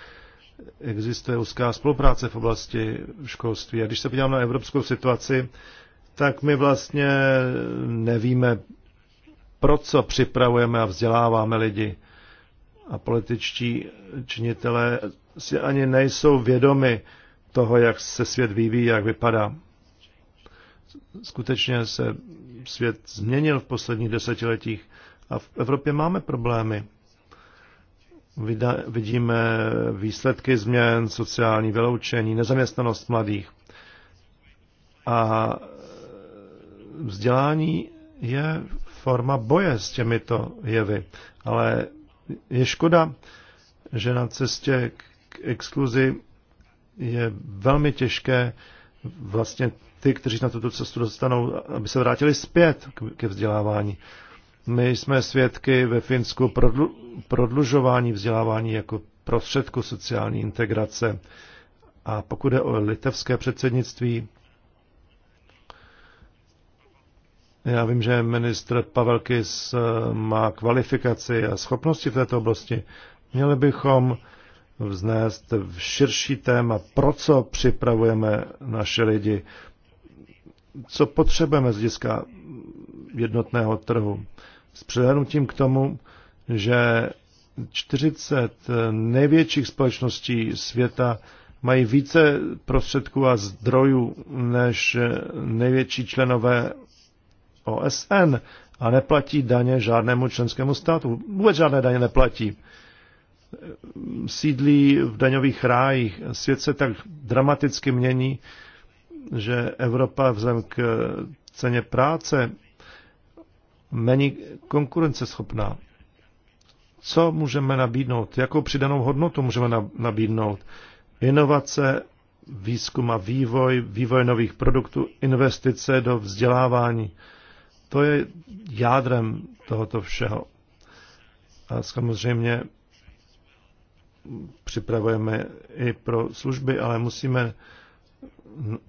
existuje úzká spolupráce v oblasti školství. A když se podívám na evropskou situaci, tak my vlastně nevíme, pro co připravujeme a vzděláváme lidi. A političtí činitelé si ani nejsou vědomi toho, jak se svět vyvíjí, jak vypadá. Skutečně se svět změnil v posledních desetiletích a v Evropě máme problémy. Vidíme výsledky změn, sociální vyloučení, nezaměstnanost mladých. A vzdělání je forma boje s těmito jevy. Ale je škoda, že na cestě exkluzi je velmi těžké vlastně ty, kteří na tuto cestu dostanou, aby se vrátili zpět ke vzdělávání. My jsme svědky ve Finsku prodlužování vzdělávání jako prostředku sociální integrace. A pokud je o litevské předsednictví, já vím, že ministr Kis má kvalifikaci a schopnosti v této oblasti. Měli bychom vznést v širší téma, pro co připravujeme naše lidi, co potřebujeme z hlediska jednotného trhu. S přihlednutím k tomu, že 40 největších společností světa mají více prostředků a zdrojů než největší členové OSN a neplatí daně žádnému členskému státu. Vůbec žádné daně neplatí sídlí v daňových rájích. Svět se tak dramaticky mění, že Evropa vzhledem k ceně práce není konkurenceschopná. Co můžeme nabídnout? Jakou přidanou hodnotu můžeme nabídnout? Inovace, výzkum a vývoj, vývoj nových produktů, investice do vzdělávání. To je jádrem tohoto všeho. A samozřejmě připravujeme i pro služby, ale musíme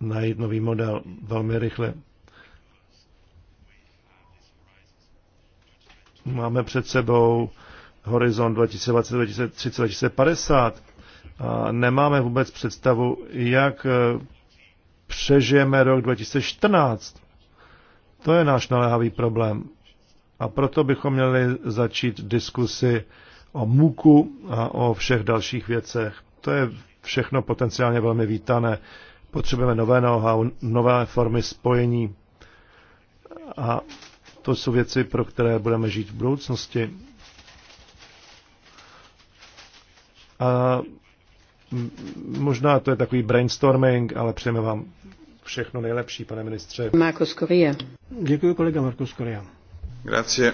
najít nový model velmi rychle. Máme před sebou horizont 2020, 2030, 2050 a nemáme vůbec představu, jak eh, přežijeme rok 2014. To je náš naléhavý problém. A proto bychom měli začít diskusy o muku a o všech dalších věcech. To je všechno potenciálně velmi vítané. Potřebujeme nové know nové formy spojení a to jsou věci, pro které budeme žít v budoucnosti. A možná to je takový brainstorming, ale přejeme vám všechno nejlepší, pane ministře. Marko Skoria. Děkuji kolega Marko Skoria. Grazie,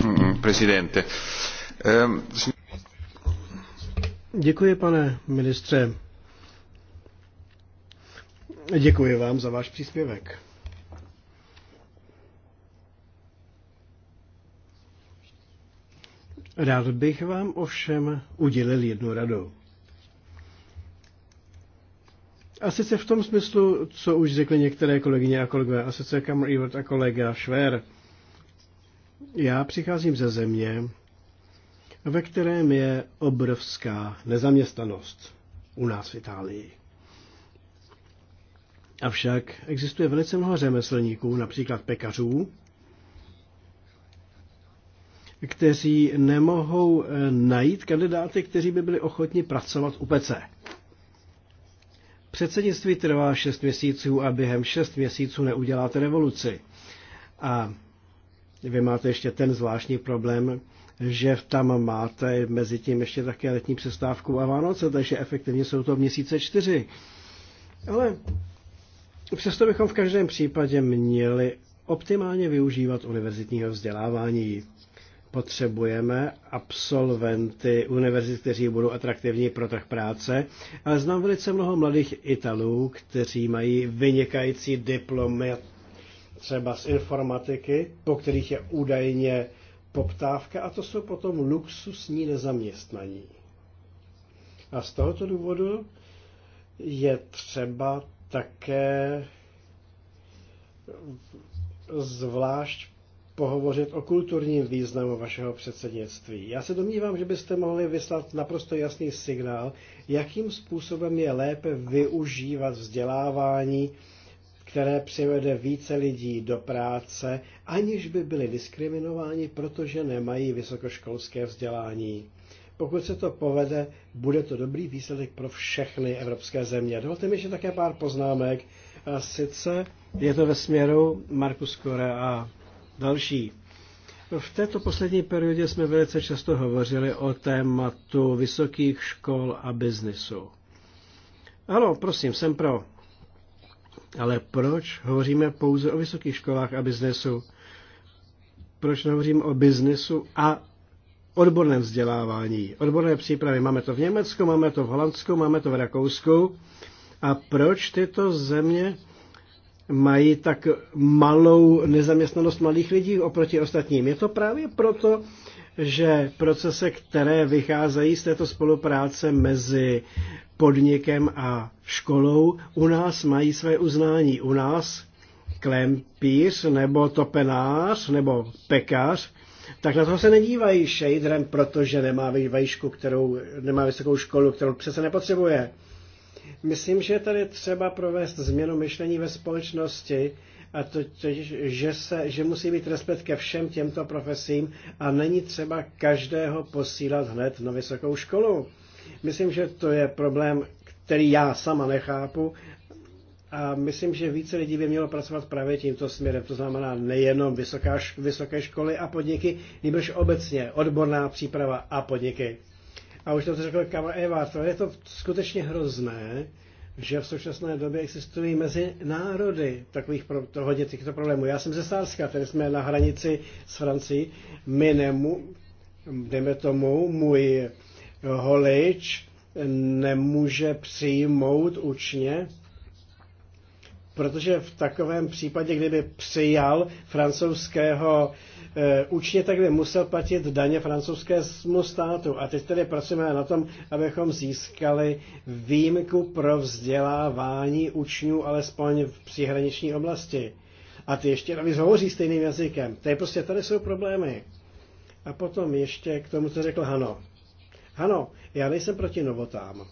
presidente. Děkuji, pane ministře. Děkuji vám za váš příspěvek. Rád bych vám ovšem udělil jednu radu. A sice v tom smyslu, co už řekli některé kolegyně a kolegové, a sice Kamr Evert a kolega Schwer, Já přicházím ze země, ve kterém je obrovská nezaměstnanost u nás v Itálii. Avšak existuje velice mnoho řemeslníků, například pekařů, kteří nemohou eh, najít kandidáty, kteří by byli ochotni pracovat u pece. Předsednictví trvá 6 měsíců a během 6 měsíců neuděláte revoluci. A vy máte ještě ten zvláštní problém, že tam máte mezi tím ještě také letní přestávku a Vánoce, takže efektivně jsou to měsíce čtyři. Ale přesto bychom v každém případě měli optimálně využívat univerzitního vzdělávání. Potřebujeme absolventy univerzit, kteří budou atraktivní pro trh práce, ale znám velice mnoho mladých Italů, kteří mají vynikající diplomy třeba z informatiky, po kterých je údajně poptávka a to jsou potom luxusní nezaměstnaní. A z tohoto důvodu je třeba také zvlášť pohovořit o kulturním významu vašeho předsednictví. Já se domnívám, že byste mohli vyslat naprosto jasný signál, jakým způsobem je lépe využívat vzdělávání které přivede více lidí do práce, aniž by byli diskriminováni, protože nemají vysokoškolské vzdělání. Pokud se to povede, bude to dobrý výsledek pro všechny evropské země. Dovolte mi ještě také pár poznámek. A sice je to ve směru Markus Kore a další. V této poslední periodě jsme velice často hovořili o tématu vysokých škol a biznisu. Ano, prosím, jsem pro. Ale proč hovoříme pouze o vysokých školách a biznesu? Proč nehovoříme o biznesu a odborném vzdělávání, odborné přípravy? Máme to v Německu, máme to v Holandsku, máme to v Rakousku. A proč tyto země mají tak malou nezaměstnanost malých lidí oproti ostatním? Je to právě proto, že procesy, které vycházejí z této spolupráce mezi podnikem a školou, u nás mají své uznání. U nás klempíř nebo topenář nebo pekař, tak na to se nedívají šejdrem, protože nemá vejšku, kterou, nemá vysokou školu, kterou přece nepotřebuje. Myslím, že tady třeba provést změnu myšlení ve společnosti, a to, to že, se, že musí být respekt ke všem těmto profesím a není třeba každého posílat hned na vysokou školu. Myslím, že to je problém, který já sama nechápu a myslím, že více lidí by mělo pracovat právě tímto směrem. To znamená nejenom vysoká, vysoké školy a podniky, nebož obecně odborná příprava a podniky. A už to řekl Kama Eva, to je to skutečně hrozné, že v současné době existují mezi národy takových pro, to, hodně těchto problémů. Já jsem ze Sárska, tady jsme na hranici s Francií. My nemu, jdeme tomu, můj holič nemůže přijmout učně, protože v takovém případě, kdyby přijal francouzského e, učně, tak by musel platit daně francouzskému státu. A teď tedy prosíme na tom, abychom získali výjimku pro vzdělávání učňů, alespoň v příhraniční oblasti. A ty ještě navíc hovoří stejným jazykem. je prostě tady jsou problémy. A potom ještě k tomu, co řekl Hano. Ano, já nejsem proti novotám.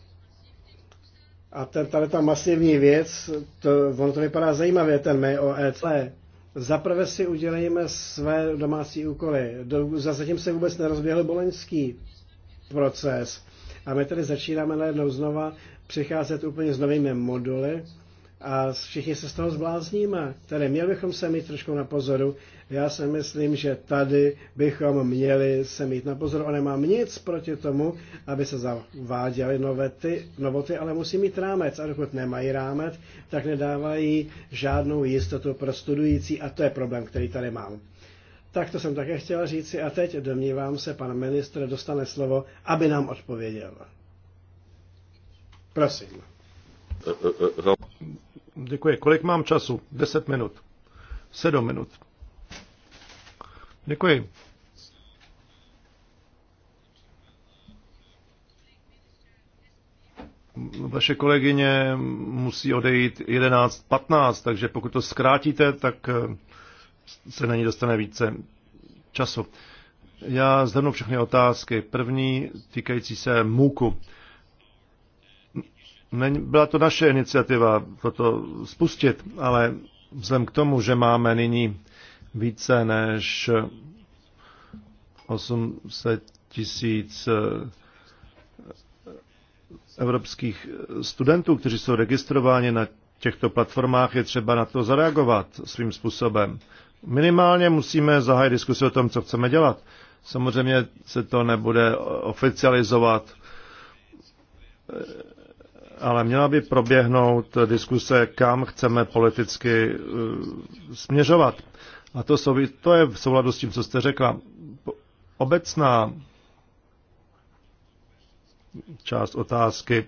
A ten, tady ta masivní věc, to, ono to vypadá zajímavě, ten mail o ETLE. Zaprvé si udělejme své domácí úkoly. Do, zatím se vůbec nerozběhl boleňský proces. A my tady začínáme najednou znova přicházet úplně s novými moduly, a všichni se z toho zblázníme. Tedy měli bychom se mít trošku na pozoru. Já si myslím, že tady bychom měli se mít na pozoru. On nemám nic proti tomu, aby se zaváděly novety, novoty, ale musí mít rámec. A dokud nemají rámec, tak nedávají žádnou jistotu pro studující. A to je problém, který tady mám. Tak to jsem také chtěla říci a teď domnívám se, pan ministr dostane slovo, aby nám odpověděl. Prosím. Eh, eh, eh, Děkuji. Kolik mám času? 10 minut. 7 minut. Děkuji. Vaše kolegyně musí odejít 11.15, takže pokud to zkrátíte, tak eh, se na ní dostane více času. Já zhrnu všechny otázky. První týkající se MOOCu byla to naše iniciativa toto spustit, ale vzhledem k tomu, že máme nyní více než 800 tisíc eh, evropských studentů, kteří jsou registrováni na těchto platformách, je třeba na to zareagovat svým způsobem. Minimálně musíme zahájit diskusi o tom, co chceme dělat. Samozřejmě se to nebude oficializovat ale měla by proběhnout diskuse, kam chceme politicky e, směřovat. A to, souvi, to je v souladu s tím, co jste řekla. Obecná část otázky,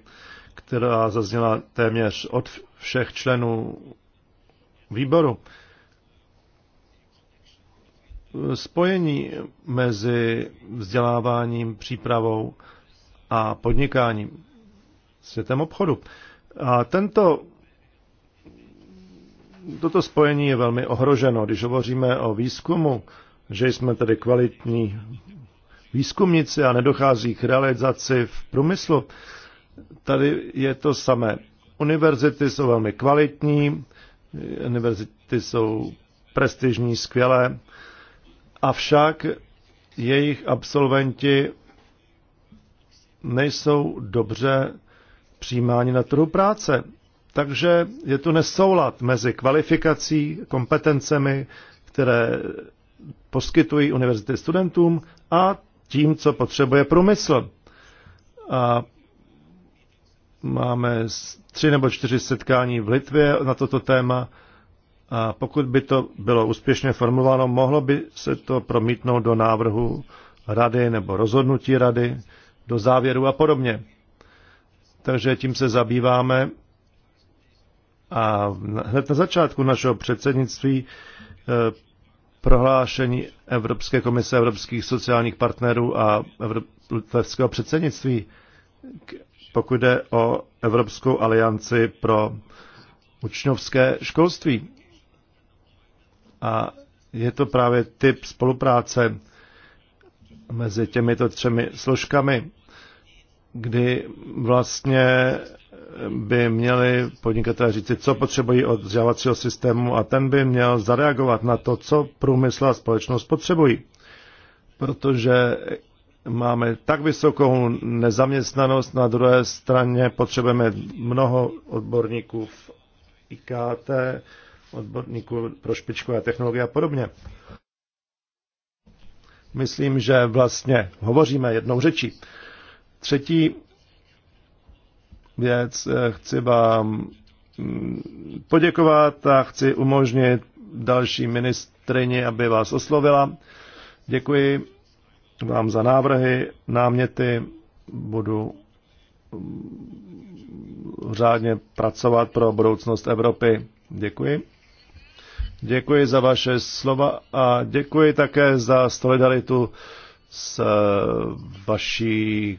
která zazněla téměř od všech členů výboru. Spojení mezi vzděláváním, přípravou a podnikáním světem obchodu. A tento, toto spojení je velmi ohroženo. Když hovoříme o výzkumu, že jsme tedy kvalitní výzkumníci a nedochází k realizaci v průmyslu, tady je to samé. Univerzity jsou velmi kvalitní, univerzity jsou prestižní, skvělé, avšak jejich absolventi nejsou dobře přijímání na trhu práce. Takže je tu nesoulad mezi kvalifikací, kompetencemi, které poskytují univerzity studentům a tím, co potřebuje průmysl. A máme tři nebo čtyři setkání v Litvě na toto téma a pokud by to bylo úspěšně formulováno, mohlo by se to promítnout do návrhu rady nebo rozhodnutí rady, do závěru a podobně. Takže tím se zabýváme. A hned na začátku našeho předsednictví eh, prohlášení Evropské komise evropských sociálních partnerů a evropského předsednictví, pokud jde o Evropskou alianci pro učňovské školství. A je to právě typ spolupráce mezi těmito třemi složkami kdy vlastně by měli podnikatelé říci, co potřebují od vzdělávacího systému a ten by měl zareagovat na to, co průmysl a společnost potřebují. Protože máme tak vysokou nezaměstnanost, na druhé straně potřebujeme mnoho odborníků v IKT, odborníků pro špičkové technologie a podobně. Myslím, že vlastně hovoříme jednou řečí. Třetí věc, eh, chci vám mm, poděkovat a chci umožnit další ministrině, aby vás oslovila. Děkuji vám za návrhy, náměty, budu mm, řádně pracovat pro budoucnost Evropy. Děkuji. Děkuji za vaše slova a děkuji také za solidaritu s eh, vaší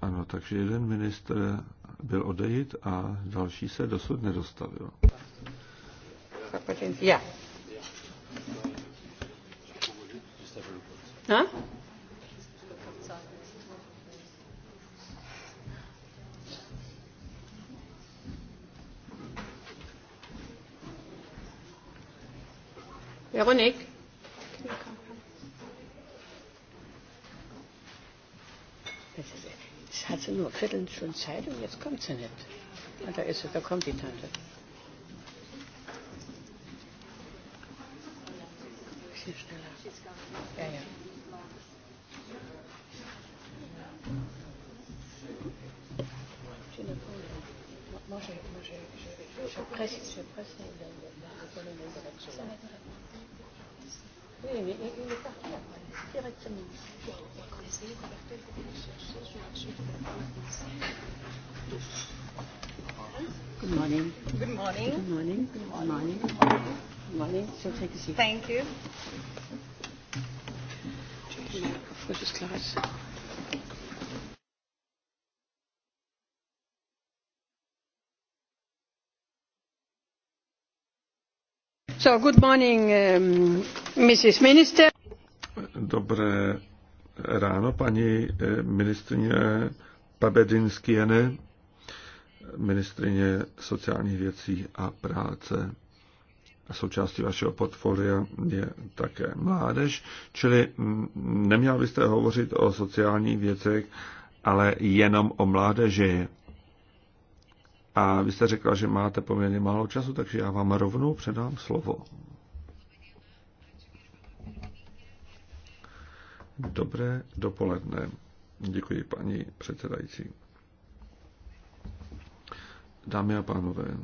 Ano, takže jeden ministr byl odejít a další se dosud nedostavil. Ja. Na? No? Veronik? hat sie nur schon Zeit und jetzt kommt sie nicht. Ja, ah, da ist sie, da kommt die Tante. Bisschen schneller. Ja, ja. Moi, je, moi je, je, je presse, je presse la, la, la, la, la, la, la, la, la, la, la, la, la, la, la, la, la, la, Oui, mais il, il est parti directement. Good morning. Good morning. Good morning. Good morning. Good morning. Good morning. So take a seat. Thank you. Frisch ist Um, Dobré ráno, paní eh, ministrině Pabedinskiene, ministrině sociálních věcí a práce. A součástí vašeho portfolia je také mládež, čili mm, neměla byste hovořit o sociálních věcech, ale jenom o mládeži. A vy jste řekla, že máte poměrně málo času, takže já vám rovnou předám slovo. Dobré dopoledne. Děkuji, paní předsedající. Dámy a pánové,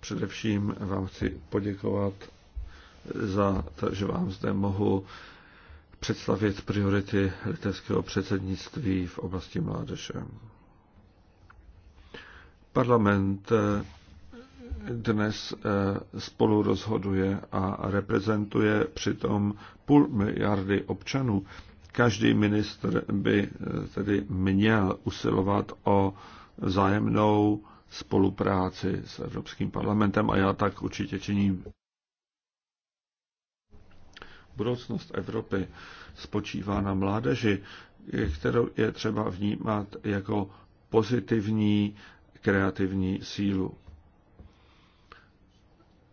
především vám chci poděkovat za to, že vám zde mohu představit priority litevského předsednictví v oblasti mládeže. Parlament eh, dnes eh, spolu rozhoduje a reprezentuje přitom půl miliardy občanů. Každý ministr by eh, tedy měl usilovat o zájemnou spolupráci s Evropským parlamentem a já tak určitě činím. Budoucnost Evropy spočívá na mládeži, kterou je třeba vnímat jako pozitivní kreativní sílu.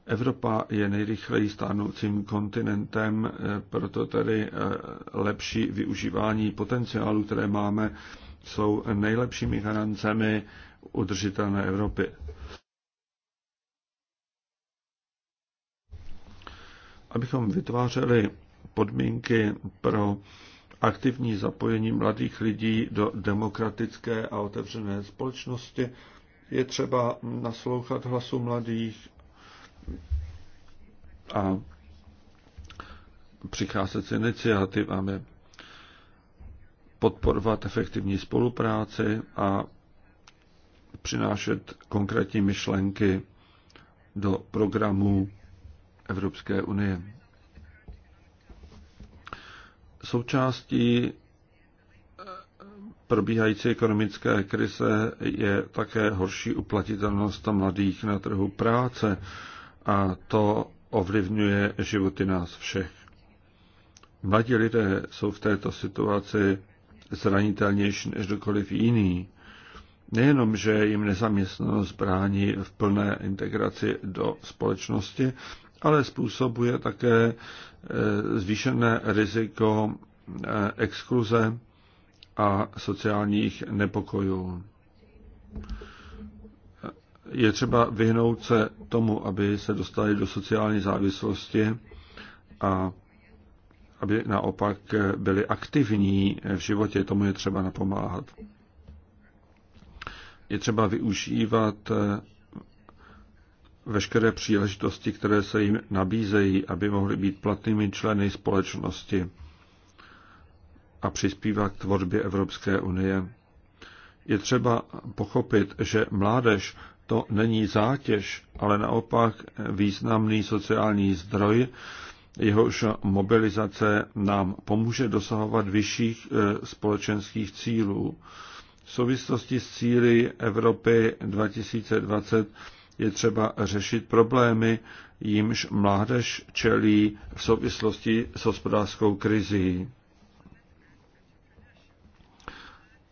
Evropa je nejrychleji stárnoucím kontinentem, eh, proto tedy eh, lepší využívání potenciálu, které máme, jsou nejlepšími garancemi udržitelné Evropy. Abychom vytvářeli podmínky pro aktivní zapojení mladých lidí do demokratické a otevřené společnosti, je třeba naslouchat hlasu mladých a přicházet s iniciativami, podporovat efektivní spolupráci a přinášet konkrétní myšlenky do programů Evropské unie. Součástí probíhající ekonomické krize je také horší uplatitelnost mladých na trhu práce a to ovlivňuje životy nás všech. Mladí lidé jsou v této situaci zranitelnější než dokoliv jiný. Nejenom, že jim nezaměstnanost brání v plné integraci do společnosti, ale způsobuje také eh, zvýšené riziko eh, exkluze a sociálních nepokojů. Je třeba vyhnout se tomu, aby se dostali do sociální závislosti a aby naopak byli aktivní v životě. Tomu je třeba napomáhat. Je třeba využívat veškeré příležitosti, které se jim nabízejí, aby mohli být platnými členy společnosti a přispívá k tvorbě Evropské unie. Je třeba pochopit, že mládež to není zátěž, ale naopak významný sociální zdroj, jehož mobilizace nám pomůže dosahovat vyšších eh, společenských cílů. V souvislosti s cíly Evropy 2020 je třeba řešit problémy, jimž mládež čelí v souvislosti s hospodářskou krizí.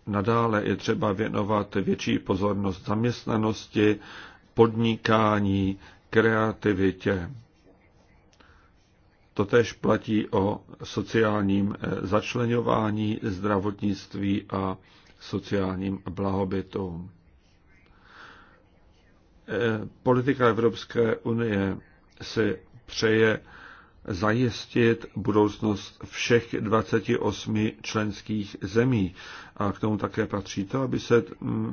nadále je třeba věnovat větší pozornost zaměstnanosti, podnikání, kreativitě. Totež platí o sociálním eh, začlenování, zdravotnictví a sociálním blahobytu. Eh, politika Evropské unie si přeje zajistit budoucnost všech 28 členských zemí. A k tomu také patří to, aby se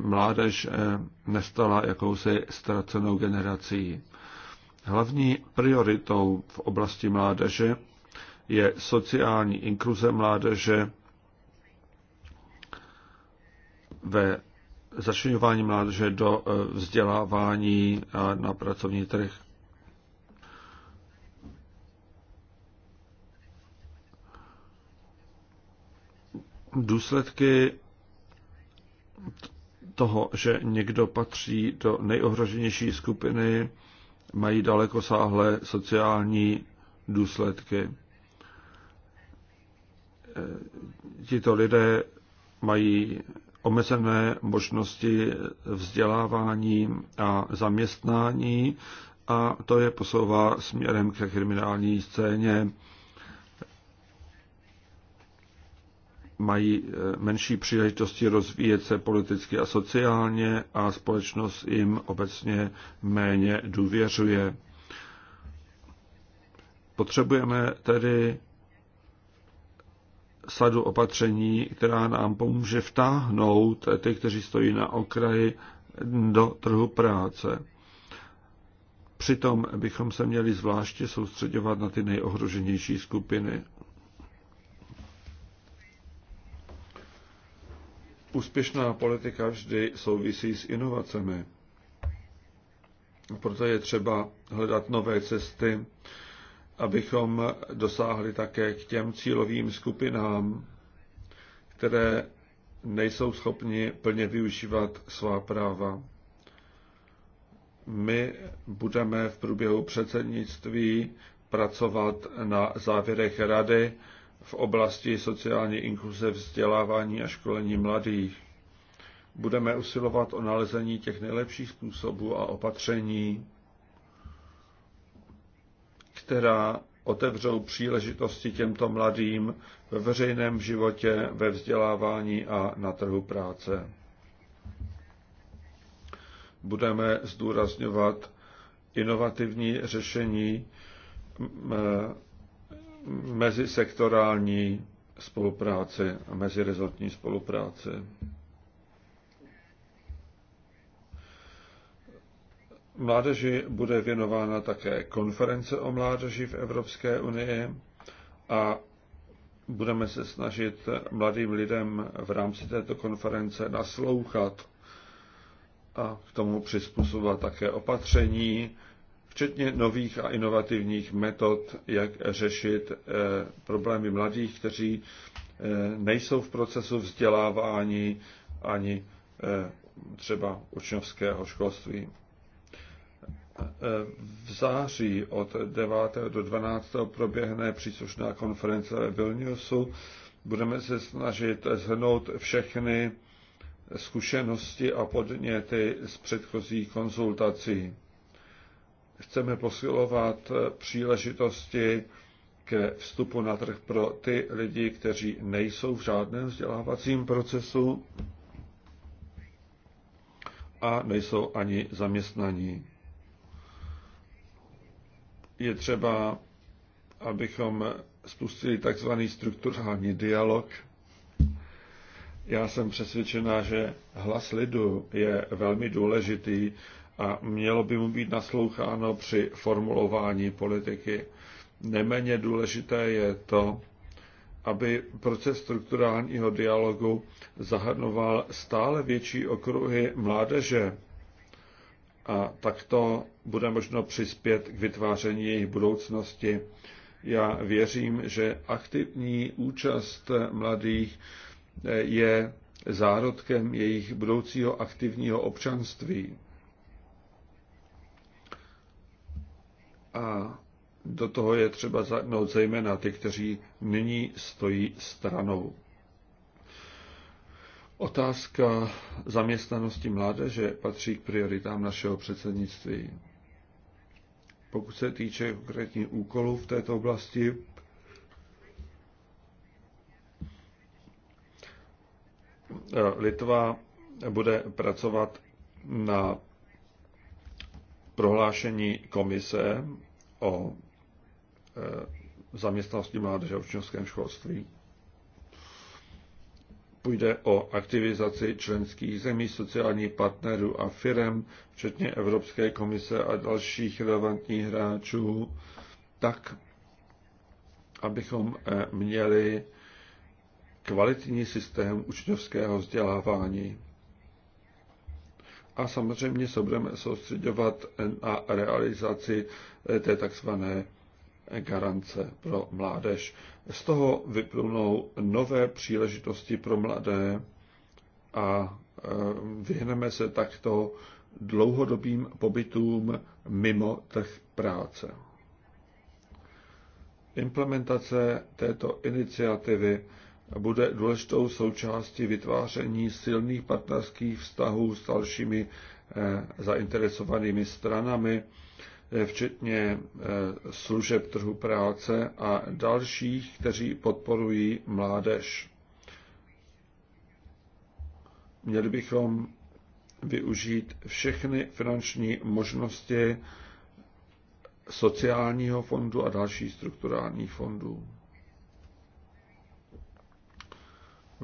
mládež eh, nestala jakousi ztracenou generací. Hlavní prioritou v oblasti mládeže je sociální inkluze mládeže ve začlenování mládeže do eh, vzdělávání a na pracovní trh. důsledky toho, že někdo patří do nejohroženější skupiny, mají sáhlé sociální důsledky. Eh, tito lidé mají omezené možnosti vzdělávání a zaměstnání a to je posouvá směrem ke kriminální scéně mají eh, menší příležitosti rozvíjet se politicky a sociálně a společnost jim obecně méně důvěřuje. Potřebujeme tedy sadu opatření, která nám pomůže vtáhnout ty, kteří stojí na okraji, do trhu práce. Přitom bychom se měli zvláště soustředovat na ty nejohroženější skupiny. Úspěšná politika vždy souvisí s inovacemi. Proto je třeba hledat nové cesty, abychom dosáhli také k těm cílovým skupinám, které nejsou schopni plně využívat svá práva. My budeme v průběhu předsednictví pracovat na závěrech rady v oblasti sociální inkluze vzdělávání a školení mladých. Budeme usilovat o nalezení těch nejlepších způsobů a opatření, která otevřou příležitosti těmto mladým ve veřejném životě, ve vzdělávání a na trhu práce. Budeme zdůrazňovat inovativní řešení mezisektorální spolupráci a mezirezortní spolupráci. Mládeži bude věnována také konference o mládeži v Evropské unii a budeme se snažit mladým lidem v rámci této konference naslouchat a k tomu přizpůsobovat také opatření, včetně nových a inovativních metod, jak řešit eh, problémy mladých, kteří eh, nejsou v procesu vzdělávání ani eh, třeba učňovského školství. V září od 9. do 12. proběhne příslušná konference ve Vilniusu. Budeme se snažit zhrnout všechny zkušenosti a podněty z předchozí konzultací chceme posilovat příležitosti k vstupu na trh pro ty lidi, kteří nejsou v žádném vzdělávacím procesu a nejsou ani zaměstnaní. Je třeba, abychom spustili takzvaný strukturální dialog. Já jsem přesvědčená, že hlas lidu je velmi důležitý a mělo by mu být nasloucháno při formulování politiky. Neméně důležité je to, aby proces strukturálního dialogu zahrnoval stále větší okruhy mládeže a takto bude možno přispět k vytváření jejich budoucnosti. Já věřím, že aktivní účast mladých eh, je zárodkem jejich budoucího aktivního občanství. A do toho je třeba zahrnout zejména ty, kteří nyní stojí stranou. Otázka zaměstnanosti mládeže patří k prioritám našeho předsednictví. Pokud se týče konkrétních úkolů v této oblasti, Litva bude pracovat na prohlášení komise o e, zaměstnanosti mládeže v učňovském školství. Půjde o aktivizaci členských zemí, sociálních partnerů a firm, včetně Evropské komise a dalších relevantních hráčů, tak, abychom e, měli kvalitní systém učňovského vzdělávání a samozřejmě se budeme soustředovat na realizaci eh, té takzvané garance pro mládež. Z toho vyplnou nové příležitosti pro mladé a eh, vyhneme se takto dlouhodobým pobytům mimo trh práce. Implementace této iniciativy bude důležitou součástí vytváření silných partnerských vztahů s dalšími eh, zainteresovanými stranami, eh, včetně eh, služeb trhu práce a dalších, kteří podporují mládež. Měli bychom využít všechny finanční možnosti sociálního fondu a dalších strukturálních fondů.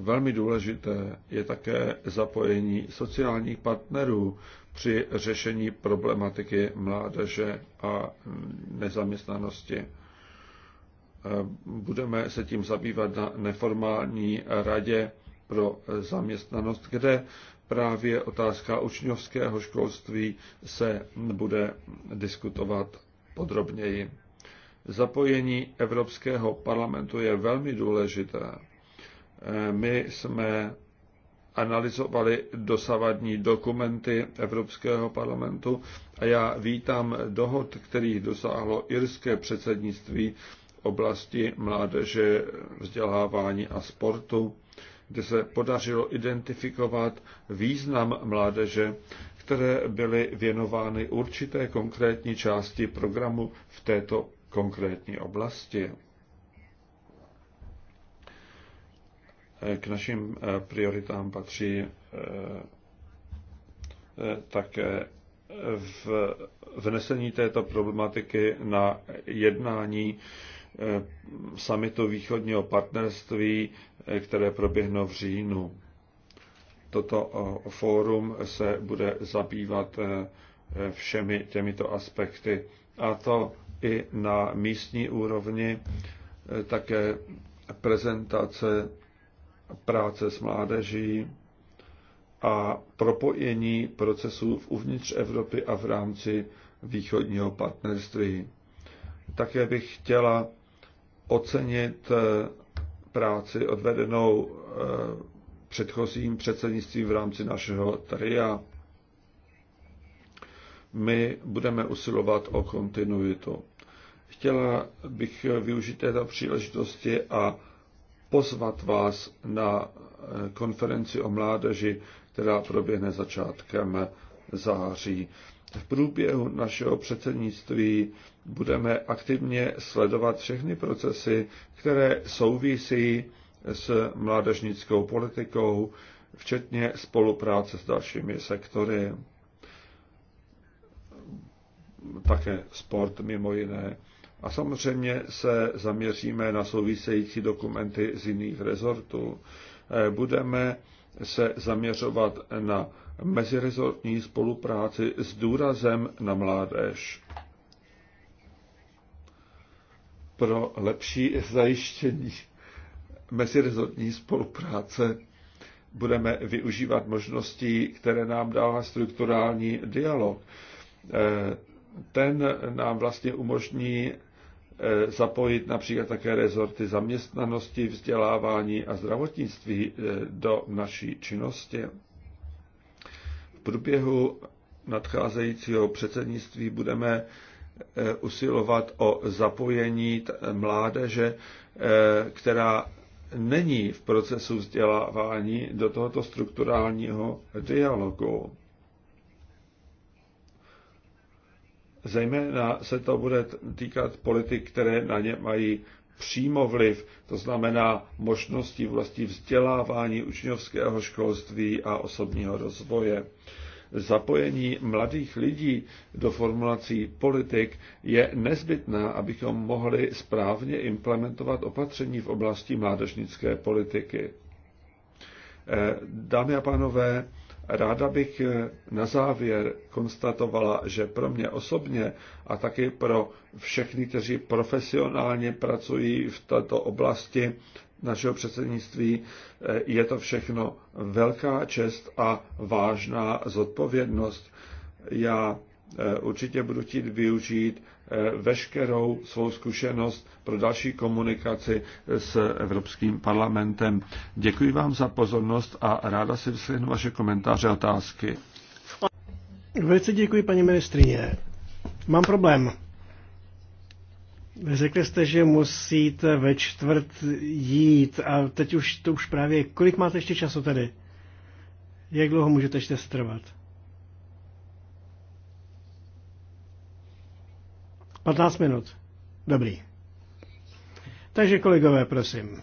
Velmi důležité je také zapojení sociálních partnerů při řešení problematiky mládeže a nezaměstnanosti. Budeme se tím zabývat na neformální radě pro zaměstnanost, kde právě otázka učňovského školství se bude diskutovat podrobněji. Zapojení Evropského parlamentu je velmi důležité Eh, my jsme analyzovali dosavadní dokumenty Evropského parlamentu a já vítám dohod, kterých dosáhlo irské předsednictví v oblasti mládeže, vzdělávání a sportu, kde se podařilo identifikovat význam mládeže, které byly věnovány určité konkrétní části programu v této konkrétní oblasti. K našim eh, prioritám patří eh, eh, také v vnesení této problematiky na jednání samitu východního partnerství, které proběhne v říjnu. Toto fórum se bude zabývat všemi těmito aspekty, a to i na místní úrovni, také prezentace práce s mládeží a propojení procesů v uvnitř Evropy a v rámci východního partnerství. Také bych chtěla ocenit eh, práci odvedenou eh, předchozím předsednictvím v rámci našeho TRIA. My budeme usilovat o kontinuitu. Chtěla bych využít této příležitosti a pozvat vás na eh, konferenci o mládeži, která proběhne začátkem září. V průběhu našeho předsednictví budeme aktivně sledovat všechny procesy, které souvisí s mládežnickou politikou, včetně spolupráce s dalšími sektory, také sport mimo jiné. A samozřejmě se zaměříme na související dokumenty z jiných rezortů. Eh, budeme se zaměřovat na mezirezortní spolupráci s důrazem na mládež pro lepší zajištění mezirezortní spolupráce budeme využívat možností, které nám dává strukturální dialog. Eh, ten nám vlastně umožní Eh, zapojit například také rezorty zaměstnanosti, vzdělávání a zdravotnictví eh, do naší činnosti. V průběhu nadcházejícího předsednictví budeme eh, usilovat o zapojení mládeže, která není v procesu vzdělávání do tohoto strukturálního dialogu. Zejména se to bude týkat politik, které na ně mají přímo vliv, to znamená možnosti vlastní vzdělávání, učňovského školství a osobního rozvoje. Zapojení mladých lidí do formulací politik je nezbytná, abychom mohli správně implementovat opatření v oblasti mládežnické politiky. Eh, dámy a pánové, Ráda bych eh, na závěr konstatovala, že pro mě osobně a taky pro všechny, kteří profesionálně pracují v této oblasti našeho předsednictví, eh, je to všechno velká čest a vážná zodpovědnost. Já eh, určitě budu chtít využít Eh, veškerou svou zkušenost pro další komunikaci s Evropským parlamentem. Děkuji vám za pozornost a ráda si vyslechnu vaše komentáře a otázky. Velice děkuji, paní ministrině. Mám problém. Řekli jste, že musíte ve čtvrt jít a teď už to už právě, kolik máte ještě času tady? Jak dlouho můžete ještě strvat? 15 minut. Dobrý. Takže kolegové, prosím.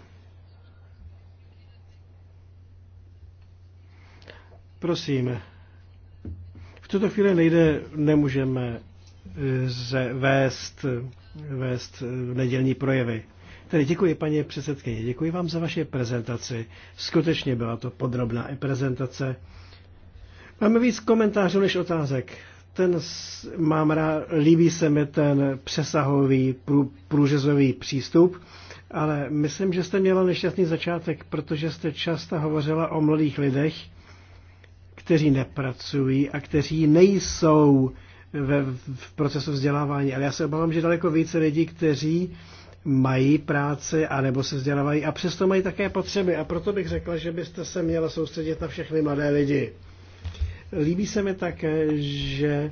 Prosím, v tuto chvíli nejde, nemůžeme eh, vést, vést eh, nedělní projevy. Tedy děkuji, paní předsedkyně, děkuji vám za vaši prezentaci. Skutečně byla to podrobná prezentace. Máme víc komentářů než otázek ten mám rád, líbí se mi ten přesahový, prů, průřezový přístup, ale myslím, že jste měla nešťastný začátek, protože jste často hovořila o mladých lidech, kteří nepracují a kteří nejsou ve, v procesu vzdělávání. Ale já se obávám, že daleko více lidí, kteří mají práci a nebo se vzdělávají a přesto mají také potřeby. A proto bych řekla, že byste se měla soustředit na všechny mladé lidi. Líbí se mi také, že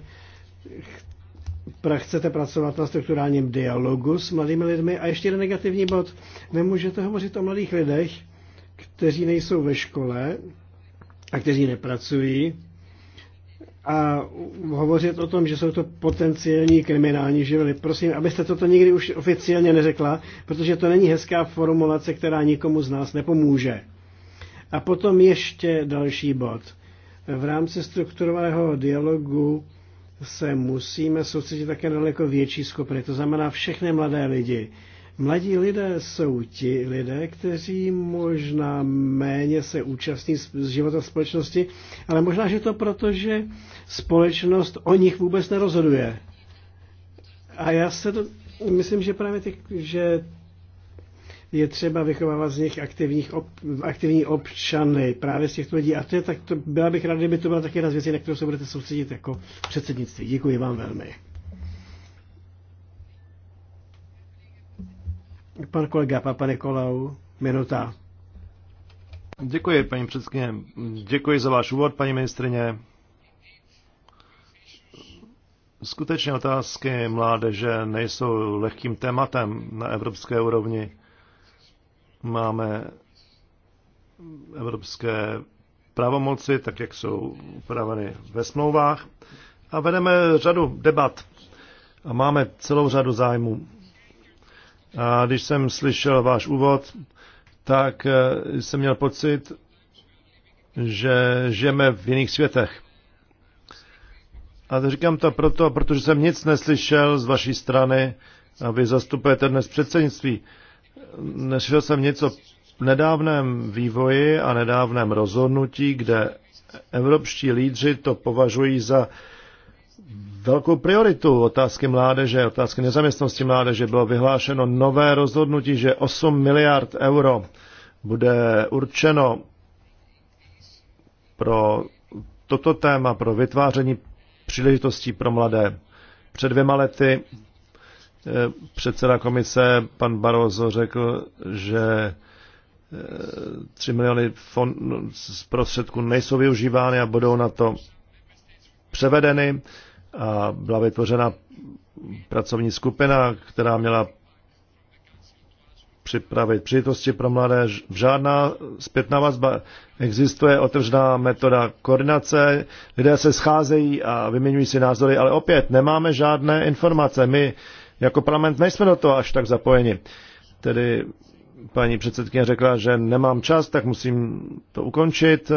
chcete pracovat na strukturálním dialogu s mladými lidmi. A ještě jeden negativní bod. Nemůžete hovořit o mladých lidech, kteří nejsou ve škole a kteří nepracují a hovořit o tom, že jsou to potenciální kriminální živly. Prosím, abyste toto nikdy už oficiálně neřekla, protože to není hezká formulace, která nikomu z nás nepomůže. A potom ještě další bod. V rámci strukturovaného dialogu se musíme soustředit také na daleko větší skupiny, to znamená všechny mladé lidi. Mladí lidé jsou ti lidé, kteří možná méně se účastní z života společnosti, ale možná, že to proto, že společnost o nich vůbec nerozhoduje. A já se to, myslím, že právě ty, že je třeba vychovávat z nich aktivních ob, aktivní občany, právě z těchto lidí. A to je tak, to, byla bych ráda, kdyby to byla taky jedna z věcí, na kterou se budete soustředit jako předsednictví. Děkuji vám velmi. Pan kolega Papa Nikolau, minuta. Děkuji, paní předsedkyně. Děkuji za váš úvod, paní ministrině. Skutečně otázky mládeže nejsou lehkým tématem na evropské úrovni. Máme evropské pravomoci, tak jak jsou upraveny ve smlouvách. A vedeme řadu debat a máme celou řadu zájmů. A když jsem slyšel váš úvod, tak eh, jsem měl pocit, že žijeme v jiných světech. A to říkám to proto, protože jsem nic neslyšel z vaší strany a vy zastupujete dnes předsednictví. Nešel jsem něco v nedávném vývoji a nedávném rozhodnutí, kde evropští lídři to považují za velkou prioritu otázky mládeže, otázky nezaměstnosti mládeže. Bylo vyhlášeno nové rozhodnutí, že 8 miliard euro bude určeno pro toto téma, pro vytváření příležitostí pro mladé. Před dvěma lety Eh, předseda komise, pan Barroso, řekl, že 3 eh, miliony z prostředků nejsou využívány a budou na to převedeny. A byla vytvořena pracovní skupina, která měla připravit přítosti pro mladé. Žádná zpětná vazba. Existuje otevřená metoda koordinace, lidé se scházejí a vyměňují si názory, ale opět nemáme žádné informace. My jako parlament nejsme do toho až tak zapojeni. Tedy paní předsedkyně řekla, že nemám čas, tak musím to ukončit.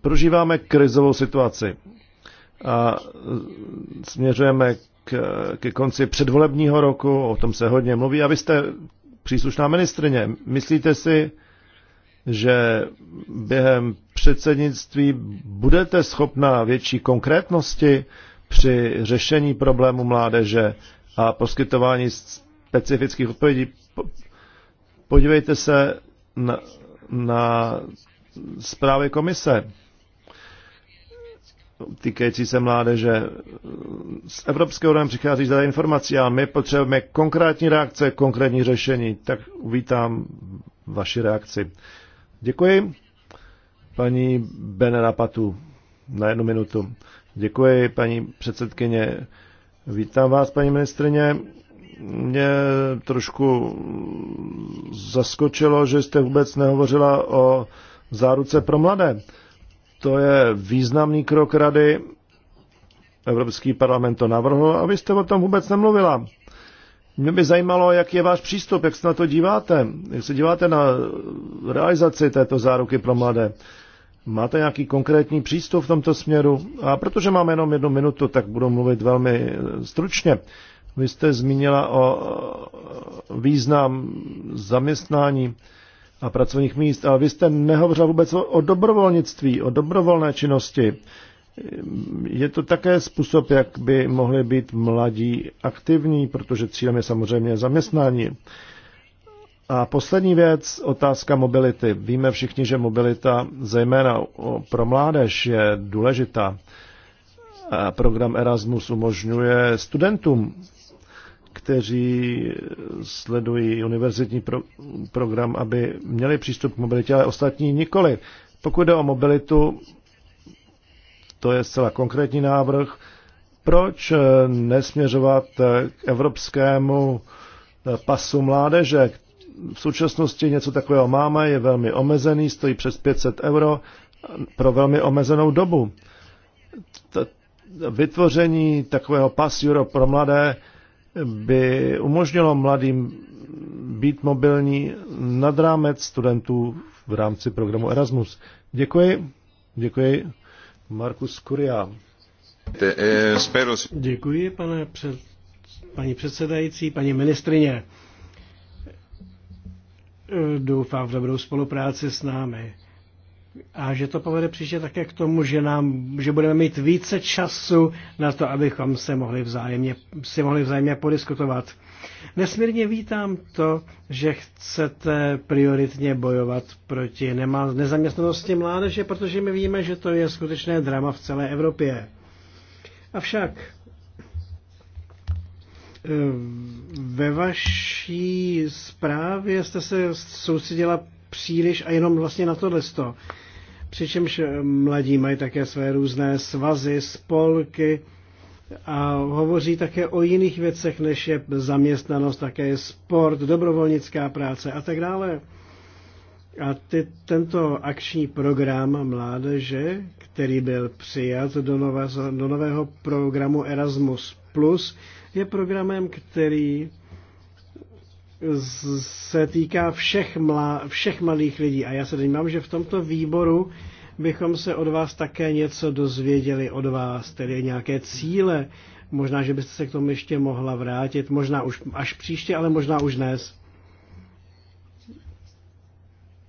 Prožíváme krizovou situaci a směřujeme k, ke konci předvolebního roku, o tom se hodně mluví, a vy jste příslušná ministrině. Myslíte si, že během předsednictví budete schopná větší konkrétnosti při řešení problému mládeže a poskytování specifických odpovědí. Podívejte se na, na zprávy komise týkající se mládeže. Z Evropské unie přichází zda informací a my potřebujeme konkrétní reakce, konkrétní řešení. Tak vítám vaši reakci. Děkuji. Paní Benerapatu, na jednu minutu. Děkuji, paní předsedkyně. Vítám vás, paní ministrině. Mě trošku zaskočilo, že jste vůbec nehovořila o záruce pro mladé. To je významný krok rady. Evropský parlament to navrhl a vy jste o tom vůbec nemluvila. Mě by zajímalo, jak je váš přístup, jak se na to díváte, jak se díváte na realizaci této záruky pro mladé. Máte nějaký konkrétní přístup v tomto směru? A protože mám jenom jednu minutu, tak budu mluvit velmi eh, stručně. Vy jste zmínila o eh, význam zaměstnání a pracovních míst, ale vy jste nehovořila vůbec o dobrovolnictví, o dobrovolné činnosti. Je to také způsob, jak by mohli být mladí aktivní, protože cílem je samozřejmě zaměstnání. A poslední věc, otázka mobility. Víme všichni, že mobilita, zejména pro mládež, je důležitá. A program Erasmus umožňuje studentům, kteří sledují univerzitní pro- program, aby měli přístup k mobilitě, ale ostatní nikoli. Pokud jde o mobilitu, to je zcela konkrétní návrh. Proč eh, nesměřovat eh, k evropskému eh, pasu mládeže, v současnosti něco takového máme, je velmi omezený, stojí přes 500 euro pro velmi omezenou dobu. Vytvoření takového pas Euro pro mladé by umožnilo mladým být mobilní nad rámec studentů v rámci programu Erasmus. Děkuji. Děkuji. Markus Kuria. Eh, Děkuji, pane před, paní předsedající, paní ministrině doufám v dobrou spolupráci s námi. A že to povede příště také k tomu, že, nám, že budeme mít více času na to, abychom se mohli vzájemně, si mohli vzájemně podiskutovat. Nesmírně vítám to, že chcete prioritně bojovat proti nemá, nezaměstnanosti mládeže, protože my víme, že to je skutečné drama v celé Evropě. Avšak Eh, ve vaší zprávě jste se soustředila příliš a jenom vlastně na tohle sto. Přičemž eh, mladí mají také své různé svazy, spolky a hovoří také o jiných věcech, než je zaměstnanost, také je sport, dobrovolnická práce a tak dále. A ty, tento akční program mládeže, který byl přijat do, nové, do nového programu Erasmus+, je programem, který se týká všech, mla, všech malých lidí. A já se domnívám, že v tomto výboru bychom se od vás také něco dozvěděli od vás, tedy nějaké cíle. Možná, že byste se k tomu ještě mohla vrátit, možná už až příště, ale možná už dnes.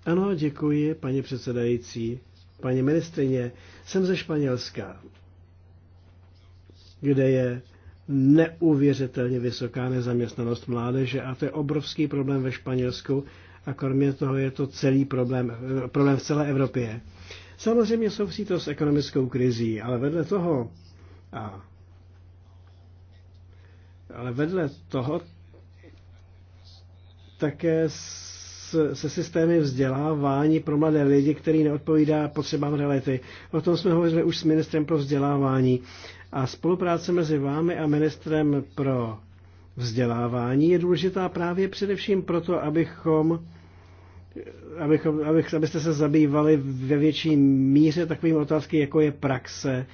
Ano, děkuji, paní předsedající. Paní ministrině, jsem ze Španělska, kde je neuvěřitelně vysoká nezaměstnanost mládeže a to je obrovský problém ve Španělsku a kromě toho je to celý problém, problém v celé Evropě. Samozřejmě souvisí to s ekonomickou krizí, ale vedle toho a, ale vedle toho také s, se systémy vzdělávání pro mladé lidi, který neodpovídá potřebám reality. O tom jsme hovořili už s ministrem pro vzdělávání a spolupráce mezi vámi a ministrem pro vzdělávání je důležitá právě především proto, abychom abychom, abych, abyste se zabývali ve větší míře takovými otázky, jako je praxe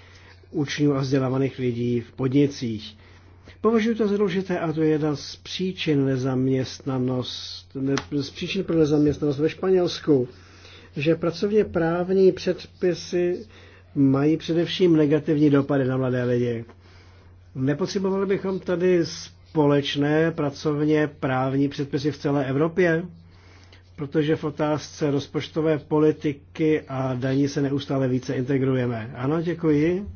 učňů a vzdělávaných lidí v podnicích. Považuji to za důležité a to je jedna z příčin nezaměstnanost, ne, z příčin pro nezaměstnanost ve Španělsku, že pracovně právní předpisy mají především negativní dopady na mladé lidi. Nepotřebovali bychom tady společné pracovně právní předpisy v celé Evropě? protože v otázce rozpočtové politiky a daní se neustále více integrujeme. Ano, děkuji.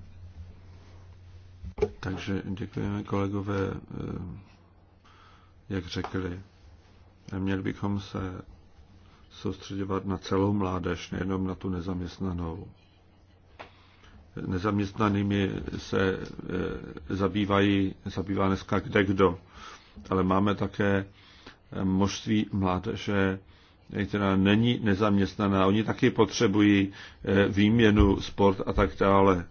Takže děkujeme kolegové, eh, jak řekli. Měli bychom se soustředovat na celou mládež, nejenom na tu nezaměstnanou nezaměstnanými se eh, zabývají, zabývá dneska kde kdo. Ale máme také eh, množství mládeže, která není nezaměstnaná. Oni taky potřebují eh, výměnu, sport a tak dále.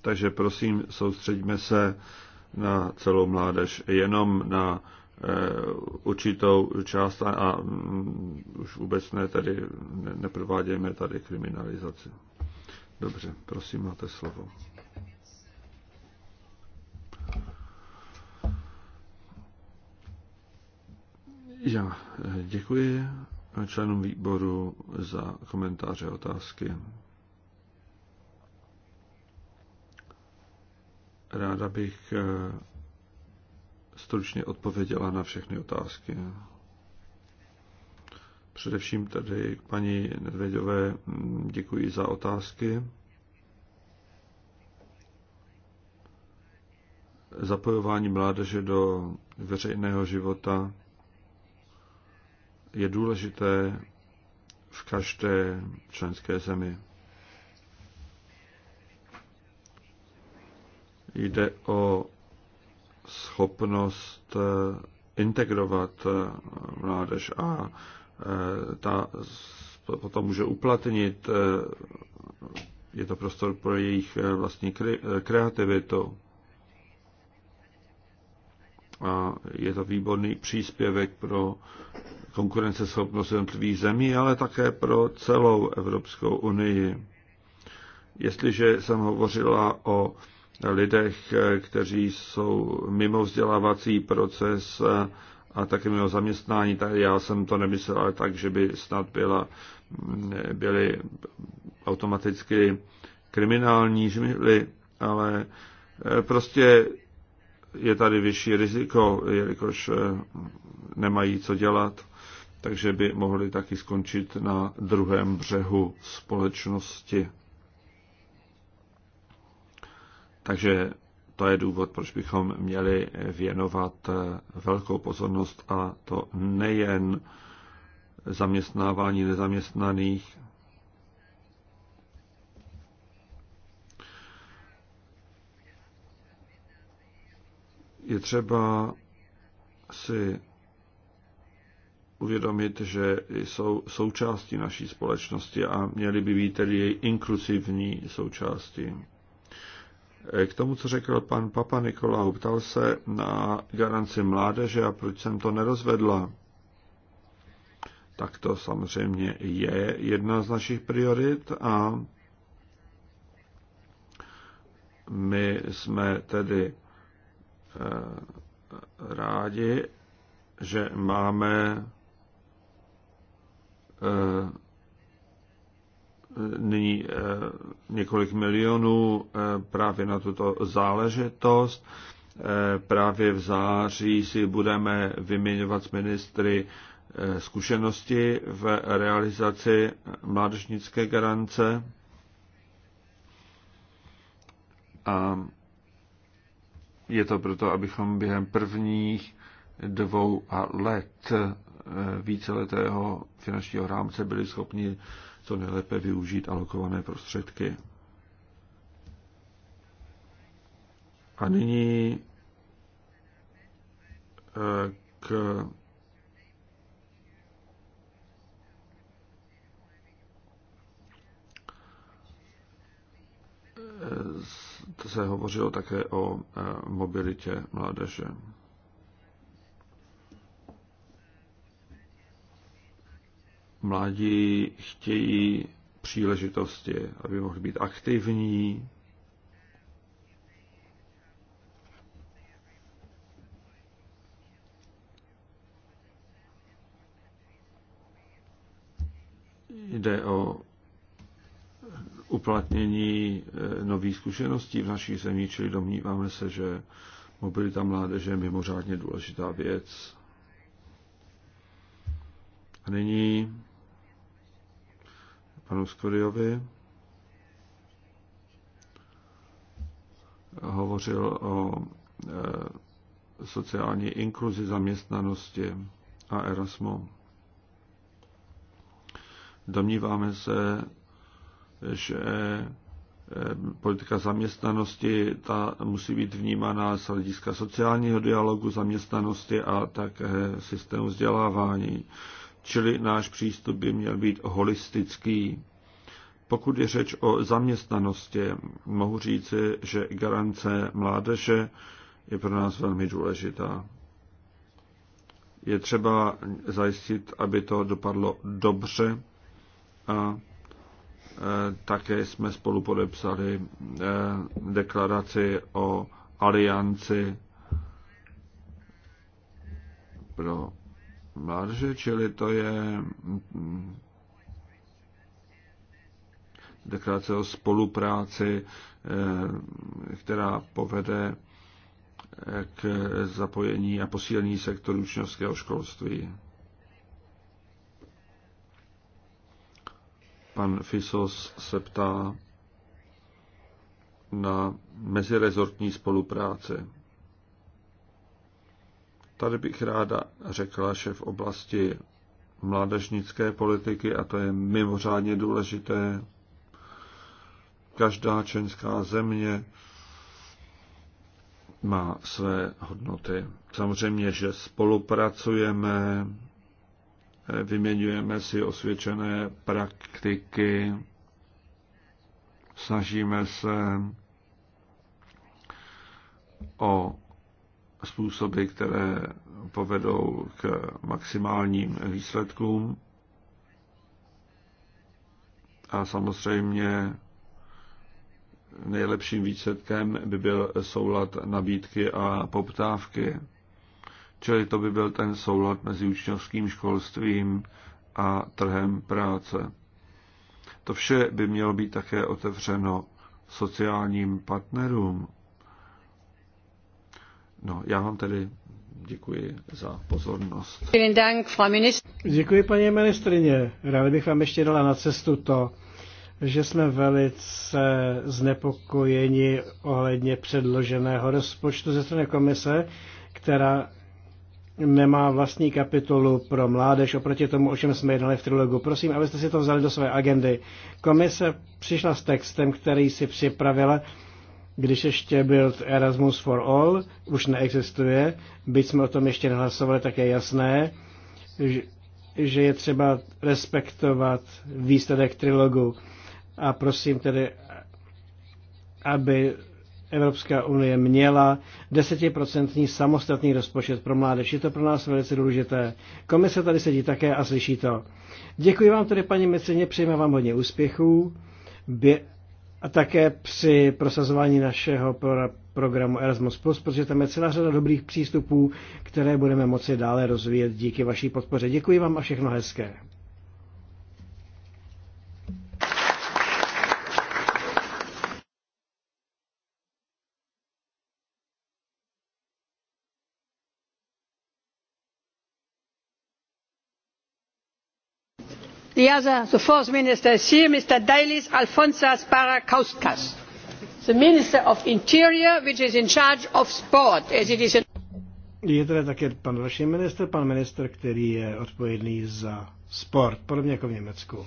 Takže prosím, soustředíme se na celou mládež, jenom na určitou část a, mm, už vůbec ne, tady neprovádějme tady kriminalizaci. Dobře, prosím, máte slovo. Já eh, děkuji členům výboru za komentáře a otázky. Ráda bych eh, stručně odpověděla na všechny otázky. Především tady k paní Nedvěďové děkuji za otázky. Zapojování mládeže do veřejného života je důležité v každé členské zemi. Jde o schopnost integrovat mládež a Eh, ta potom může uplatnit, eh, je to prostor pro jejich eh, vlastní kreativitu. A je to výborný příspěvek pro konkurenceschopnost jednotlivých zemí, ale také pro celou Evropskou unii. Jestliže jsem hovořila o lidech, kteří jsou mimo vzdělávací proces a také mého zaměstnání, tak já jsem to nemyslel tak, že by snad byla, byly automaticky kriminální žmily, ale eh, prostě je tady vyšší riziko, jelikož eh, nemají co dělat, takže by mohli taky skončit na druhém břehu společnosti. Takže to je důvod, proč bychom měli věnovat eh, velkou pozornost a to nejen zaměstnávání nezaměstnaných, je třeba si uvědomit, že jsou součástí naší společnosti a měly by být tedy její inkluzivní součástí. K tomu, co řekl pan Papa Nikolau, ptal se na garanci mládeže a proč jsem to nerozvedla. Tak to samozřejmě je jedna z našich priorit a my jsme tedy eh, rádi, že máme eh, nyní eh, několik milionů eh, právě na tuto záležitost. Eh, právě v září si budeme vyměňovat s ministry zkušenosti v realizaci mládežnické garance. A je to proto, abychom během prvních dvou let víceletého finančního rámce byli schopni co nejlépe využít alokované prostředky. A nyní eh, k eh, se hovořilo také o eh, mobilitě mládeže. Mladí chtějí příležitosti, aby mohli být aktivní, jde o uplatnění eh, nových zkušeností v naší zemi, čili domníváme se, že mobilita mládeže je mimořádně důležitá věc. A nyní panu Skoriovi. Hovořil o e, sociální inkluzi zaměstnanosti a Erasmu. Domníváme se, že e, politika zaměstnanosti ta musí být vnímána z hlediska sociálního dialogu, zaměstnanosti a také systému vzdělávání. Čili náš přístup by měl být holistický. Pokud je řeč o zaměstnanosti, mohu říci, že garance mládeže je pro nás velmi důležitá. Je třeba zajistit, aby to dopadlo dobře a e, také jsme spolu podepsali e, deklaraci o alianci pro marže, čili to je mm, deklarace o spolupráci, eh, která povede eh, k zapojení a posílení sektoru učňovského školství. Pan Fisos se ptá na mezirezortní spolupráci. Tady bych ráda řekla, že v oblasti mládežnické politiky, a to je mimořádně důležité, každá čenská země má své hodnoty. Samozřejmě, že spolupracujeme, vyměňujeme si osvědčené praktiky, snažíme se o způsoby, které povedou k maximálním výsledkům. A samozřejmě nejlepším výsledkem by byl soulad nabídky a poptávky. Čili to by byl ten soulad mezi učňovským školstvím a trhem práce. To vše by mělo být také otevřeno sociálním partnerům, No, já vám tedy děkuji za pozornost. Děkuji, paní ministrině. Ráda bych vám ještě dala na cestu to, že jsme velice znepokojeni ohledně předloženého rozpočtu ze strany komise, která nemá vlastní kapitolu pro mládež oproti tomu, o čem jsme jednali v trilogu. Prosím, abyste si to vzali do své agendy. Komise přišla s textem, který si připravila když ještě byl Erasmus for All, už neexistuje, byť jsme o tom ještě nehlasovali, tak je jasné, že je třeba respektovat výsledek trilogu. A prosím tedy, aby Evropská unie měla desetiprocentní samostatný rozpočet pro mládež. Je to pro nás velice důležité. Komise tady sedí také a slyší to. Děkuji vám tedy, paní Mecině, přejeme vám hodně úspěchů. Bě- a také při prosazování našeho pro programu Erasmus+, protože tam je celá řada dobrých přístupů, které budeme moci dále rozvíjet díky vaší podpoře. Děkuji vám a všechno hezké. sport je tady také pan další minister, pan minister, který je odpovědný za sport, podobně jako v Německu.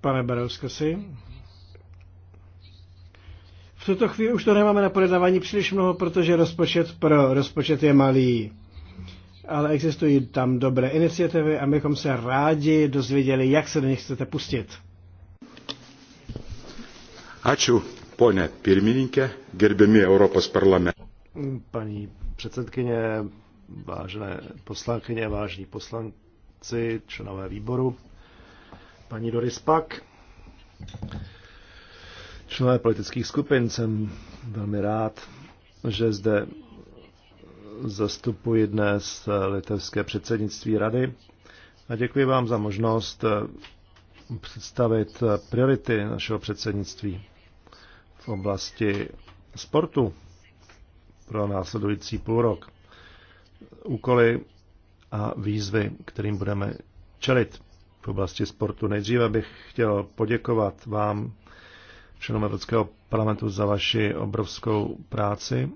pane Barovskasi. V tuto chvíli už to nemáme na projednávání příliš mnoho, protože rozpočet pro rozpočet je malý. Ale existují tam dobré iniciativy a my bychom se rádi dozvěděli, jak se do nich chcete pustit. Ačiū, pane pirmininke, gerbimi Europos parlament. Paní předsedkyně, vážené poslankyně, vážní poslanci, členové výboru, Paní Doris Pak, členové politických skupin, jsem velmi rád, že zde zastupuji dnes litevské předsednictví rady a děkuji vám za možnost představit priority našeho předsednictví v oblasti sportu pro následující půlrok. Úkoly a výzvy, kterým budeme čelit v oblasti sportu. Nejdříve bych chtěl poděkovat vám, členům Evropského parlamentu, za vaši obrovskou práci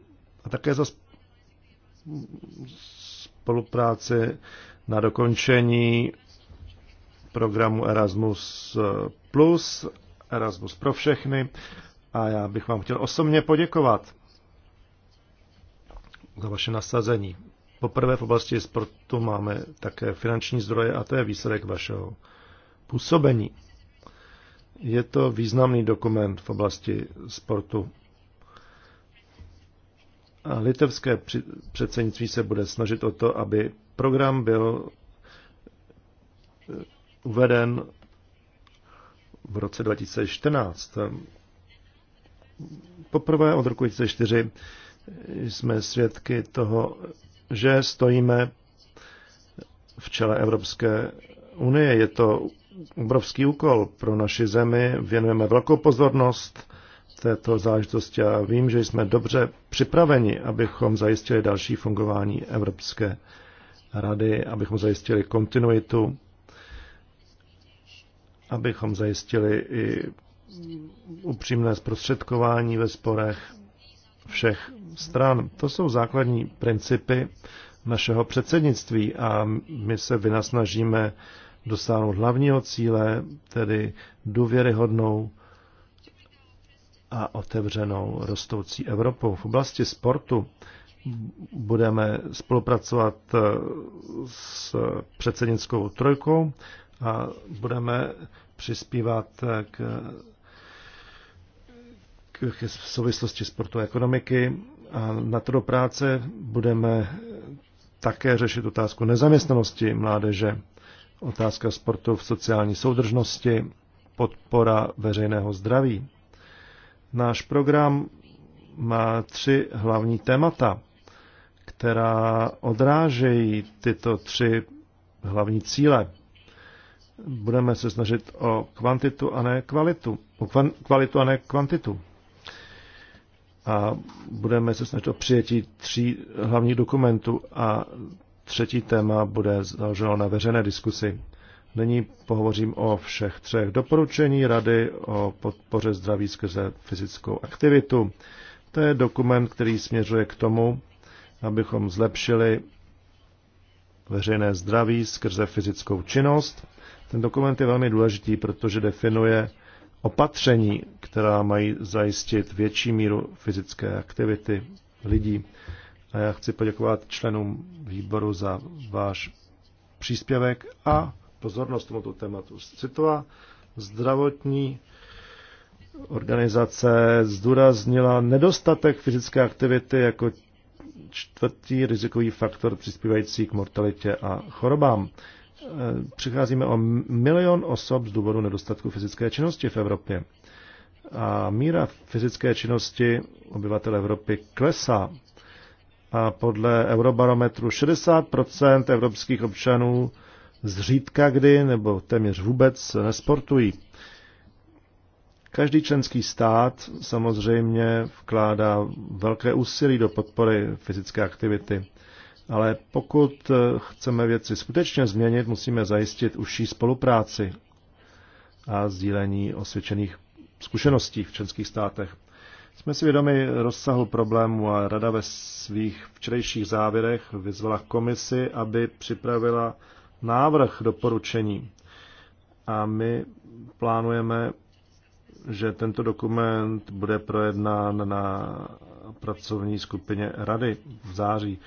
a také za spolupráci na dokončení programu Erasmus Plus, Erasmus pro všechny a já bych vám chtěl osobně poděkovat za vaše nasazení Poprvé v oblasti sportu máme také finanční zdroje a to je výsledek vašeho působení. Je to významný dokument v oblasti sportu. A litevské předsednictví se bude snažit o to, aby program byl eh, uveden v roce 2014. Poprvé od roku 2004 jsme svědky toho, že stojíme v čele Evropské unie. Je to obrovský úkol pro naši zemi. Věnujeme velkou pozornost této záležitosti a vím, že jsme dobře připraveni, abychom zajistili další fungování Evropské rady, abychom zajistili kontinuitu, abychom zajistili i upřímné zprostředkování ve sporech všech stran. To jsou základní principy našeho předsednictví a my se vynasnažíme dosáhnout hlavního cíle, tedy důvěryhodnou a otevřenou rostoucí Evropu. V oblasti sportu budeme spolupracovat eh, s předsednickou trojkou a budeme přispívat eh, k, k, k souvislosti sportu a ekonomiky a na do práce budeme také řešit otázku nezaměstnanosti mládeže, otázka sportu v sociální soudržnosti, podpora veřejného zdraví. Náš program má tři hlavní témata, která odrážejí tyto tři hlavní cíle. Budeme se snažit o kvantitu a ne kvalitu. O kvan, kvalitu a ne kvantitu a budeme se snažit o přijetí tří hlavních dokumentů a třetí téma bude založeno na veřejné diskusi. Nyní pohovořím o všech třech doporučení Rady o podpoře zdraví skrze fyzickou aktivitu. To je dokument, který směřuje k tomu, abychom zlepšili veřejné zdraví skrze fyzickou činnost. Ten dokument je velmi důležitý, protože definuje opatření, která mají zajistit větší míru fyzické aktivity lidí. A já chci poděkovat členům výboru za váš příspěvek a pozornost tomuto tématu. Citová zdravotní organizace zdůraznila nedostatek fyzické aktivity jako čtvrtý rizikový faktor přispívající k mortalitě a chorobám. Eh, přicházíme o milion osob z důvodu nedostatku fyzické činnosti v Evropě. A míra fyzické činnosti obyvatel Evropy klesá. A podle Eurobarometru 60% evropských občanů zřídka kdy nebo téměř vůbec nesportují. Každý členský stát samozřejmě vkládá velké úsilí do podpory fyzické aktivity. Ale pokud eh, chceme věci skutečně změnit, musíme zajistit užší spolupráci a sdílení osvědčených zkušeností v členských státech. Jsme si vědomi rozsahu problému a Rada ve svých včerejších závěrech vyzvala komisi, aby připravila návrh doporučení. A my plánujeme, že tento dokument bude projednán na pracovní skupině Rady v září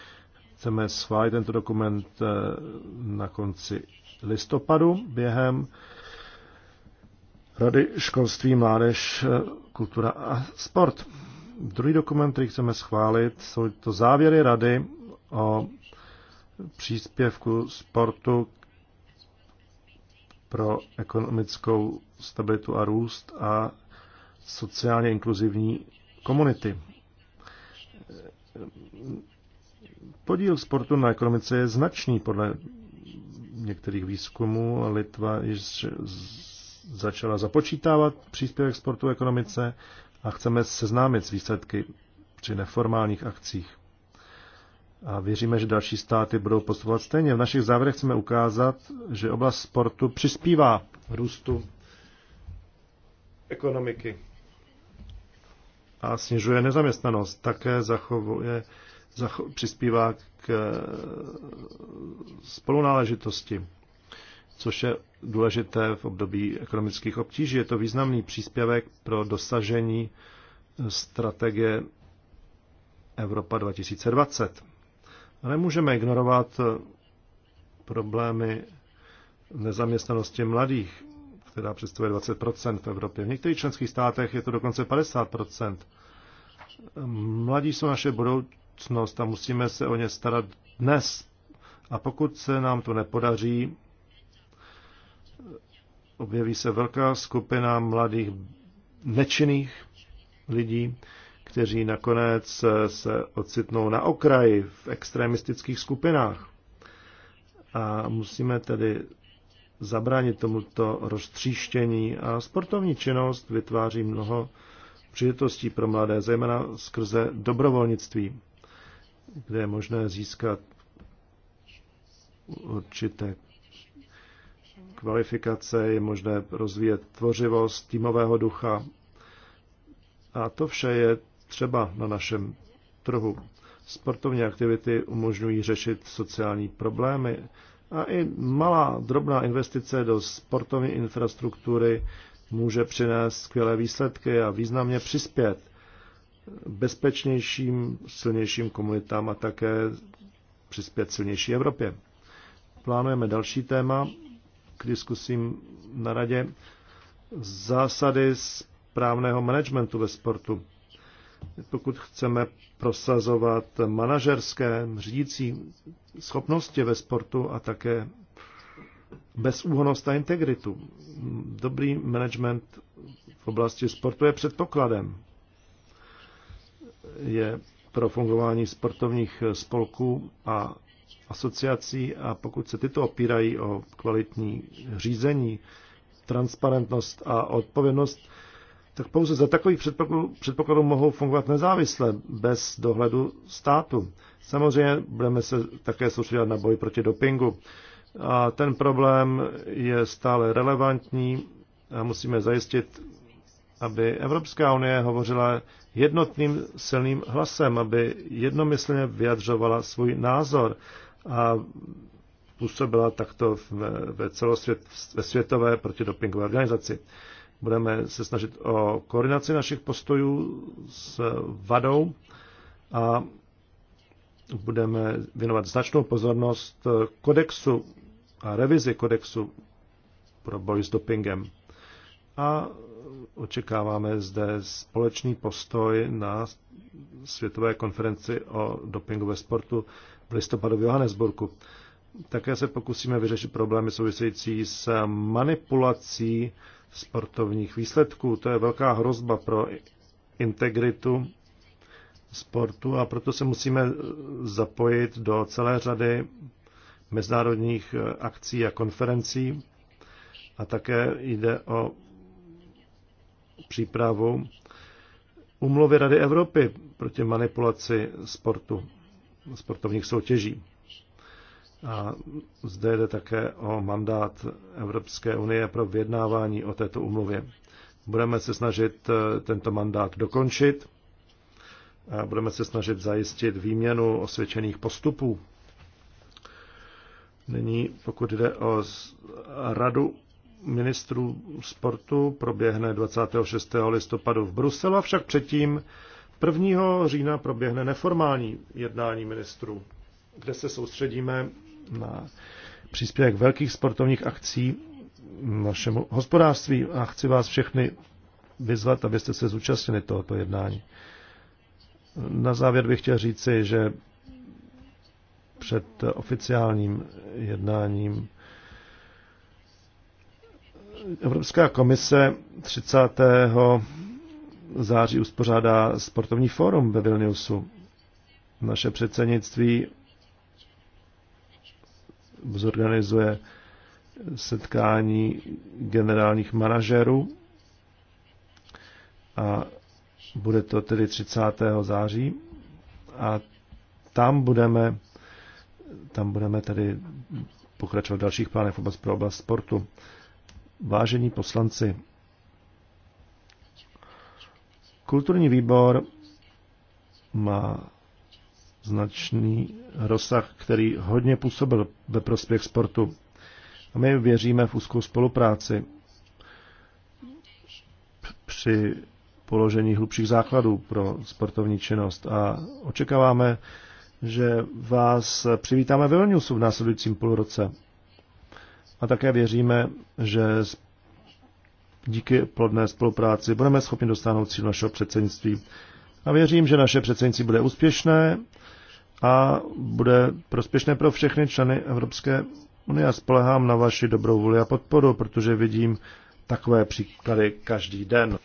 chceme schválit tento dokument eh, na konci listopadu během Rady školství, mládež, eh, kultura a sport. Druhý dokument, který chceme schválit, jsou to závěry Rady o příspěvku sportu pro ekonomickou stabilitu a růst a sociálně inkluzivní komunity Podíl sportu na ekonomice je značný podle některých výzkumů. Litva již začala započítávat příspěvek sportu ekonomice a chceme seznámit s výsledky při neformálních akcích. A věříme, že další státy budou postupovat stejně. V našich závěrech chceme ukázat, že oblast sportu přispívá růstu ekonomiky a snižuje nezaměstnanost. Také zachovuje přispívá k eh, spolunáležitosti, což je důležité v období ekonomických obtíží. Je to významný příspěvek pro dosažení eh, strategie Evropa 2020. Nemůžeme ignorovat eh, problémy nezaměstnanosti mladých, která představuje 20 v Evropě. V některých členských státech je to dokonce 50 Mladí jsou naše budoucí budoucnost a musíme se o ně starat dnes. A pokud se nám to nepodaří, objeví se velká skupina mladých nečinných lidí, kteří nakonec se ocitnou na okraji v extremistických skupinách. A musíme tedy zabránit tomuto roztříštění a sportovní činnost vytváří mnoho příležitostí pro mladé, zejména skrze dobrovolnictví kde je možné získat určité kvalifikace, je možné rozvíjet tvořivost týmového ducha. A to vše je třeba na našem trhu. Sportovní aktivity umožňují řešit sociální problémy a i malá drobná investice do sportovní infrastruktury může přinést skvělé výsledky a významně přispět bezpečnějším, silnějším komunitám a také přispět silnější Evropě. Plánujeme další téma k diskusím na radě. Zásady správného managementu ve sportu. Pokud chceme prosazovat manažerské řídící schopnosti ve sportu a také bezúhonost a integritu. Dobrý management v oblasti sportu je předpokladem je pro fungování sportovních spolků a asociací a pokud se tyto opírají o kvalitní řízení, transparentnost a odpovědnost, tak pouze za takových předpokladů, předpokladů mohou fungovat nezávisle, bez dohledu státu. Samozřejmě budeme se také soustředit na boj proti dopingu. A ten problém je stále relevantní a musíme zajistit aby Evropská unie hovořila jednotným silným hlasem, aby jednomyslně vyjadřovala svůj názor a působila takto ve, celosvět, ve světové protidopingové organizaci. Budeme se snažit o koordinaci našich postojů s vadou a budeme věnovat značnou pozornost kodexu a revizi kodexu pro boj s dopingem. A očekáváme zde společný postoj na světové konferenci o dopingu ve sportu v listopadu v Johannesburgu. Také se pokusíme vyřešit problémy související s manipulací sportovních výsledků. To je velká hrozba pro integritu sportu a proto se musíme zapojit do celé řady mezinárodních akcí a konferencí. A také jde o přípravu umluvy Rady Evropy proti manipulaci sportu, sportovních soutěží. A zde jde také o mandát Evropské unie pro vyjednávání o této umluvě. Budeme se snažit eh, tento mandát dokončit a budeme se snažit zajistit výměnu osvědčených postupů. Nyní, pokud jde o Radu ministrů sportu proběhne 26. listopadu v Bruselu, avšak předtím 1. října proběhne neformální jednání ministrů, kde se soustředíme na příspěvek velkých sportovních akcí našemu hospodářství a chci vás všechny vyzvat, abyste se zúčastnili tohoto jednání. Na závěr bych chtěl říci, že před oficiálním jednáním Evropská komise 30. září uspořádá sportovní fórum ve Vilniusu. Naše předsednictví zorganizuje setkání generálních manažerů a bude to tedy 30. září a tam budeme, tam budeme tedy pokračovat v dalších plánech vůbec pro oblast sportu. Vážení poslanci, kulturní výbor má značný rozsah, který hodně působil ve prospěch sportu. A my věříme v úzkou spolupráci při položení hlubších základů pro sportovní činnost a očekáváme, že vás přivítáme ve Vilniusu v následujícím půlroce. A také věříme, že díky plodné spolupráci budeme schopni dostáhnout cíl našeho předsednictví. A věřím, že naše předsednictví bude úspěšné a bude prospěšné pro všechny členy Evropské unie. A spolehám na vaši dobrou vůli a podporu, protože vidím takové příklady každý den.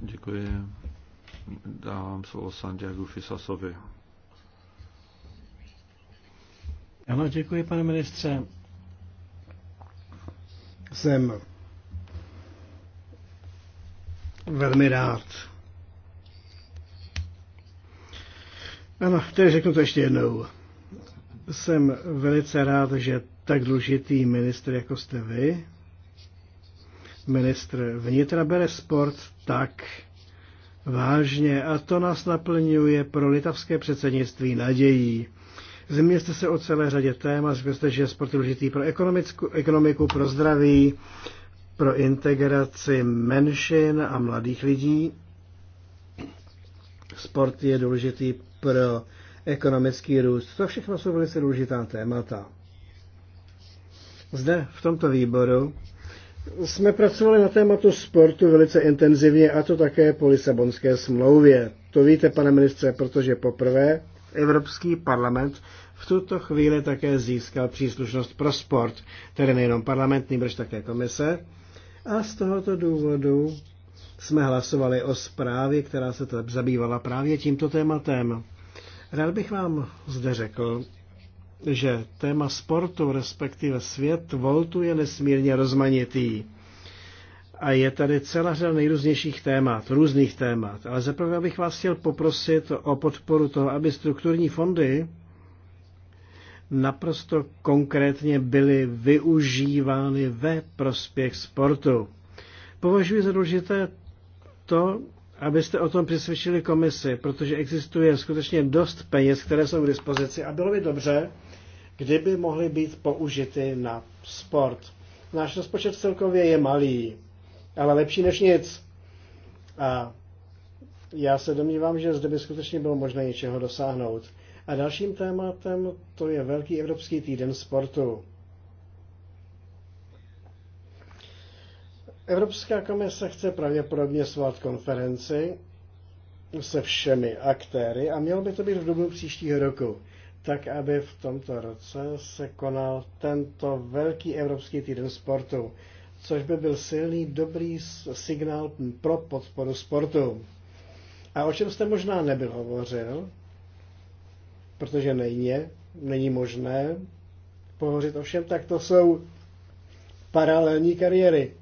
Děkuji. Dávám slovo Santiago Fisasovi. Ano, děkuji, pane ministře. Jsem velmi rád. Ano, tedy řeknu to ještě jednou. Jsem velice rád, že tak důležitý ministr, jako jste vy, ministr vnitra bere sport tak vážně a to nás naplňuje pro litavské předsednictví nadějí. Zmínil jste se o celé řadě témat, řekl jste, že je sport důležitý pro ekonomiku, pro zdraví, pro integraci menšin a mladých lidí. Sport je důležitý pro ekonomický růst. To všechno jsou velice důležitá témata. Zde, v tomto výboru, jsme pracovali na tématu sportu velice intenzivně a to také po Lisabonské smlouvě. To víte, pane ministře, protože poprvé Evropský parlament v tuto chvíli také získal příslušnost pro sport, tedy nejenom parlamentní, brž také komise. A z tohoto důvodu jsme hlasovali o zprávě, která se zabývala právě tímto tématem. Rád bych vám zde řekl, že téma sportu, respektive svět voltu, je nesmírně rozmanitý a je tady celá řada nejrůznějších témat, různých témat. Ale zaprvé bych vás chtěl poprosit o podporu toho, aby strukturní fondy naprosto konkrétně byly využívány ve prospěch sportu. Považuji za důležité to, abyste o tom přesvědčili komisi, protože existuje skutečně dost peněz, které jsou k dispozici a bylo by dobře, kdyby mohly být použity na sport. Náš rozpočet celkově je malý ale lepší než nic. A já se domnívám, že zde by skutečně bylo možné něčeho dosáhnout. A dalším tématem to je Velký Evropský týden sportu. Evropská komise chce pravděpodobně svolat konferenci se všemi aktéry a mělo by to být v dubnu příštího roku, tak aby v tomto roce se konal tento velký Evropský týden sportu což by byl silný, dobrý signál pro podporu sportu. A o čem jste možná nebyl hovořil, protože nejně, není možné pohořit o všem, tak to jsou paralelní kariéry.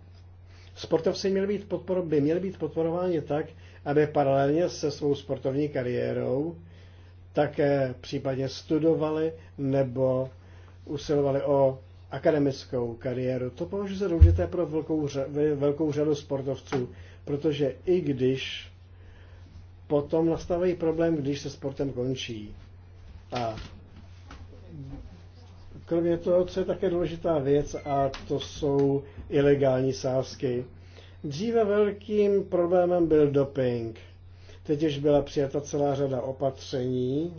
Sportovci měli být podpor, by měli být podporováni tak, aby paralelně se svou sportovní kariérou také případně studovali nebo usilovali o akademickou kariéru. To považuji za důležité pro velkou, velkou řadu sportovců, protože i když potom nastávají problém, když se sportem končí. A kromě toho, co je také důležitá věc, a to jsou ilegální sázky. Dříve velkým problémem byl doping. Teď už byla přijata celá řada opatření.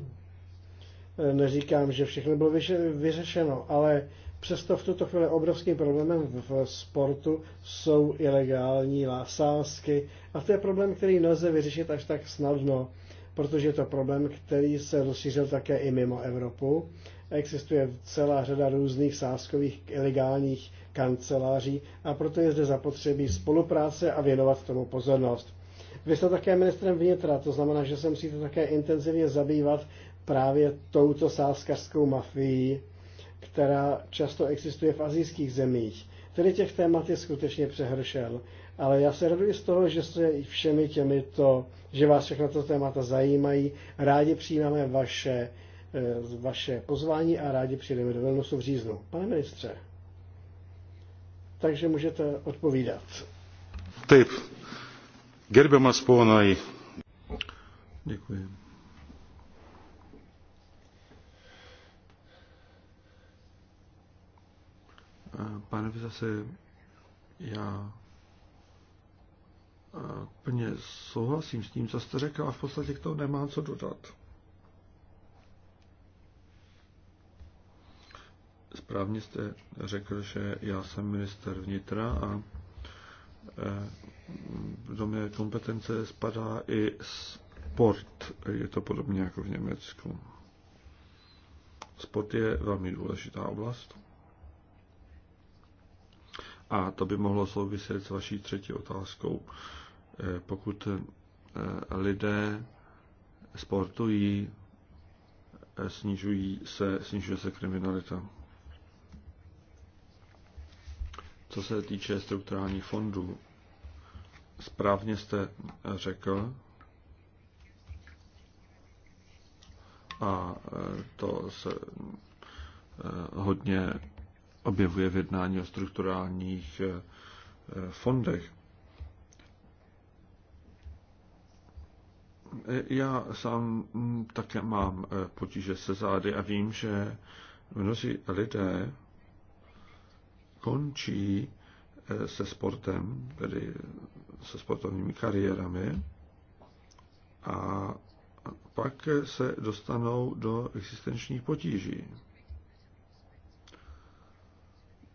E, neříkám, že všechno bylo vyřešeno, ale Přesto v tuto chvíli obrovským problémem v sportu jsou ilegální sázky a to je problém, který nelze vyřešit až tak snadno, protože je to problém, který se rozšířil také i mimo Evropu. Existuje celá řada různých sáskových ilegálních kanceláří a proto je zde zapotřebí spolupráce a věnovat tomu pozornost. Vy jste také ministrem vnitra, to znamená, že se musíte také intenzivně zabývat právě touto sáskařskou mafií která často existuje v azijských zemích. Tedy těch témat je skutečně přehršel. Ale já se raduji z toho, že se všemi těmi to, že vás všechno to témata zajímají. Rádi přijímáme vaše, eh, vaše pozvání a rádi přijdeme do Vilnusu v říznu. Pane ministře, takže můžete odpovídat. Typ. Gerbiamas ponai. Děkuji. Pane Vizasi, já eh, plně souhlasím s tím, co jste řekl a v podstatě k tomu nemám co dodat. Správně jste řekl, že já jsem minister vnitra a eh, do mé kompetence spadá i sport. Je to podobně jako v Německu. Sport je velmi důležitá oblast. A to by mohlo souviset s vaší třetí otázkou. Eh, pokud eh, lidé sportují, eh, snižují se, snižuje se kriminalita. Co se týče strukturálních fondů, správně jste řekl, a to se hodně objevuje v jednání o strukturálních eh, eh, fondech. Eh, já sám hm, také mám potíže se zády a vím, že mnozí lidé končí se sportem, tedy se sportovními kariérami a pak se dostanou do existenčních potíží.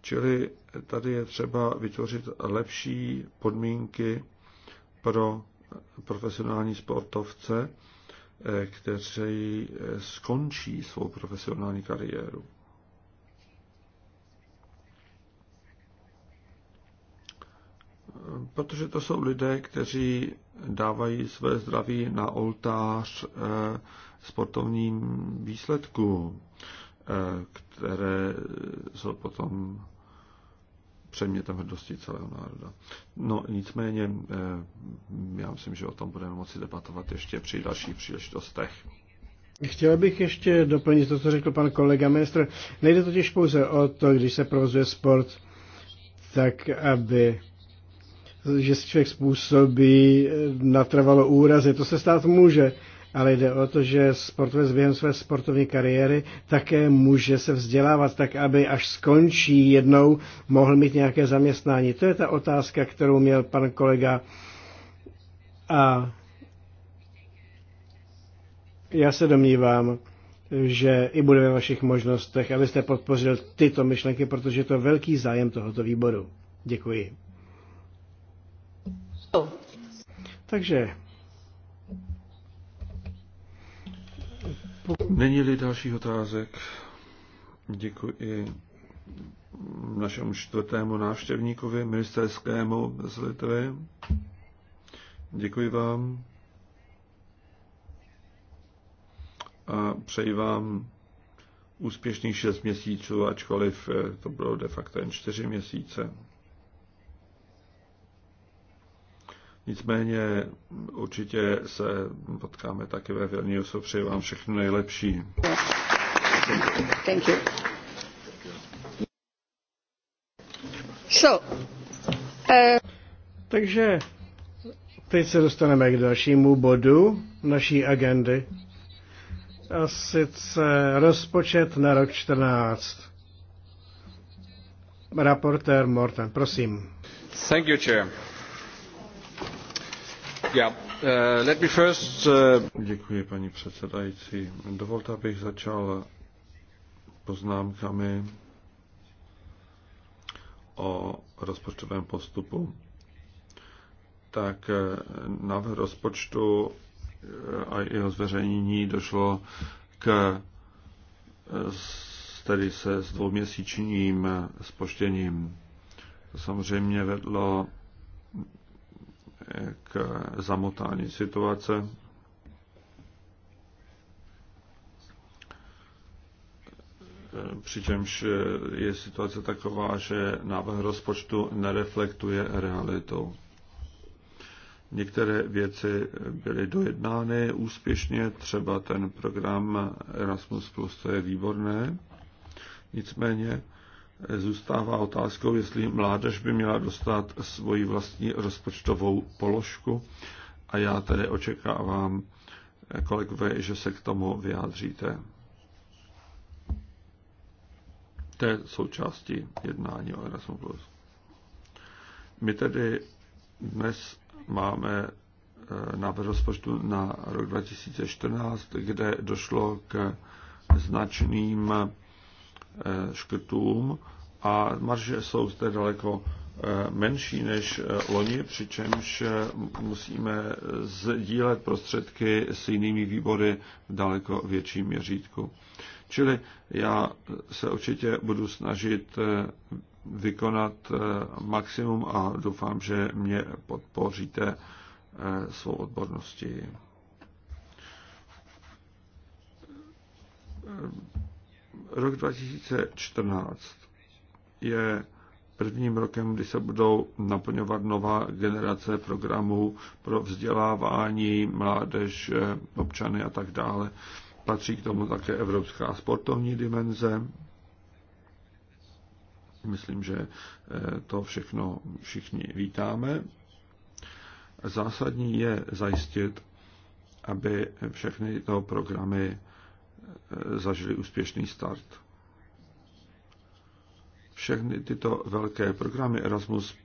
Čili tady je třeba vytvořit lepší podmínky pro profesionální sportovce, eh, kteří eh, skončí svou profesionální kariéru. Eh, protože to jsou lidé, kteří dávají své zdraví na oltář sportovním výsledkům, které jsou potom předmětem hrdosti celého národa. No nicméně, eh, já myslím, že o tom budeme moci debatovat ještě při dalších příležitostech. Chtěl bych ještě doplnit to, co řekl pan kolega ministr. Nejde totiž pouze o to, když se provozuje sport, tak aby že si člověk způsobí eh, natrvalo úrazy. To se stát může ale jde o to, že sportovec během své sportovní kariéry také může se vzdělávat tak, aby až skončí jednou, mohl mít nějaké zaměstnání. To je ta otázka, kterou měl pan kolega. A já se domnívám, že i bude ve vašich možnostech, abyste podpořil tyto myšlenky, protože je to velký zájem tohoto výboru. Děkuji. Takže Není-li dalších otázek, děkuji našemu čtvrtému návštěvníkovi, ministerskému z Litvy. Děkuji vám a přeji vám úspěšných šest měsíců, ačkoliv to bylo de facto jen čtyři měsíce. Nicméně určitě se potkáme také ve Vilniusu. Přeji vám všechno nejlepší. Thank you. So, uh... Takže teď se dostaneme k dalšímu bodu naší agendy. A sice rozpočet na rok 14. Raportér Morten, prosím. Thank you, chair. Uh, uh, Děkuji, paní předsedající. Dovolte, abych začal poznámkami o rozpočtovém postupu. Tak eh, návrh rozpočtu eh, a jeho zveřejnění došlo k eh, tedy se s dvouměsíčním spoštěním. To samozřejmě vedlo k zamotání situace. Přičemž je situace taková, že návrh rozpočtu nereflektuje realitu. Některé věci byly dojednány úspěšně, třeba ten program Erasmus, to je výborné. Nicméně zůstává otázkou, jestli mládež by měla dostat svoji vlastní rozpočtovou položku. A já tedy očekávám, kolegové, že se k tomu vyjádříte. To je součástí jednání o Erasmus+. My tedy dnes máme eh, návrh rozpočtu na rok 2014, kde došlo k značným Eh, škrtům a marže jsou zde daleko eh, menší než eh, loni, přičemž musíme sdílet prostředky s jinými výbory v daleko větším měřítku. Čili já se určitě budu snažit vykonat maximum a doufám, že mě podpoříte svou odborností. Rok 2014 je prvním rokem, kdy se budou naplňovat nová generace programů pro vzdělávání, mládež, občany a tak dále. Patří k tomu také evropská sportovní dimenze. Myslím, že eh, to všechno všichni vítáme. Zásadní je zajistit, aby všechny tyto programy zažili úspěšný start. Všechny tyto velké programy Erasmus+,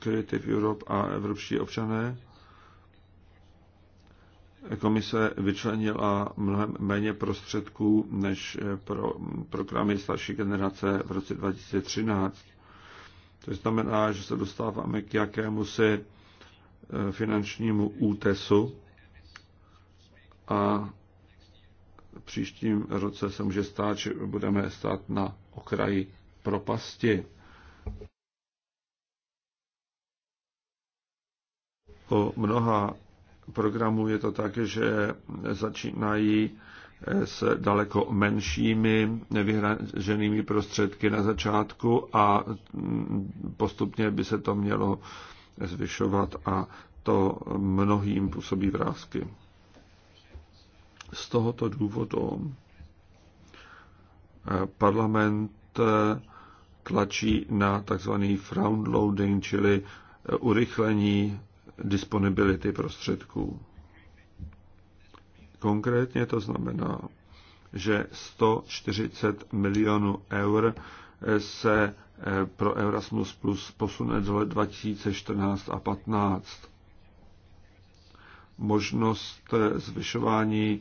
Creative Europe a Evropští občané komise vyčlenila mnohem méně prostředků než pro programy starší generace v roce 2013. To znamená, že se dostáváme k jakému si eh, finančnímu útesu a příštím roce se může stát, že budeme stát na okraji propasti. O mnoha programů je to tak, že začínají s daleko menšími vyhraženými prostředky na začátku a postupně by se to mělo zvyšovat a to mnohým působí vrázky. Z tohoto důvodu eh, parlament eh, tlačí na tzv. frontloading, čili eh, urychlení disponibility prostředků. Konkrétně to znamená, že 140 milionů eur se pro Erasmus Plus posune do let 2014 a 15 možnost eh, zvyšování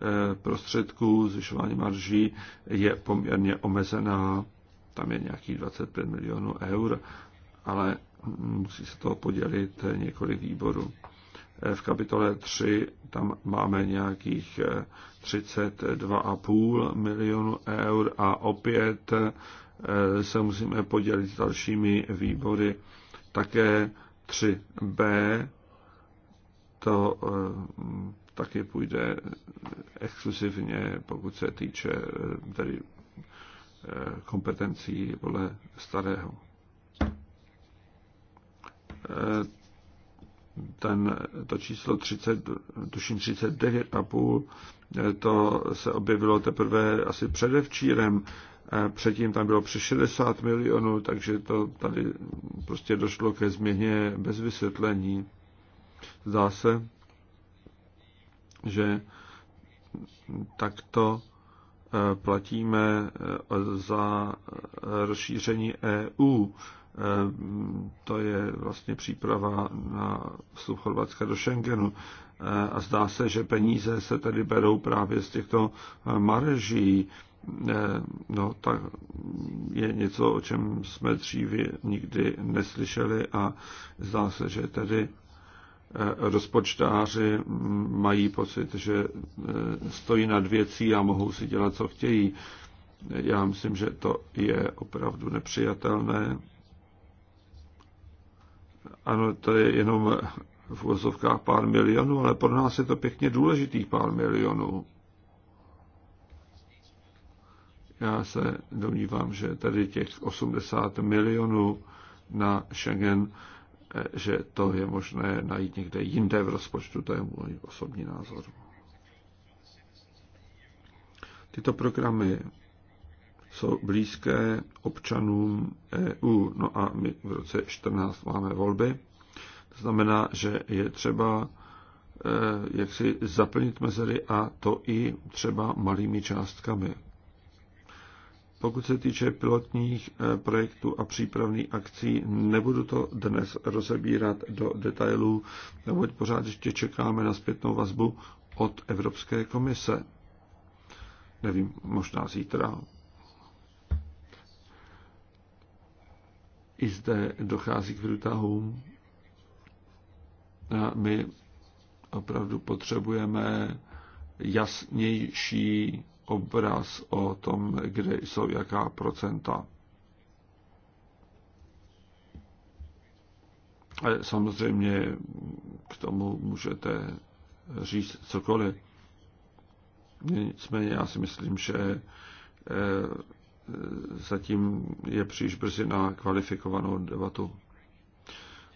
eh, prostředků, zvyšování marží je poměrně omezená. Tam je nějakých 25 milionů eur, ale musí se to podělit několik výborů. Eh, v kapitole 3 tam máme nějakých 32,5 milionů eur a opět se musíme podělit s dalšími výbory. Také 3b to eh, taky půjde exkluzivně, pokud se týče eh, tedy eh, kompetencí podle starého. Ten, to číslo 30, tuším 39,5, to se objevilo teprve asi předevčírem. Předtím tam bylo přes 60 milionů, takže to tady prostě došlo ke změně bez vysvětlení. Zdá se, že takto eh, platíme eh, za rozšíření EU. Eh, to je vlastně příprava na vstup Chorvatska do Schengenu. A zdá se, že peníze se tedy berou právě z těchto mareží, No, tak je něco, o čem jsme dříve nikdy neslyšeli a zdá se, že tedy rozpočtáři mají pocit, že eh, stojí nad věcí a mohou si dělat, co chtějí. Já myslím, že to je opravdu nepřijatelné. Ano, to je jenom v vozovkách pár milionů, ale pro nás je to pěkně důležitých pár milionů. Já se domnívám, že tady těch 80 milionů na Schengen Eh, že to je možné najít někde jinde v rozpočtu, to je můj osobní názor. Tyto programy jsou blízké občanům EU. No a my v roce 14 máme volby. To znamená, že je třeba eh, jak si zaplnit mezery a to i třeba malými částkami. Pokud se týče pilotních eh, projektů a přípravných akcí, nebudu to dnes rozebírat do detailů, neboť pořád ještě čekáme na zpětnou vazbu od Evropské komise. Nevím, možná zítra. I zde dochází k vrutahům. A my opravdu potřebujeme jasnější obraz o tom, kde jsou jaká procenta. Ale samozřejmě k tomu můžete říct cokoliv. Nicméně já si myslím, že eh, zatím je příliš brzy na kvalifikovanou debatu.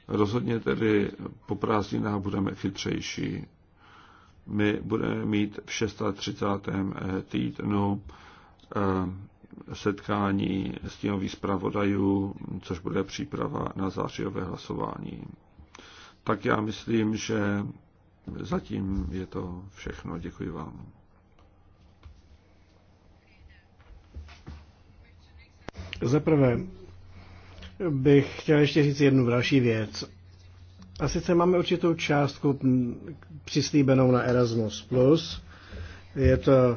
Rozhodně tedy po prázdninách budeme chytřejší my budeme mít v 36. Eh, týdnu eh, setkání stínových zpravodajů, což bude příprava na zářijové hlasování. Tak já myslím, že zatím je to všechno. Děkuji vám. Za prvé bych chtěl ještě říct jednu další věc. A sice máme určitou částku přislíbenou na Erasmus+. Plus. Je to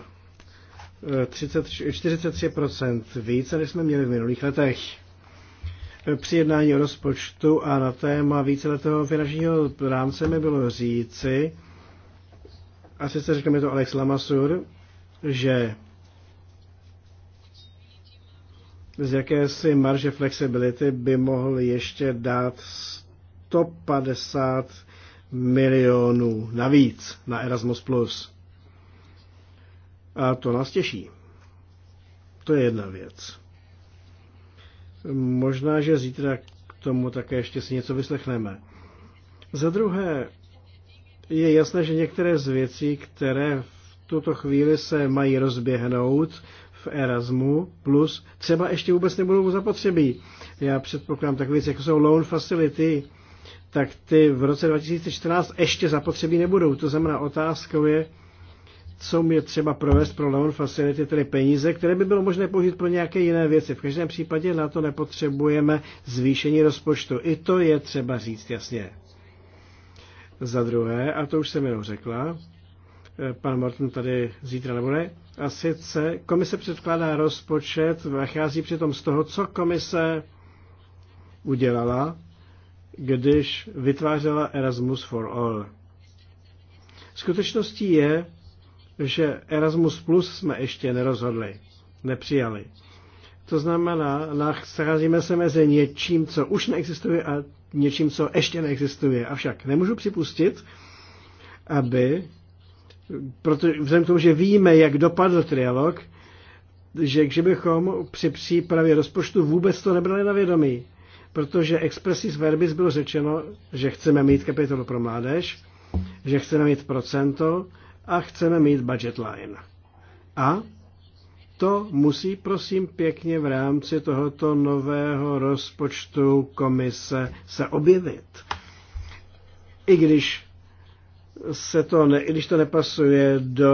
30, 43% více, než jsme měli v minulých letech. Při jednání o rozpočtu a na téma víceletého finančního rámce mi bylo říci, a sice řekl mi to Alex Lamasur, že z jakési marže flexibility by mohl ještě dát 150 milionů navíc na Erasmus+. Plus, A to nás těší. To je jedna věc. Možná, že zítra k tomu také ještě si něco vyslechneme. Za druhé, je jasné, že některé z věcí, které v tuto chvíli se mají rozběhnout v Erasmu, plus třeba ještě vůbec nebudou zapotřebí. Já předpokládám takové věci, jako jsou loan facility, tak ty v roce 2014 ještě zapotřebí nebudou. To znamená, otázkou je, co mě třeba provést pro loan facility, tedy peníze, které by bylo možné použít pro nějaké jiné věci. V každém případě na to nepotřebujeme zvýšení rozpočtu. I to je třeba říct jasně. Za druhé, a to už jsem jenom řekla, eh, pan Morton tady zítra nebo ne, a sice komise předkládá rozpočet, vychází přitom z toho, co komise udělala když vytvářela Erasmus for All. Skutečností je, že Erasmus Plus jsme ještě nerozhodli, nepřijali. To znamená, nacházíme se mezi něčím, co už neexistuje a něčím, co ještě neexistuje. Avšak nemůžu připustit, aby, protože vzhledem k tomu, že víme, jak dopadl trialog, že kdybychom při přípravě rozpočtu vůbec to nebrali na vědomí protože expressis verbis bylo řečeno, že chceme mít kapitolu pro mládež, že chceme mít procento a chceme mít budget line. A to musí prosím pěkně v rámci tohoto nového rozpočtu komise se objevit. I když se to ne, i když to nepasuje do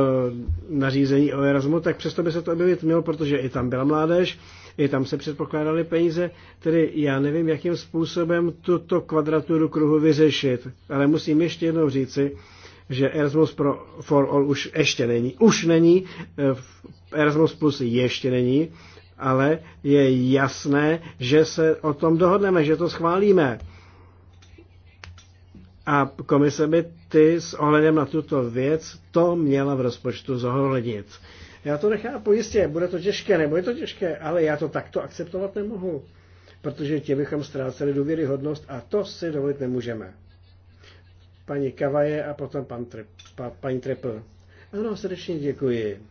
nařízení o Erasmu, tak přesto by se to objevit mělo, protože i tam byla mládež i tam se předpokládaly peníze, tedy já nevím, jakým způsobem tuto kvadraturu kruhu vyřešit. Ale musím ještě jednou říci, že Erasmus pro, for All už ještě není. Už není, e, Erasmus Plus ještě není, ale je jasné, že se o tom dohodneme, že to schválíme. A komise by ty s ohledem na tuto věc to měla v rozpočtu zohlednit. Já to nechápu, jistě, bude to těžké, nebo je to těžké, ale já to takto akceptovat nemohu, protože tě bychom ztráceli důvěryhodnost a to si dovolit nemůžeme. Paní Kavaje a potom pan Trip, pa, paní Trepl. Ano, srdečně děkuji.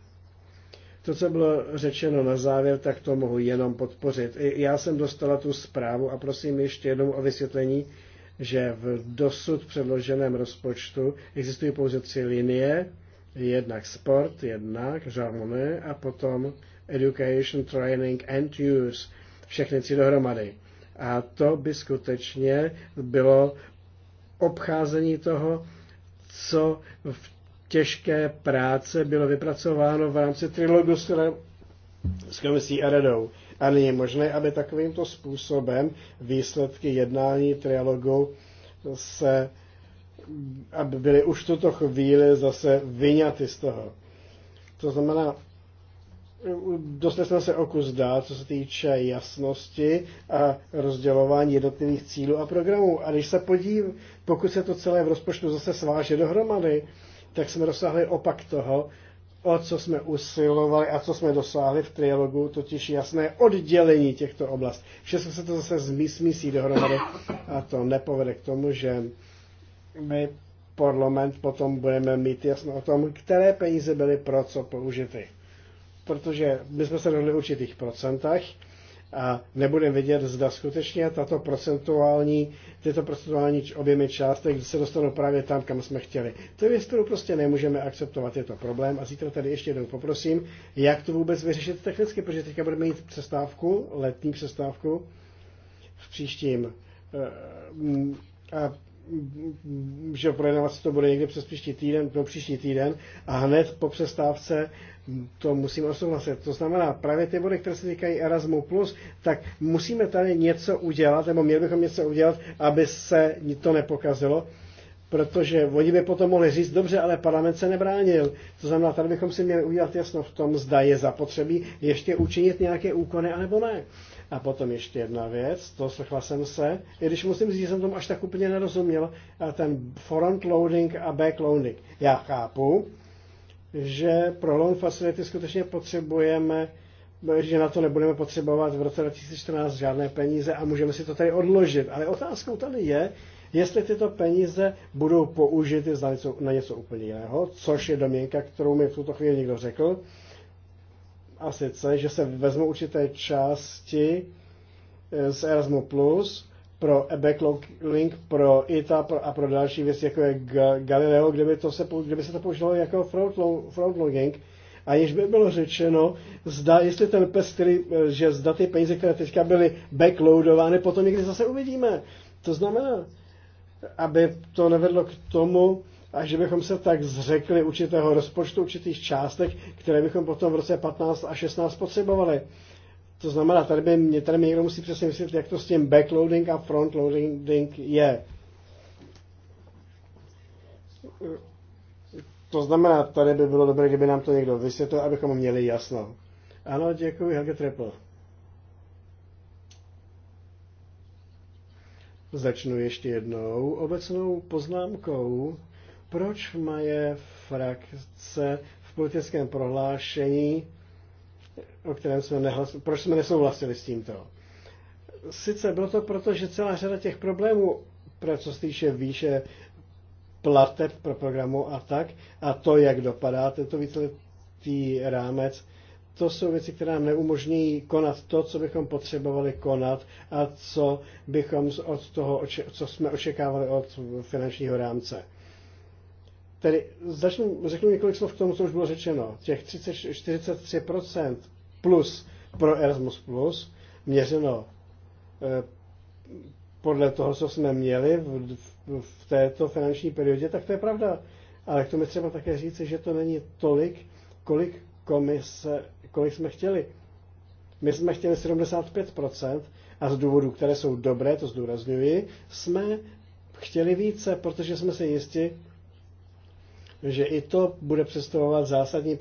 To, co bylo řečeno na závěr, tak to mohu jenom podpořit. Já jsem dostala tu zprávu a prosím ještě jednou o vysvětlení, že v dosud předloženém rozpočtu existují pouze tři linie, jednak sport, jednak žarmony a potom education, training and use, všechny tři dohromady. A to by skutečně bylo obcházení toho, co v těžké práce bylo vypracováno v rámci trilogu s komisí a radou. A není možné, aby takovýmto způsobem výsledky jednání trilogu se aby byly už tuto chvíli zase vyňaty z toho. To znamená, dostali jsme se o kus dál, co se týče jasnosti a rozdělování jednotlivých cílů a programů. A když se podívám, pokud se to celé v rozpočtu zase sváže dohromady, tak jsme dosáhli opak toho, o co jsme usilovali a co jsme dosáhli v trialogu, totiž jasné oddělení těchto oblastí. Všechno se to zase zmísí dohromady a to nepovede k tomu, že my parlament potom budeme mít jasno o tom, které peníze byly pro co použity. Protože my jsme se dohodli v určitých procentech a nebudeme vědět, zda skutečně tato procentuální, tyto procentuální objemy částek se dostanou právě tam, kam jsme chtěli. To je věc, kterou prostě nemůžeme akceptovat, je to problém a zítra tady ještě jednou poprosím, jak to vůbec vyřešit technicky, protože teďka budeme mít přestávku, letní přestávku v příštím eh, a že projednávat se to bude někde přes příští týden, pro příští týden a hned po přestávce to musíme odsouhlasit. To znamená, právě ty body, které se týkají Erasmu+, tak musíme tady něco udělat, nebo měli bychom něco udělat, aby se to nepokazilo, protože oni by potom mohli říct, dobře, ale parlament se nebránil. To znamená, tady bychom si měli udělat jasno v tom, zda je zapotřebí ještě učinit nějaké úkony, anebo ne. A potom ještě jedna věc, to slychla jsem se, i když musím říct, že jsem tomu až tak úplně nerozuměl, ten front loading a back loading. Já chápu, že pro loan facility skutečně potřebujeme, že na to nebudeme potřebovat v roce 2014 žádné peníze a můžeme si to tady odložit. Ale otázkou tady je, jestli tyto peníze budou použity na něco, na něco úplně jiného, což je domněnka, kterou mi v tuto chvíli někdo řekl, a sice, že se vezmou určité části eh, z Erasmus+, Plus pro e link, pro ITA a pro další věci, jako je Galileo, kde by, to se, kde by se to použilo jako frontlogging, již by bylo řečeno, zda, jestli ten pes, který, eh, že zda ty peníze, které teďka byly backloadovány, potom někdy zase uvidíme. To znamená, aby to nevedlo k tomu, a že bychom se tak zřekli určitého rozpočtu, určitých částek, které bychom potom v roce 15 a 16 potřebovali. To znamená, tady, by mě, tady mě někdo musí přesně vysvětlit, jak to s tím backloading a frontloading je. To znamená, tady by bylo dobré, kdyby nám to někdo vysvětlil, abychom měli jasno. Ano, děkuji, Helge trepl. Začnu ještě jednou obecnou poznámkou proč mají frakce v politickém prohlášení, o kterém jsme nehlas, proč jsme nesouhlasili s tímto. Sice bylo to proto, že celá řada těch problémů, co se týče výše plateb pro programu a tak, a to, jak dopadá tento víceletý rámec, to jsou věci, které nám neumožní konat to, co bychom potřebovali konat a co bychom od toho, co jsme očekávali od finančního rámce. Tedy začnu, řeknu několik slov k tomu, co už bylo řečeno. Těch 30, 43% plus pro Erasmus+, plus, měřeno eh, podle toho, co jsme měli v, v, v této finanční periodě, tak to je pravda. Ale k tomu je třeba také říci, že to není tolik, kolik komise, kolik jsme chtěli. My jsme chtěli 75% a z důvodů, které jsou dobré, to zdůrazňuji, jsme chtěli více, protože jsme se jisti, že i to bude představovat zásadní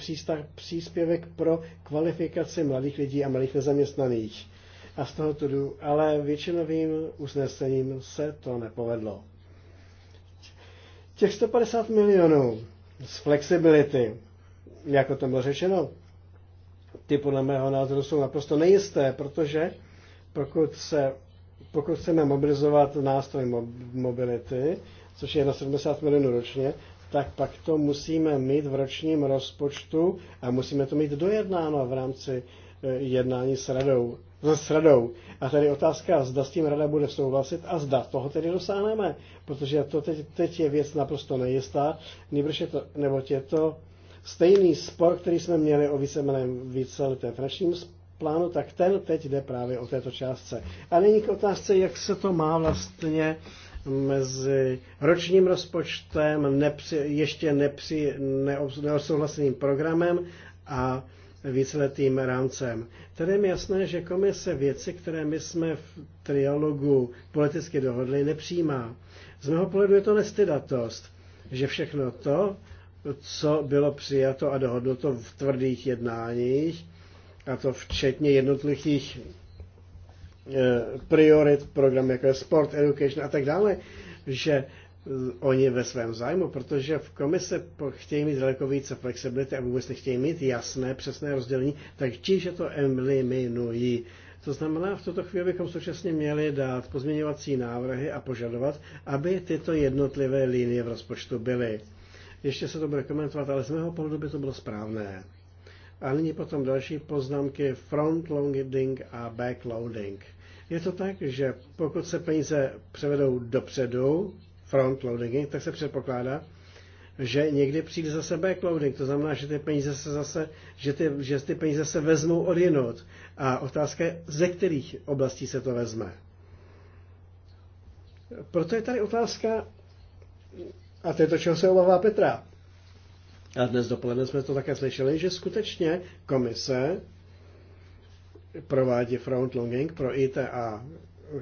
příspěvek pro kvalifikaci mladých lidí a mladých nezaměstnaných. A z toho tudu, ale většinovým usnesením se to nepovedlo. Těch 150 milionů z flexibility, jako to bylo řečeno, ty podle mého názoru jsou naprosto nejisté, protože pokud, se, pokud chceme mobilizovat nástroj mobility, což je na 70 milionů ročně, tak pak to musíme mít v ročním rozpočtu a musíme to mít dojednáno v rámci eh, jednání s radou. S radou. A tady otázka, zda s tím rada bude souhlasit a zda toho tedy dosáhneme, protože to teď, teď je věc naprosto nejistá, je to, nebo je to stejný spor, který jsme měli o víceméném víceletém finančním plánu, tak ten teď jde právě o této částce. A nyní k otázce, jak se to má vlastně mezi ročním rozpočtem, nepři, ještě nepři, neodsouhlaseným programem a víceletým rámcem. Tady je jasné, že komise věci, které my jsme v trialogu politicky dohodli, nepřijímá. Z mého pohledu je to nestydatost, že všechno to, co bylo přijato a dohodnuto v tvrdých jednáních, a to včetně jednotlivých Eh, priorit, program jako je sport, education a tak dále, že eh, oni ve svém zájmu, protože v komise chtějí mít daleko více flexibility a vůbec nechtějí mít jasné, přesné rozdělení, tak ti, že to eliminují. To znamená, v tuto chvíli bychom současně měli dát pozměňovací návrhy a požadovat, aby tyto jednotlivé linie v rozpočtu byly. Ještě se to bude komentovat, ale z mého pohledu by to bylo správné. A nyní potom další poznámky front-loading a back-loading. Je to tak, že pokud se peníze převedou dopředu, front loading, tak se předpokládá, že někdy přijde zase backloading, to znamená, že ty peníze se zase, že ty, že ty peníze se vezmou od jinot. A otázka je, ze kterých oblastí se to vezme. Proto je tady otázka, a to je to, čeho se obává Petra. A dnes dopoledne jsme to také slyšeli, že skutečně komise provádí Longing pro ITA,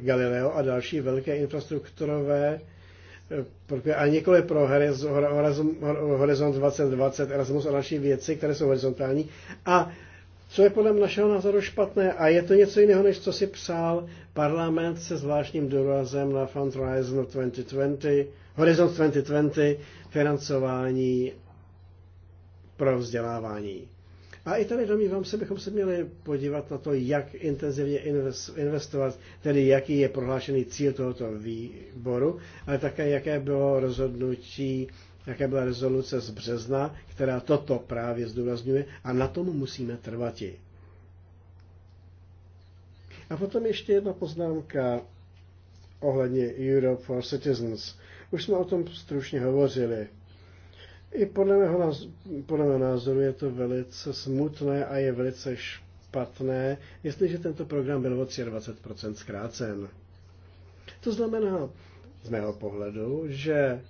Galileo a další velké infrastrukturové eh, a nikoli pro Horizont 2020, Erasmus a další věci, které jsou horizontální. A co je podle našeho názoru špatné, a je to něco jiného, než co si psal parlament se zvláštním důrazem na Fundraising Horizon 2020, Horizon 2020, financování pro vzdělávání. A i tady domnívám se, bychom se měli podívat na to, jak intenzivně investovat, tedy jaký je prohlášený cíl tohoto výboru, ale také jaké bylo rozhodnutí, jaké byla rezoluce z března, která toto právě zdůrazňuje a na tom musíme i. A potom ještě jedna poznámka ohledně Europe for Citizens. Už jsme o tom stručně hovořili. I podle mého, názoru, podle mého názoru je to velice smutné a je velice špatné, jestliže tento program byl o 23% zkrácen. To znamená, z mého pohledu, že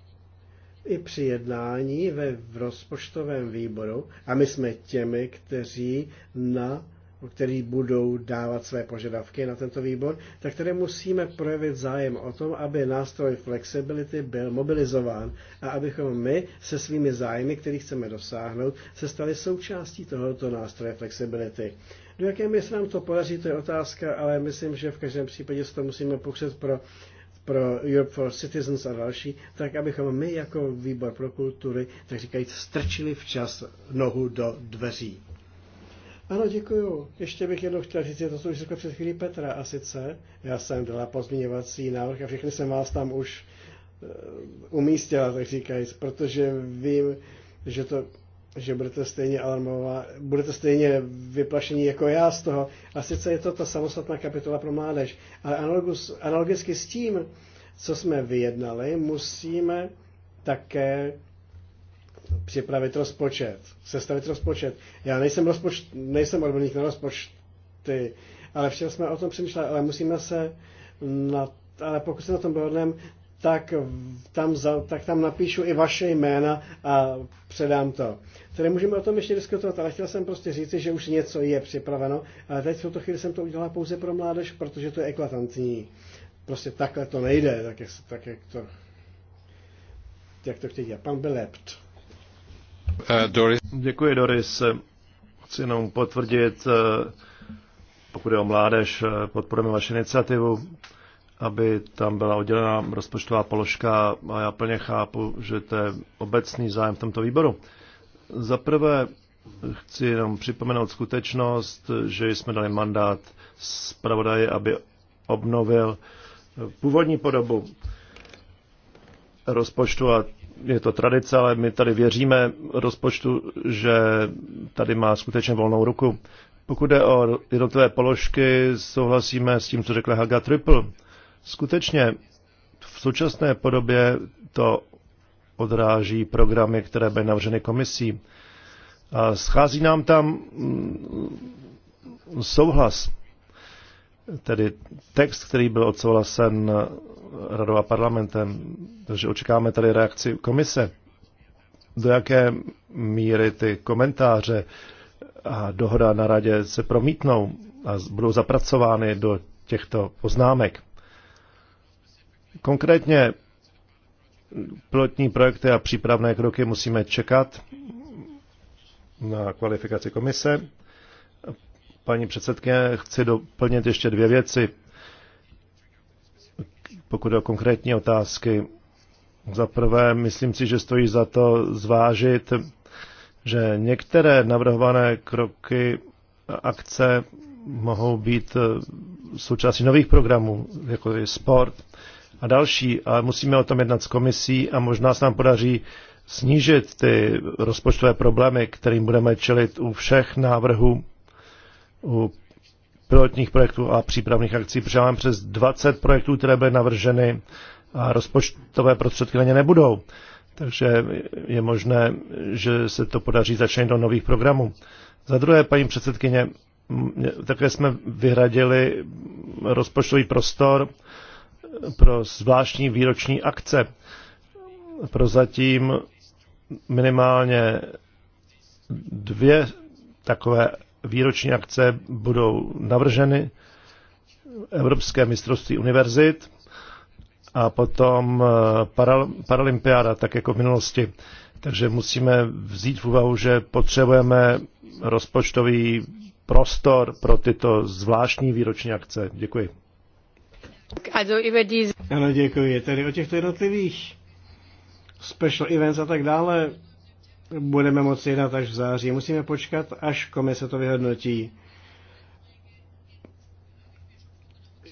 i při jednání ve v rozpočtovém výboru, a my jsme těmi, kteří na který budou dávat své požadavky na tento výbor, tak tady musíme projevit zájem o tom, aby nástroj flexibility byl mobilizován a abychom my se svými zájmy, který chceme dosáhnout, se stali součástí tohoto nástroje flexibility. Do jaké my se nám to podaří, to je otázka, ale myslím, že v každém případě se to musíme pokřet pro pro Europe for Citizens a další, tak abychom my jako výbor pro kultury, tak říkajíc, strčili včas nohu do dveří. Ano, děkuju. Ještě bych jenom chtěl říct, že to, co už řekl před chvílí Petra, a sice já jsem dala pozměňovací návrh a všechny jsem vás tam už uh, umístila, tak říkajíc, protože vím, že to že budete stejně alarmová, budete stejně vyplašení jako já z toho. A sice je to ta samostatná kapitola pro mládež, ale analogus, analogicky s tím, co jsme vyjednali, musíme také připravit rozpočet, sestavit rozpočet. Já nejsem, rozpoč, nejsem odborník na rozpočty, ale všichni jsme o tom přemýšleli, ale musíme se na, ale pokud se na tom dohodneme, tak tam, za, tak tam napíšu i vaše jména a předám to. Tady můžeme o tom ještě diskutovat, ale chtěl jsem prostě říct, že už něco je připraveno, ale teď v tuto chvíli jsem to udělala pouze pro mládež, protože to je eklatantní. Prostě takhle to nejde, tak jak, tak jak to jak to chtějí. Pan Belept. Eh, Doris. Děkuji, Doris. Chci jenom potvrdit, eh, pokud je o mládež, eh, podporujeme vaši iniciativu, aby tam byla oddělená rozpočtová položka a já plně chápu, že to je obecný zájem v tomto výboru. Za prvé chci jenom připomenout skutečnost, že jsme dali mandát zpravodaji, aby obnovil původní podobu rozpočtu a je to tradice, ale my tady věříme rozpočtu, že tady má skutečně volnou ruku. Pokud jde o jednotlivé položky, souhlasíme s tím, co řekla Haga Triple. Skutečně v současné podobě to odráží programy, které byly navřeny komisí. A schází nám tam mm, souhlas tedy text, který byl odsouhlasen radou a parlamentem. Takže očekáváme tady reakci komise. Do jaké míry ty komentáře a dohoda na radě se promítnou a budou zapracovány do těchto poznámek. Konkrétně pilotní projekty a přípravné kroky musíme čekat na kvalifikaci komise paní předsedkyně, chci doplnit ještě dvě věci. Pokud o konkrétní otázky. Za prvé, myslím si, že stojí za to zvážit, že některé navrhované kroky akce mohou být součástí nových programů, jako je sport a další, ale musíme o tom jednat s komisí a možná se nám podaří snížit ty rozpočtové problémy, kterým budeme čelit u všech návrhů u pilotních projektů a přípravných akcí, protože máme přes 20 projektů, které byly navrženy a rozpočtové prostředky na ně nebudou. Takže je možné, že se to podaří začlenit do nových programů. Za druhé, paní předsedkyně, také jsme vyhradili rozpočtový prostor pro zvláštní výroční akce. Prozatím minimálně dvě takové výroční akce budou navrženy Evropské mistrovství univerzit a potom eh, para, Paralympiáda, tak jako v minulosti. Takže musíme vzít v úvahu, že potřebujeme rozpočtový prostor pro tyto zvláštní výroční akce. Děkuji. Ano, děkuji. Tedy o těchto jednotlivých special events a tak dále budeme moci jednat až v září. Musíme počkat, až komise to vyhodnotí.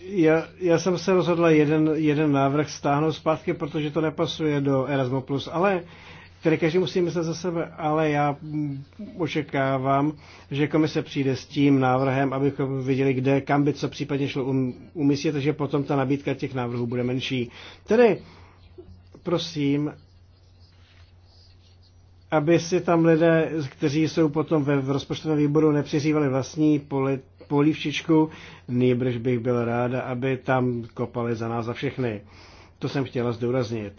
Já, já jsem se rozhodla jeden, jeden návrh stáhnout zpátky, protože to nepasuje do Erasmus+, ale který každý musí myslet za sebe, ale já očekávám, že komise přijde s tím návrhem, abychom viděli, kde, kam by co případně šlo um, umístit, takže potom ta nabídka těch návrhů bude menší. Tedy, prosím, aby si tam lidé, kteří jsou potom ve rozpočtovém výboru, nepřiřívali vlastní poli, polívčičku, nejbrž bych byl ráda, aby tam kopali za nás za všechny. To jsem chtěla zdůraznit.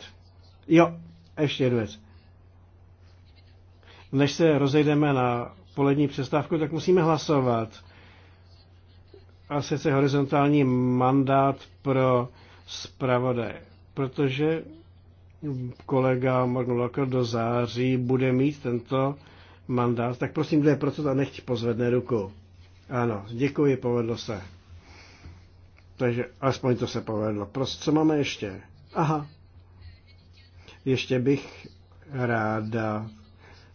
Jo, ještě jednu věc. Než se rozejdeme na polední přestávku, tak musíme hlasovat. A sice horizontální mandát pro zpravodaje. Protože kolega Magno do září bude mít tento mandát, tak prosím, kdo je pro to a nechť pozvedne ruku. Ano, děkuji, povedlo se. Takže aspoň to se povedlo. Prostě, co máme ještě? Aha. Ještě bych ráda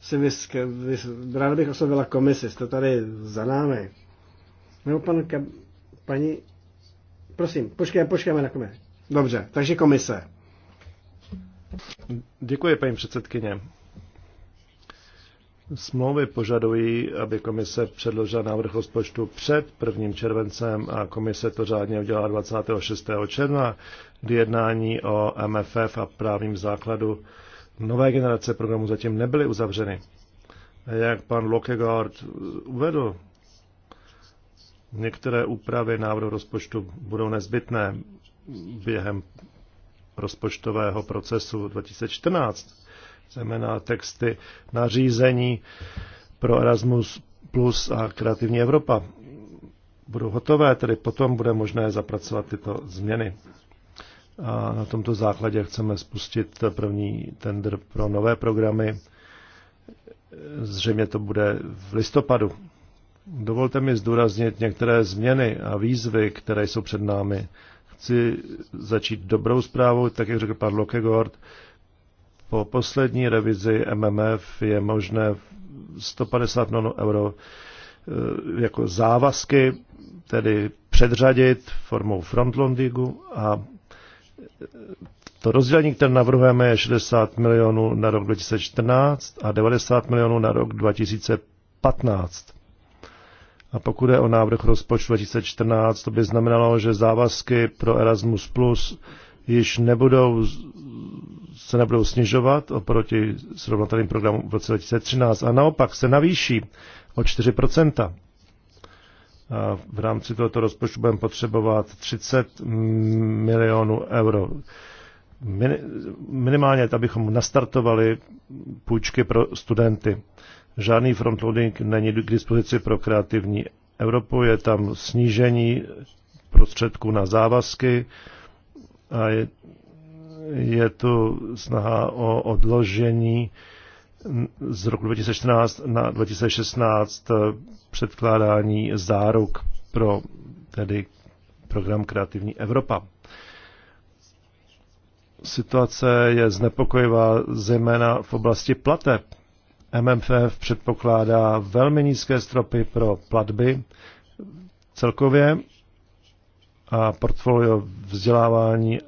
si vysk, vys, ráda bych oslovila komisi, jste tady za námi. Nebo pan, ka, paní, prosím, počkej, počkáme na komisi. Dobře, takže komise. Děkuji, paní předsedkyně. Smlouvy požadují, aby komise předložila návrh rozpočtu před 1. červencem a komise to řádně udělá 26. června, kdy jednání o MFF a právním základu nové generace programů zatím nebyly uzavřeny. Jak pan Lokegaard uvedl, některé úpravy návrhu rozpočtu budou nezbytné během rozpočtového procesu 2014, znamená texty nařízení pro Erasmus Plus a Kreativní Evropa. Budou hotové, tedy potom bude možné zapracovat tyto změny. A na tomto základě chceme spustit první tender pro nové programy. Zřejmě to bude v listopadu. Dovolte mi zdůraznit některé změny a výzvy, které jsou před námi Chci začít dobrou zprávou, tak jak řekl pan Lokegord, po poslední revizi MMF je možné 150 milionů euro eh, jako závazky, tedy předřadit formou frontloadingu a eh, to rozdělení, které navrhujeme, je 60 milionů na rok 2014 a 90 milionů na rok 2015. A pokud je o návrh rozpočtu 2014, to by znamenalo, že závazky pro Erasmus Plus již nebudou, se nebudou snižovat oproti srovnatelným programům v roce 2013 a naopak se navýší o 4 a v rámci tohoto rozpočtu budeme potřebovat 30 milionů euro. Minimálně, abychom nastartovali půjčky pro studenty. Žádný frontloading není k dispozici pro kreativní Evropu, je tam snížení prostředků na závazky a je, je tu snaha o odložení z roku 2014 na 2016 eh, předkládání záruk pro tedy program Kreativní Evropa. Situace je znepokojivá zejména v oblasti plateb MMFF předpokládá velmi nízké stropy pro platby celkově a portfolio vzdělávání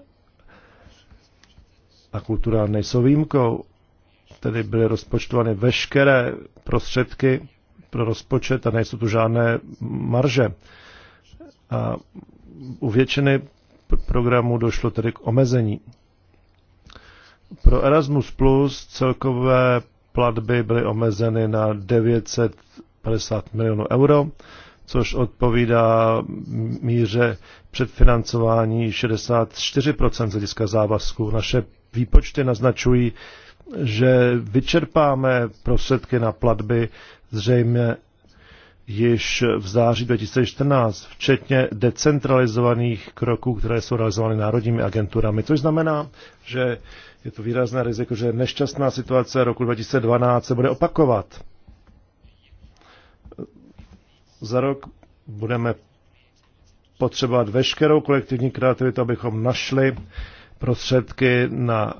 a kultura nejsou výjimkou. Tedy byly rozpočtovány veškeré prostředky pro rozpočet a nejsou tu žádné marže. A u většiny programů došlo tedy k omezení. Pro Erasmus Plus celkové platby byly omezeny na 950 milionů euro, což odpovídá míře předfinancování 64% z hlediska závazků. Naše výpočty naznačují, že vyčerpáme prostředky na platby zřejmě již v září 2014, včetně decentralizovaných kroků, které jsou realizovány národními agenturami, což znamená, že je to výrazné riziko, že nešťastná situace roku 2012 se bude opakovat. Za rok budeme potřebovat veškerou kolektivní kreativitu, abychom našli prostředky na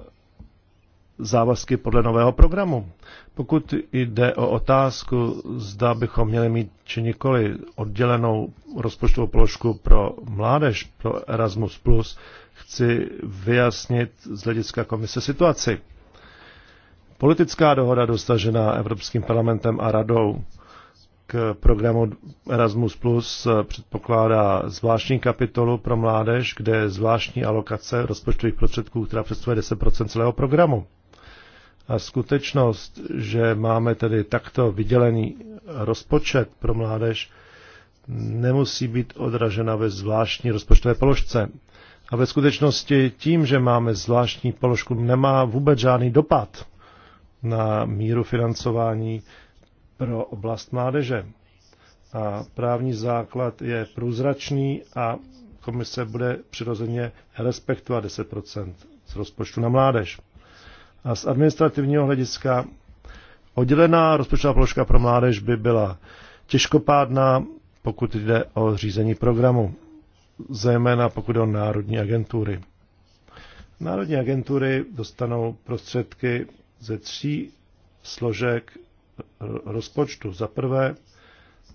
závazky podle nového programu. Pokud jde o otázku, zda bychom měli mít či nikoli oddělenou rozpočtovou položku pro mládež, pro Erasmus+, chci vyjasnit z hlediska komise situaci. Politická dohoda dosažená Evropským parlamentem a radou k programu Erasmus Plus předpokládá zvláštní kapitolu pro mládež, kde je zvláštní alokace rozpočtových prostředků, která představuje 10% celého programu. A skutečnost, že máme tedy takto vydělený rozpočet pro mládež, nemusí být odražena ve zvláštní rozpočtové položce. A ve skutečnosti tím, že máme zvláštní položku, nemá vůbec žádný dopad na míru financování pro oblast mládeže. A právní základ je průzračný a komise bude přirozeně respektovat 10 z rozpočtu na mládež. A z administrativního hlediska oddělená rozpočtová položka pro mládež by byla těžkopádná, pokud jde o řízení programu zejména pokud o národní agentury. Národní agentury dostanou prostředky ze tří složek rozpočtu. Za prvé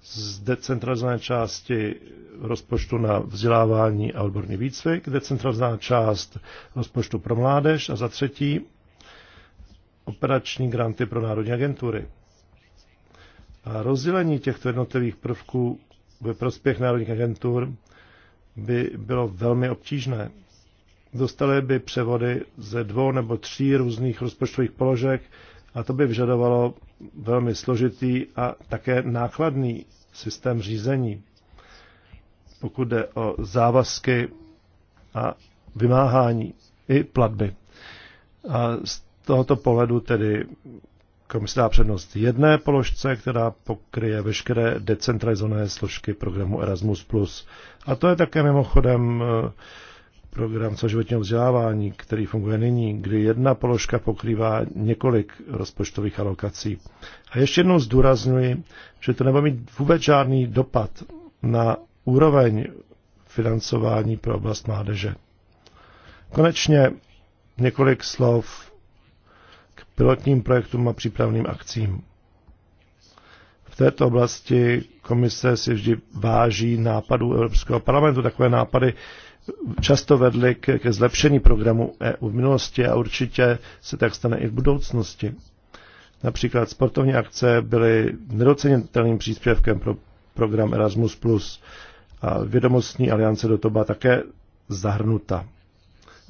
z decentralizované části rozpočtu na vzdělávání a odborný výcvik, decentralizovaná část rozpočtu pro mládež a za třetí operační granty pro národní agentury. A rozdělení těchto jednotlivých prvků ve prospěch národních agentur by bylo velmi obtížné. Dostali by převody ze dvou nebo tří různých rozpočtových položek a to by vyžadovalo velmi složitý a také nákladný systém řízení. Pokud jde o závazky a vymáhání i platby. A z tohoto pohledu tedy se dá přednost jedné položce, která pokryje veškeré decentralizované složky programu Erasmus+. A to je také mimochodem eh, program celoživotního vzdělávání, který funguje nyní, kdy jedna položka pokrývá několik rozpočtových alokací. A ještě jednou zdůraznuju, že to nebude mít vůbec žádný dopad na úroveň financování pro oblast mládeže. Konečně několik slov pilotním projektům a přípravným akcím. V této oblasti komise si vždy váží nápadů Evropského parlamentu. Takové nápady často vedly ke, ke zlepšení programu EU v minulosti a určitě se tak stane i v budoucnosti. Například sportovní akce byly nedocenitelným příspěvkem pro program Erasmus+, a vědomostní aliance do toho byla také zahrnuta.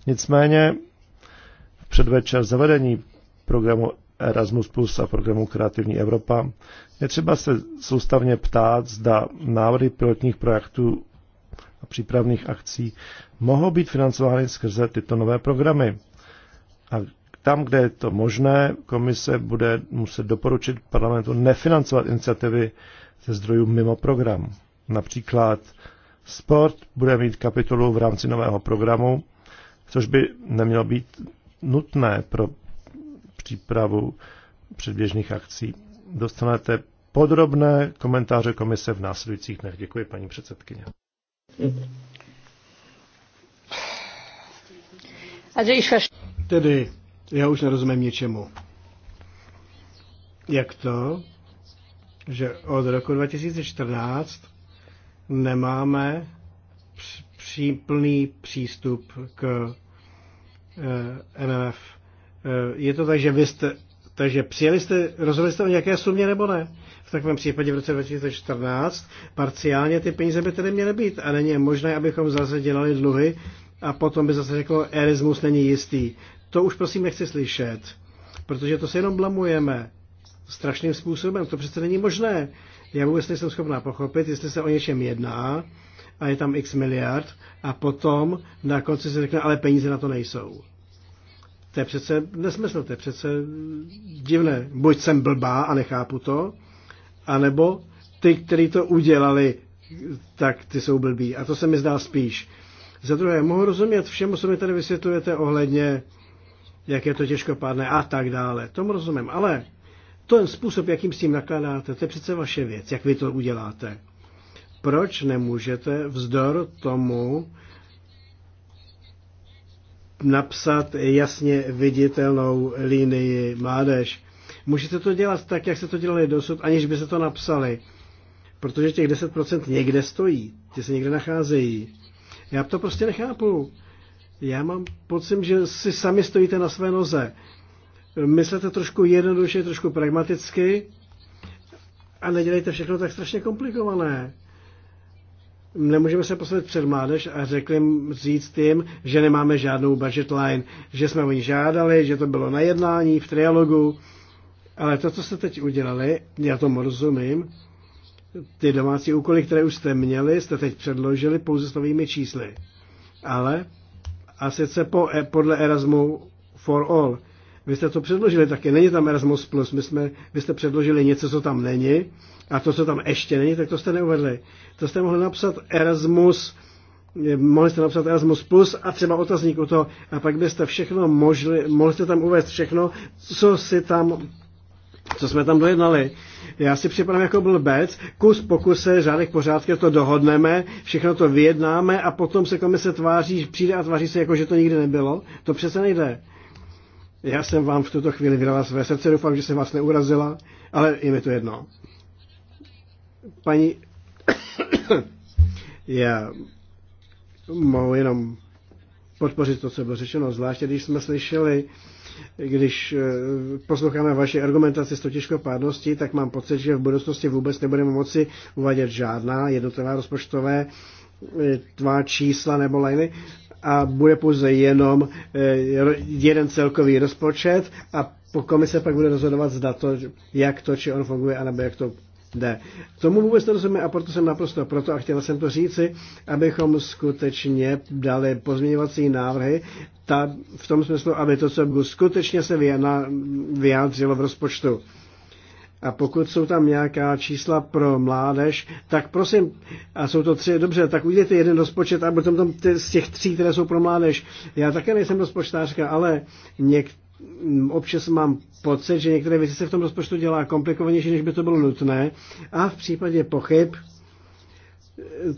Nicméně v předvečer zavedení programu Erasmus Plus a programu Kreativní Evropa, je třeba se soustavně ptát, zda návrhy pilotních projektů a přípravných akcí mohou být financovány skrze tyto nové programy. A tam, kde je to možné, komise bude muset doporučit parlamentu nefinancovat iniciativy ze zdrojů mimo program. Například sport bude mít kapitolu v rámci nového programu, což by nemělo být nutné pro přípravu předběžných akcí. Dostanete podrobné komentáře komise v následujících dnech. Děkuji, paní předsedkyně. Tedy, já už nerozumím ničemu. Jak to, že od roku 2014 nemáme pří, plný přístup k e, eh, NF Eh, je to tak, že vy jste, takže přijeli jste, rozhodli jste o nějaké sumě nebo ne? V takovém případě v roce 2014 parciálně ty peníze by tedy měly být a není možné, abychom zase dělali dluhy a potom by zase řeklo, erismus není jistý. To už prosím nechci slyšet, protože to se jenom blamujeme strašným způsobem. To přece není možné. Já vůbec nejsem schopná pochopit, jestli se o něčem jedná a je tam x miliard a potom na konci se řekne, ale peníze na to nejsou. To je přece nesmysl, to je přece divné. Buď jsem blbá a nechápu to, anebo ty, kteří to udělali, tak ty jsou blbí. A to se mi zdá spíš. Za druhé, mohu rozumět všemu, co mi tady vysvětlujete ohledně, jak je to těžkopádné a tak dále. Tomu rozumím, ale ten způsob, jakým s tím nakládáte, to je přece vaše věc, jak vy to uděláte. Proč nemůžete vzdor tomu napsat jasně viditelnou linii mládež. Můžete to dělat tak, jak se to dělali dosud, aniž by se to napsali. Protože těch 10% někde stojí, ty se někde nacházejí. Já to prostě nechápu. Já mám pocit, že si sami stojíte na své noze. Myslete trošku jednoduše, trošku pragmaticky a nedělejte všechno tak strašně komplikované nemůžeme se poslat před mládež a řekli říct jim, že nemáme žádnou budget line, že jsme o ní žádali, že to bylo na jednání, v trialogu, ale to, co jste teď udělali, já tomu rozumím, ty domácí úkoly, které už jste měli, jste teď předložili pouze s novými čísly. Ale a sice po, e, podle Erasmu for All. Vy jste to předložili taky, není tam Erasmus+, plus. My jsme, vy jste předložili něco, co tam není, a to, co tam ještě není, tak to jste neuvedli. To jste mohli napsat Erasmus, eh, mohli jste napsat Erasmus Plus a třeba otazník u toho a pak byste všechno mohli, mohli jste tam uvést všechno, co si tam co jsme tam dojednali. Já si připadám jako blbec, kus pokuse, řádek pořádky, to dohodneme, všechno to vyjednáme a potom se komise tváří, přijde a tváří se jako, že to nikdy nebylo. To přece nejde. Já jsem vám v tuto chvíli vydala své srdce, doufám, že jsem vás neurazila, ale je mi to jedno. Paní, já mohu jenom podpořit to, co bylo řečeno, zvláště když jsme slyšeli, když eh, posloucháme vaše argumentaci s totižkopádností, tak mám pocit, že v budoucnosti vůbec nebudeme moci uvadět žádná jednotlivá rozpočtové eh, tvá čísla nebo liny, a bude pouze jenom eh, jeden celkový rozpočet a komise pak bude rozhodovat, zda to, jak to, či on funguje, anebo jak to jde. Tomu vůbec nerozumím a proto jsem naprosto proto a chtěl jsem to říci, abychom skutečně dali pozměňovací návrhy ta, v tom smyslu, aby to, co skutečně se vyjádřilo v rozpočtu. A pokud jsou tam nějaká čísla pro mládež, tak prosím, a jsou to tři, dobře, tak udělejte jeden rozpočet a potom tam ty, z těch tří, které jsou pro mládež. Já také nejsem rozpočtářka, ale něk, občas mám pocit, že některé věci se v tom rozpočtu dělá komplikovanější, než by to bylo nutné. A v případě pochyb,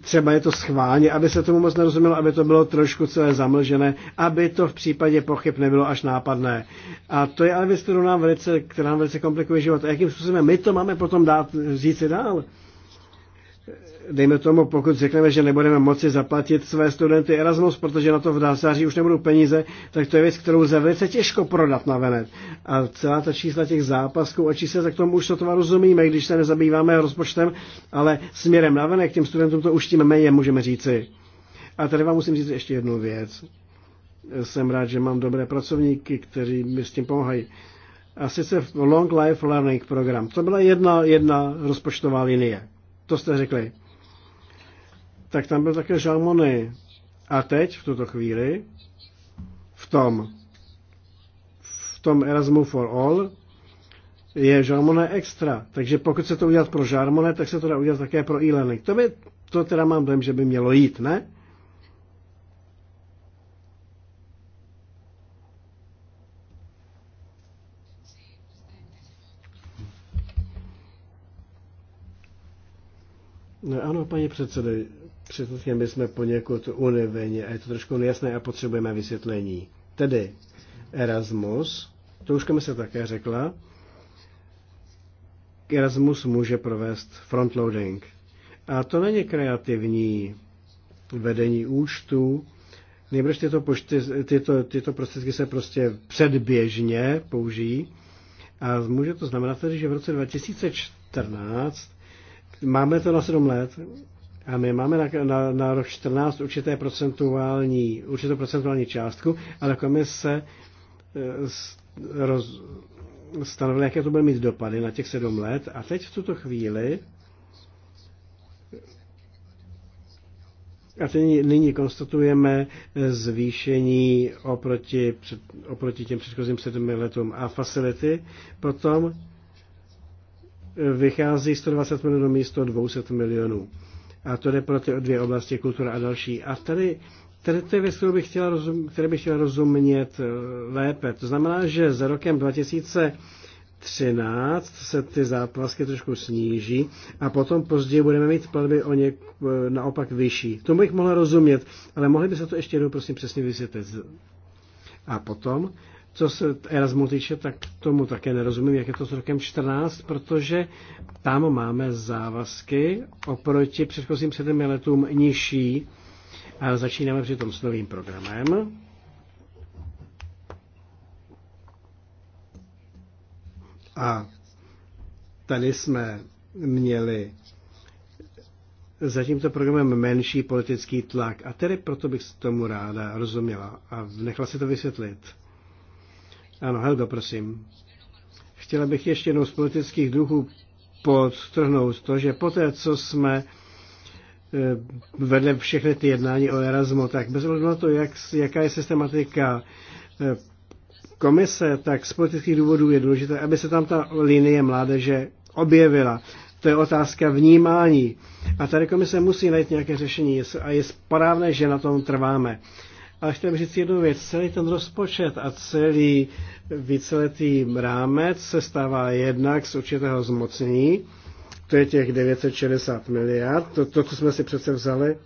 třeba je to schválně, aby se tomu moc nerozumělo, aby to bylo trošku celé zamlžené, aby to v případě pochyb nebylo až nápadné. A to je ale věc, kterou nám velice, která nám velice komplikuje život. A jakým způsobem my to máme potom dát, říct si dál? dejme tomu, pokud řekneme, že nebudeme moci zaplatit své studenty Erasmus, protože na to v září už nebudou peníze, tak to je věc, kterou lze velice těžko prodat na venet. A celá ta čísla těch zápasků a čísel, tak tomu už sotva rozumíme, když se nezabýváme rozpočtem, ale směrem na venek těm studentům to už tím méně můžeme říci. A tady vám musím říct ještě jednu věc. Jsem rád, že mám dobré pracovníky, kteří mi s tím pomáhají a sice Long Life Learning program. To byla jedna, jedna rozpočtová linie. To jste řekli tak tam byl také žalmony. A teď, v tuto chvíli, v tom, v tom Erasmus for All, je žalmoné extra. Takže pokud se to udělat pro žalmoné, tak se to dá udělat také pro e-learning. To by, to teda mám dojem, že by mělo jít, ne? No, ano, paní předsedající. Předtím my jsme poněkud univeni a je to trošku nejasné a potřebujeme vysvětlení. Tedy Erasmus, to už se také řekla, Erasmus může provést frontloading. A to není kreativní vedení účtu, nejbrž tyto, pošty, tyto, tyto prostředky se prostě předběžně použijí. A může to znamenat tedy, že v roce 2014 máme to na 7 let, a my máme na, na, na rok 14 určité procentuální, určitou procentuální částku, ale komise eh, roz, stanovila, jaké to bude mít dopady na těch sedm let. A teď v tuto chvíli a teď nyní konstatujeme eh, zvýšení oproti, před, oproti těm předchozím sedmi letům a facility. Potom eh, vychází 120 milionů místo 200 milionů. A to jde pro ty dvě oblasti, kultura a další. A tady, tady to je věc, kterou bych chtěla, rozum, které bych chtěla rozumět eh, lépe. To znamená, že za rokem 2000 13 se ty záplasky trošku sníží a potom později budeme mít platby o něk, eh, naopak vyšší. To bych mohl rozumět, ale mohli by se to ještě jednou prosím přesně vysvětlit. A potom co se Erasmu týče, tak tomu také nerozumím, jak je to s rokem 14, protože tam máme závazky oproti předchozím sedmi letům nižší. A začínáme přitom s novým programem. A tady jsme měli za tímto programem menší politický tlak. A tedy proto bych tomu ráda rozuměla a nechala si to vysvětlit. Ano, Helga, prosím. Chtěla bych ještě jednou z politických druhů podtrhnout to, že poté, co jsme eh, vedle všechny ty jednání o Erasmu, tak bez ohledu na to, jak, jaká je systematika eh, komise, tak z politických důvodů je důležité, aby se tam ta linie mládeže objevila. To je otázka vnímání. A tady komise musí najít nějaké řešení a je správné, že na tom trváme. Ale chtěl říct jednu věc. Celý ten rozpočet a celý víceletý rámec se stává jednak z určitého zmocnění, to je těch 960 miliard, to, to co jsme si přece vzali,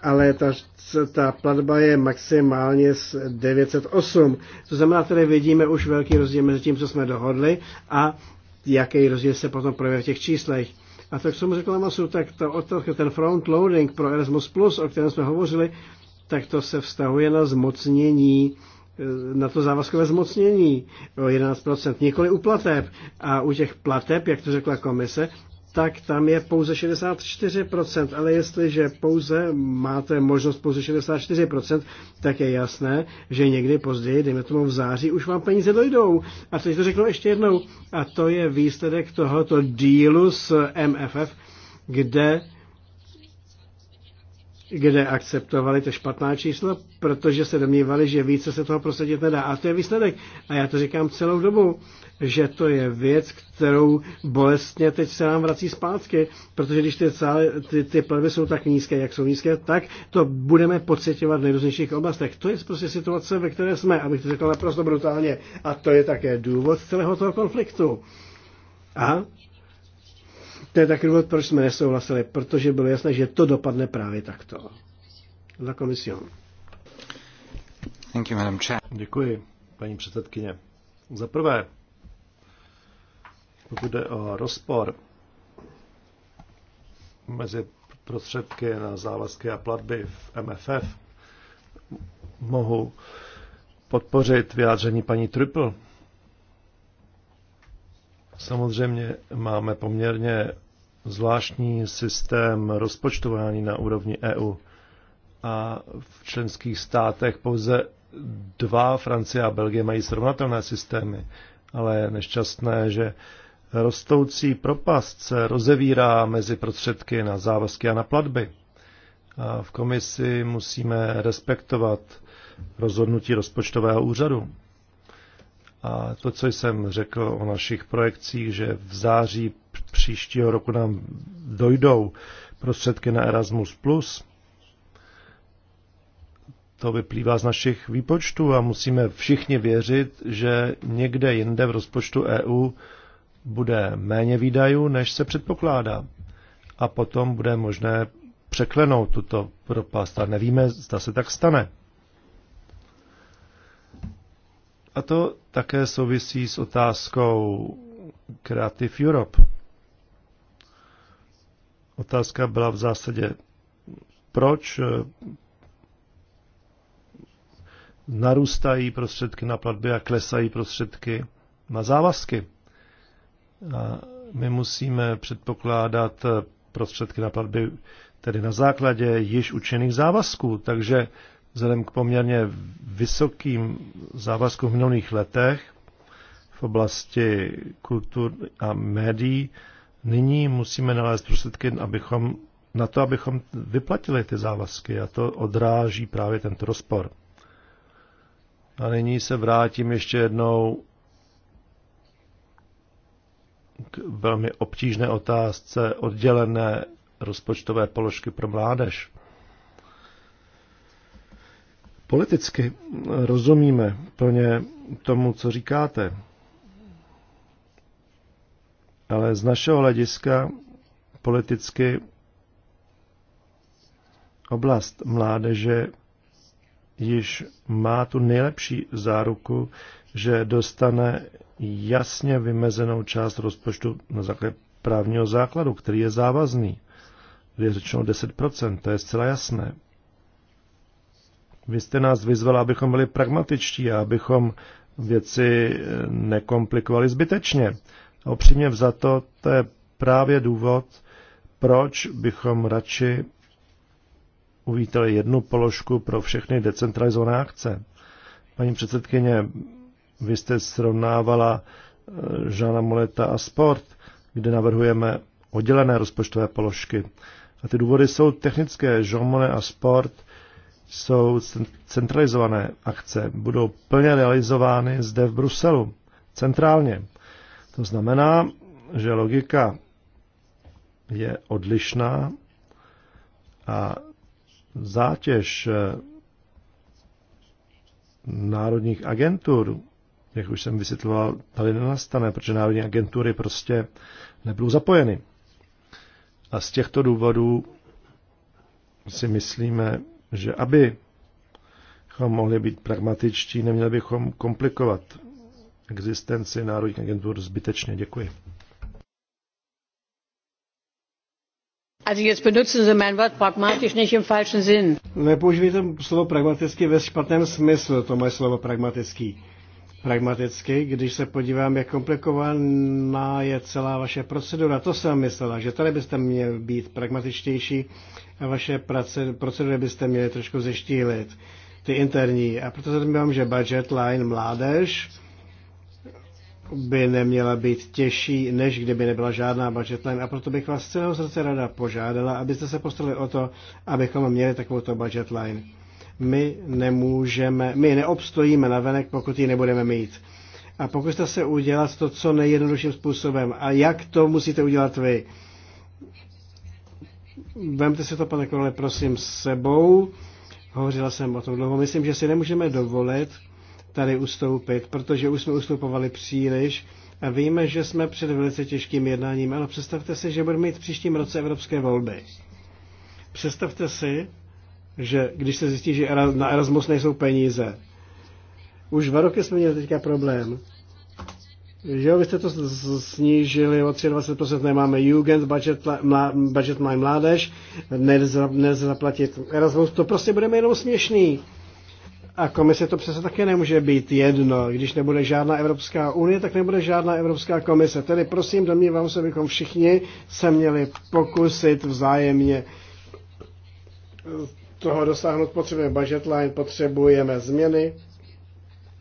ale ta, ta platba je maximálně z 908. To znamená, tady vidíme už velký rozdíl mezi tím, co jsme dohodli a jaký rozdíl se potom projeví v těch číslech. A tak, co mu řekl masu tak to, ten front loading pro Erasmus+, Plus, o kterém jsme hovořili, tak to se vztahuje na zmocnění eh, na to závazkové zmocnění o 11%, nikoli u plateb. A u těch plateb, jak to řekla komise, tak tam je pouze 64%, ale jestliže pouze máte možnost pouze 64%, tak je jasné, že někdy později, dejme tomu v září, už vám peníze dojdou. A teď to řeknu ještě jednou. A to je výsledek tohoto dílu s MFF, kde kde akceptovali to špatná čísla, protože se domnívali, že více se toho prosadit nedá. A to je výsledek. A já to říkám celou dobu, že to je věc, kterou bolestně teď se nám vrací zpátky, protože když ty, celé, ty, ty platby jsou tak nízké, jak jsou nízké, tak to budeme pocitovat v nejrůznějších oblastech. To je prostě situace, ve které jsme, abych to řekl naprosto brutálně. A to je také důvod celého toho konfliktu. A to je taky důvod, proč jsme nesouhlasili, protože bylo jasné, že to dopadne právě takto. La komision. Děkuji, paní předsedkyně. Za prvé, pokud jde o rozpor mezi prostředky na závazky a platby v MFF, mohu podpořit vyjádření paní Triple, Samozřejmě máme poměrně zvláštní systém rozpočtování na úrovni EU a v členských státech pouze dva, Francie a Belgie, mají srovnatelné systémy, ale je nešťastné, že rostoucí propast se rozevírá mezi prostředky na závazky a na platby. A v komisi musíme respektovat rozhodnutí rozpočtového úřadu. A to, co jsem řekl o našich projekcích, že v září příštího roku nám dojdou prostředky na Erasmus+, to vyplývá z našich výpočtů a musíme všichni věřit, že někde jinde v rozpočtu EU bude méně výdajů, než se předpokládá. A potom bude možné překlenout tuto propast a nevíme, zda se tak stane. A to také souvisí s otázkou Creative Europe. Otázka byla v zásadě, proč eh, narůstají prostředky na platby a klesají prostředky na závazky. A my musíme předpokládat eh, prostředky na platby tedy na základě již učených závazků. Takže vzhledem k poměrně vysokým závazkům v minulých letech v oblasti kultur a médií, nyní musíme nalézt prostředky, abychom, na to, abychom vyplatili ty závazky a to odráží právě tento rozpor. A nyní se vrátím ještě jednou k velmi obtížné otázce oddělené rozpočtové položky pro mládež. Politicky rozumíme plně tomu, co říkáte, ale z našeho hlediska politicky oblast mládeže již má tu nejlepší záruku, že dostane jasně vymezenou část rozpočtu na základě právního základu, který je závazný, je řečeno 10%, to je zcela jasné. Vy jste nás vyzvala, abychom byli pragmatičtí a abychom věci eh, nekomplikovali zbytečně. A upřímně vzato, to je právě důvod, proč bychom radši uvítali jednu položku pro všechny decentralizované akce. Paní předsedkyně, vy jste srovnávala eh, Žána Moleta a sport, kde navrhujeme oddělené rozpočtové položky. A ty důvody jsou technické. Jean a sport – jsou centralizované akce, budou plně realizovány zde v Bruselu, centrálně. To znamená, že logika je odlišná a zátěž eh, národních agentur, jak už jsem vysvětloval, tady nenastane, protože národní agentury prostě nebudou zapojeny. A z těchto důvodů si myslíme, že aby mohli být pragmatičtí, neměli bychom komplikovat existenci národních agentur zbytečně. Děkuji. Also jetzt benutzen Sie mein Wort pragmatisch nicht im falschen Sinn. Nepoužívejte slovo pragmaticky ve špatném smyslu, to moje slovo pragmatický pragmaticky, když se podívám, jak komplikovaná je celá vaše procedura. To jsem myslela, že tady byste měl být pragmatičtější a vaše prace, procedury byste měli trošku zeštílit, ty interní. A proto se domnívám, že budget line mládež by neměla být těžší, než kdyby nebyla žádná budget line. A proto bych vás z celého srdce rada požádala, abyste se postarali o to, abychom měli takovouto budget line my nemůžeme, my neobstojíme na venek, pokud ji nebudeme mít. A pokuste se udělat to, co nejjednodušším způsobem. A jak to musíte udělat vy? Vemte si to, pane Korole, prosím, s sebou. Hovořila jsem o tom dlouho. Myslím, že si nemůžeme dovolit tady ustoupit, protože už jsme ustoupovali příliš a víme, že jsme před velice těžkým jednáním, ale představte si, že budeme mít příštím roce evropské volby. Představte si, že když se zjistí, že na Erasmus nejsou peníze. Už dva roky jsme měli teďka problém. Že jo, vy jste to snížili o 23%, nemáme Jugend, budget, mla, budget mají mládež, nelze, zaplatit Erasmus, to prostě budeme jenom směšný. A komise to přece také nemůže být jedno. Když nebude žádná Evropská unie, tak nebude žádná Evropská komise. Tedy prosím, domnívám se, bychom všichni se měli pokusit vzájemně toho dosáhnout potřebujeme budget line, potřebujeme změny.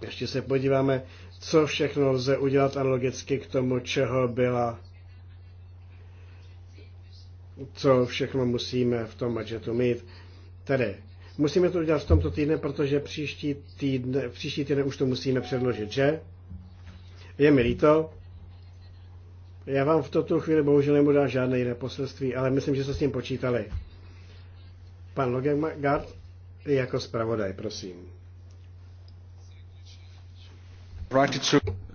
Ještě se podíváme, co všechno lze udělat analogicky k tomu, čeho byla co všechno musíme v tom budgetu mít. Tedy, musíme to udělat v tomto týdne, protože příští týdne, příští týden už to musíme předložit, že? Je mi líto. Já vám v tuto chvíli bohužel nemůžu dát žádné jiné poselství, ale myslím, že se s tím počítali. Pan Logemgard jako zpravodaj, prosím.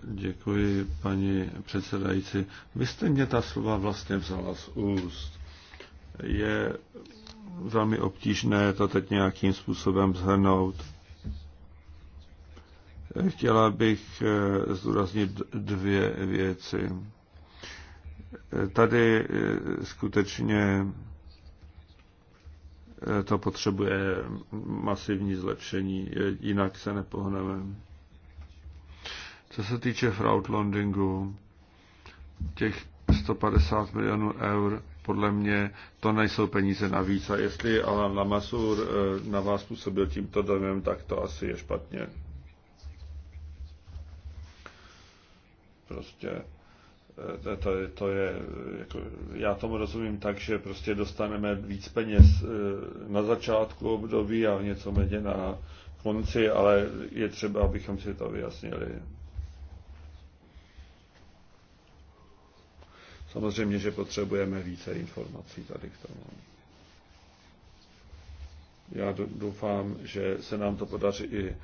Děkuji, paní předsedající. Vy jste mě ta slova vlastně vzala z úst. Je velmi obtížné to teď nějakým způsobem zhrnout. Chtěla bych eh, zdůraznit dvě věci. Tady eh, skutečně to potřebuje masivní zlepšení, jinak se nepohneme. Co se týče fraudlandingu, těch 150 milionů eur, podle mě to nejsou peníze navíc. A jestli Alan Lamasur eh, na vás působil tímto domem, tak to asi je špatně. Prostě to, to, to je, jako, já tomu rozumím tak, že prostě dostaneme víc peněz eh, na začátku období a něco méně na konci, ale je třeba, abychom si to vyjasnili. Samozřejmě, že potřebujeme více informací tady k tomu. Já doufám, že se nám to podaří i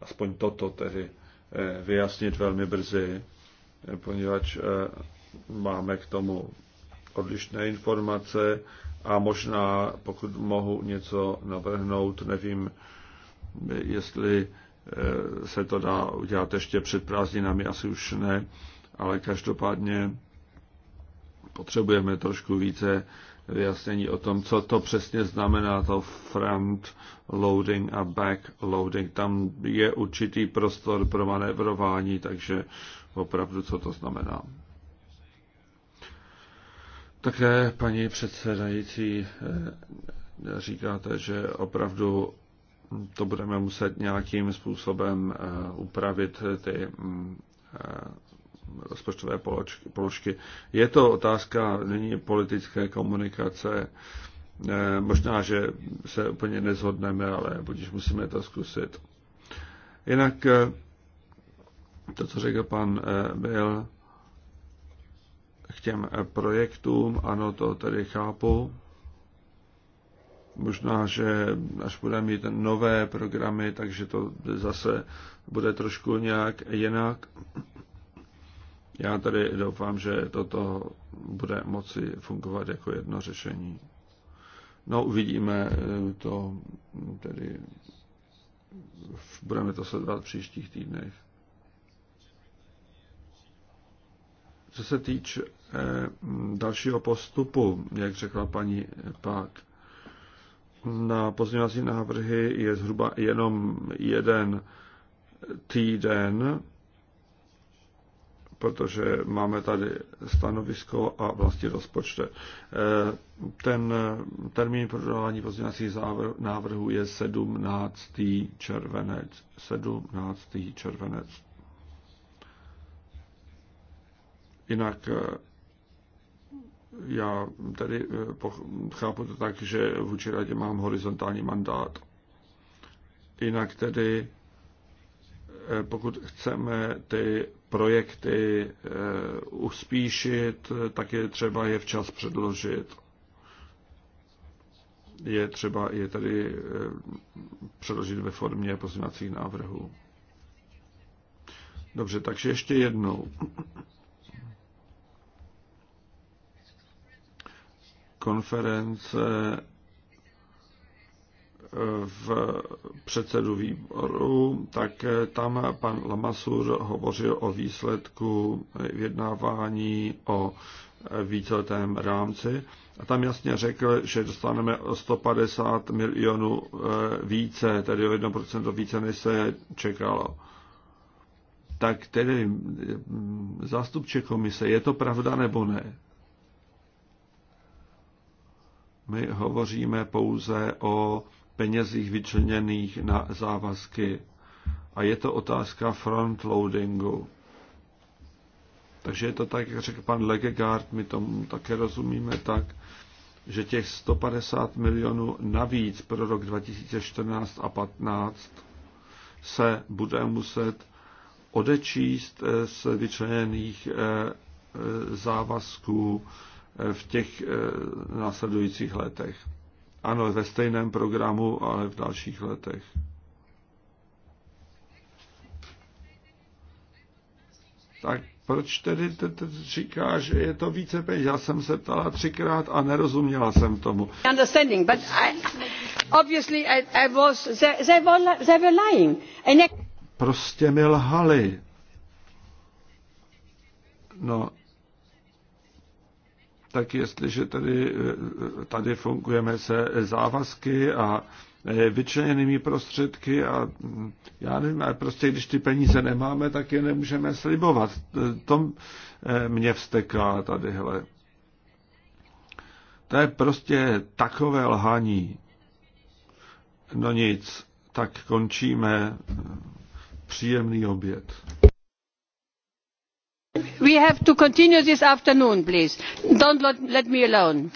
aspoň toto tedy eh, vyjasnit velmi brzy poněvadž eh, máme k tomu odlišné informace a možná, pokud mohu něco navrhnout, nevím, jestli eh, se to dá udělat ještě před prázdninami, asi už ne, ale každopádně potřebujeme trošku více vyjasnění o tom, co to přesně znamená to front loading a back loading. Tam je určitý prostor pro manévrování, takže opravdu, co to znamená. Také, paní předsedající, eh, říkáte, že opravdu to budeme muset nějakým způsobem eh, upravit eh, ty mm, rozpočtové položky. Je to otázka nyní politické komunikace. Možná, že se úplně nezhodneme, ale budíž musíme to zkusit. Jinak to, co řekl pan eh, Bill k těm eh, projektům, ano, to tedy chápu. Možná, že až budeme mít nové programy, takže to zase bude trošku nějak jinak. Já tady doufám, že toto bude moci fungovat jako jedno řešení. No, uvidíme eh, to tedy, budeme to sledovat v příštích týdnech. Co se týče eh, dalšího postupu, jak řekla paní Pák, na pozměňovací návrhy je zhruba jenom jeden týden, protože máme tady stanovisko a vlastně rozpočte. Eh, ten termín pro dodání pozměňovacích návrhů je 17. červenec. 17. červenec. Jinak eh, já tedy eh, chápu to tak, že vůči radě mám horizontální mandát. Jinak tedy, eh, pokud chceme ty projekty uspíšit, tak je třeba je včas předložit. Je třeba je tady předložit ve formě pozměňovacích návrhů. Dobře, takže ještě jednou. konference eh, v předsedu výboru, tak eh, tam pan Lamasur hovořil o výsledku vyjednávání o eh, víceletém rámci a tam jasně řekl, že dostaneme 150 milionů více, tedy o 1% více, než se čekalo. Tak tedy mm, zástupče komise, je to pravda nebo ne? My hovoříme pouze o penězích vyčleněných na závazky. A je to otázka frontloadingu. Takže je to tak, jak řekl pan Legegaard, my tomu také rozumíme tak, že těch 150 milionů navíc pro rok 2014 a 15 se bude muset odečíst z vyčleněných eh, eh, závazků v těch eh, následujících letech. Ano, ve stejném programu, ale v dalších letech. Tak proč tedy t- t- říká, že je to více peněz? Já jsem se ptala třikrát a nerozuměla jsem tomu. Understanding, but obviously I, was, they, were, lying. Prostě mi lhali. No, tak jestliže tady, eh, tady fungujeme se závazky a eh, vyčleněnými prostředky a hm, já nevím, ale prostě když ty peníze nemáme, tak je nemůžeme slibovat. Eh, to mě vsteká hele. To je prostě takové lhaní. No nic, tak končíme příjemný oběd we have to continue this afternoon please don't let me alone.